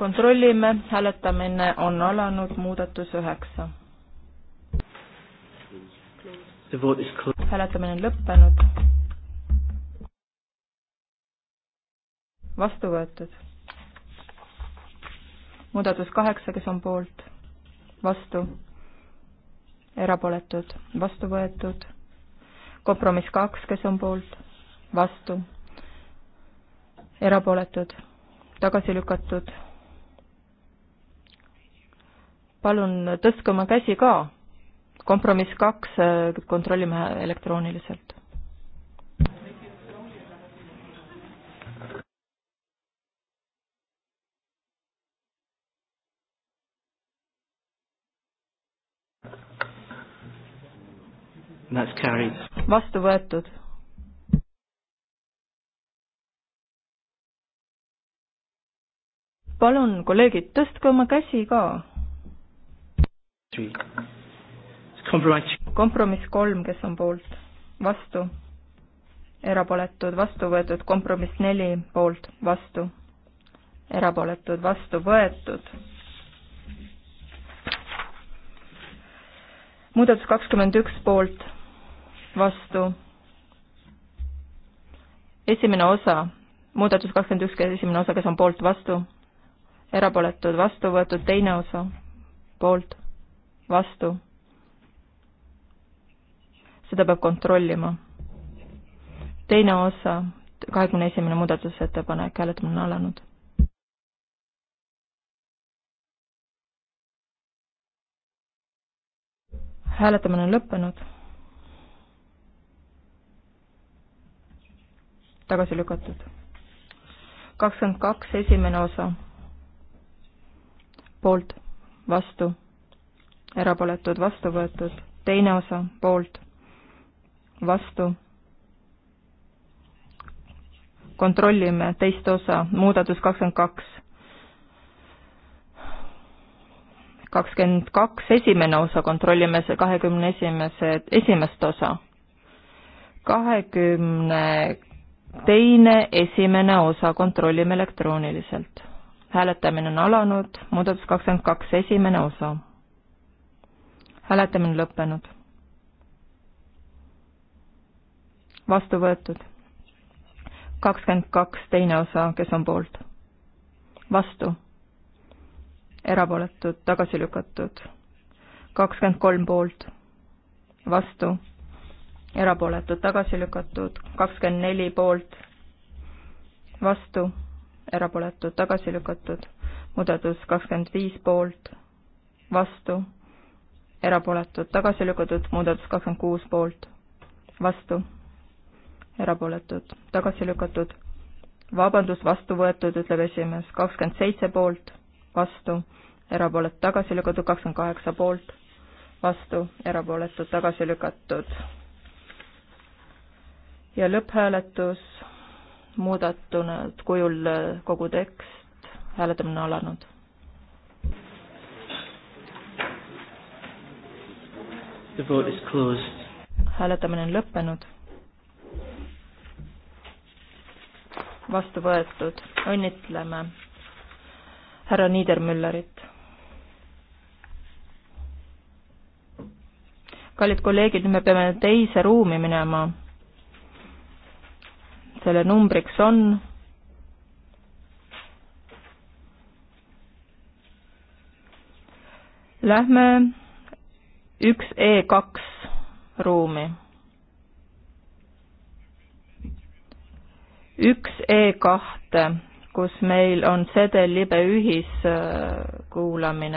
kontrollime, hääletamine on alanud, muudatus üheksa. hääletamine on lõppenud. vastu võetud. muudatus kaheksa, kes on poolt? vastu erapooletud, vastu võetud. kompromiss kaks, kes on poolt, vastu, erapooletud, tagasi lükatud. palun tõstke oma käsi ka. kompromiss kaks, kontrollime elektrooniliselt. vastu võetud. palun, kolleegid, tõstke oma käsi ka. kompromiss kolm, kes on poolt, vastu, erapooletud, vastu võetud, kompromiss neli poolt, vastu, erapooletud, vastu võetud muudatus kakskümmend üks poolt, vastu. esimene osa, muudatus kakskümmend üks, esimene osa, kes on poolt, vastu, erapooletud, vastu võetud, teine osa, poolt, vastu. seda peab kontrollima. teine osa, kahekümne esimene muudatusettepanek, hääletamine on alanud hääletamine on lõppenud tagasi lükatud. kakskümmend kaks, esimene osa. poolt, vastu, erapooletud, vastu võetud. teine osa, poolt, vastu. kontrollime teist osa, muudatus kakskümmend kaks. kakskümmend kaks, esimene osa, kontrollime see kahekümne esimese, esimest osa. kahekümne 20 teine, esimene osa kontrollime elektrooniliselt. hääletamine on alanud, muudatus kakskümmend kaks, esimene osa. hääletamine lõppenud. vastu võetud. kakskümmend kaks, teine osa, kes on poolt? vastu. erapooletud, tagasi lükatud. kakskümmend kolm poolt. vastu erapooletud tagasi lükatud, kakskümmend neli poolt, vastu, erapooletud tagasi lükatud, muudatus kakskümmend viis poolt, vastu, erapooletud tagasi lükatud, muudatus kakskümmend kuus poolt, vastu, erapooletud tagasi lükatud, vabandust, vastu võetud, ütleb esimees, kakskümmend seitse poolt, vastu, erapooletud tagasi lükatud, kakskümmend kaheksa poolt, vastu, erapooletud tagasi lükatud ja lõpphääletus muudatunud kujul kogu tekst, hääletamine on alanud. hääletamine on lõppenud. vastu võetud, õnnitleme härra Niedermüllerit. kallid kolleegid, nüüd me peame teise ruumi minema selle numbriks on Lähme üks E kaks ruumi. üks E kahte, kus meil on sedelibe ühiskuulamine.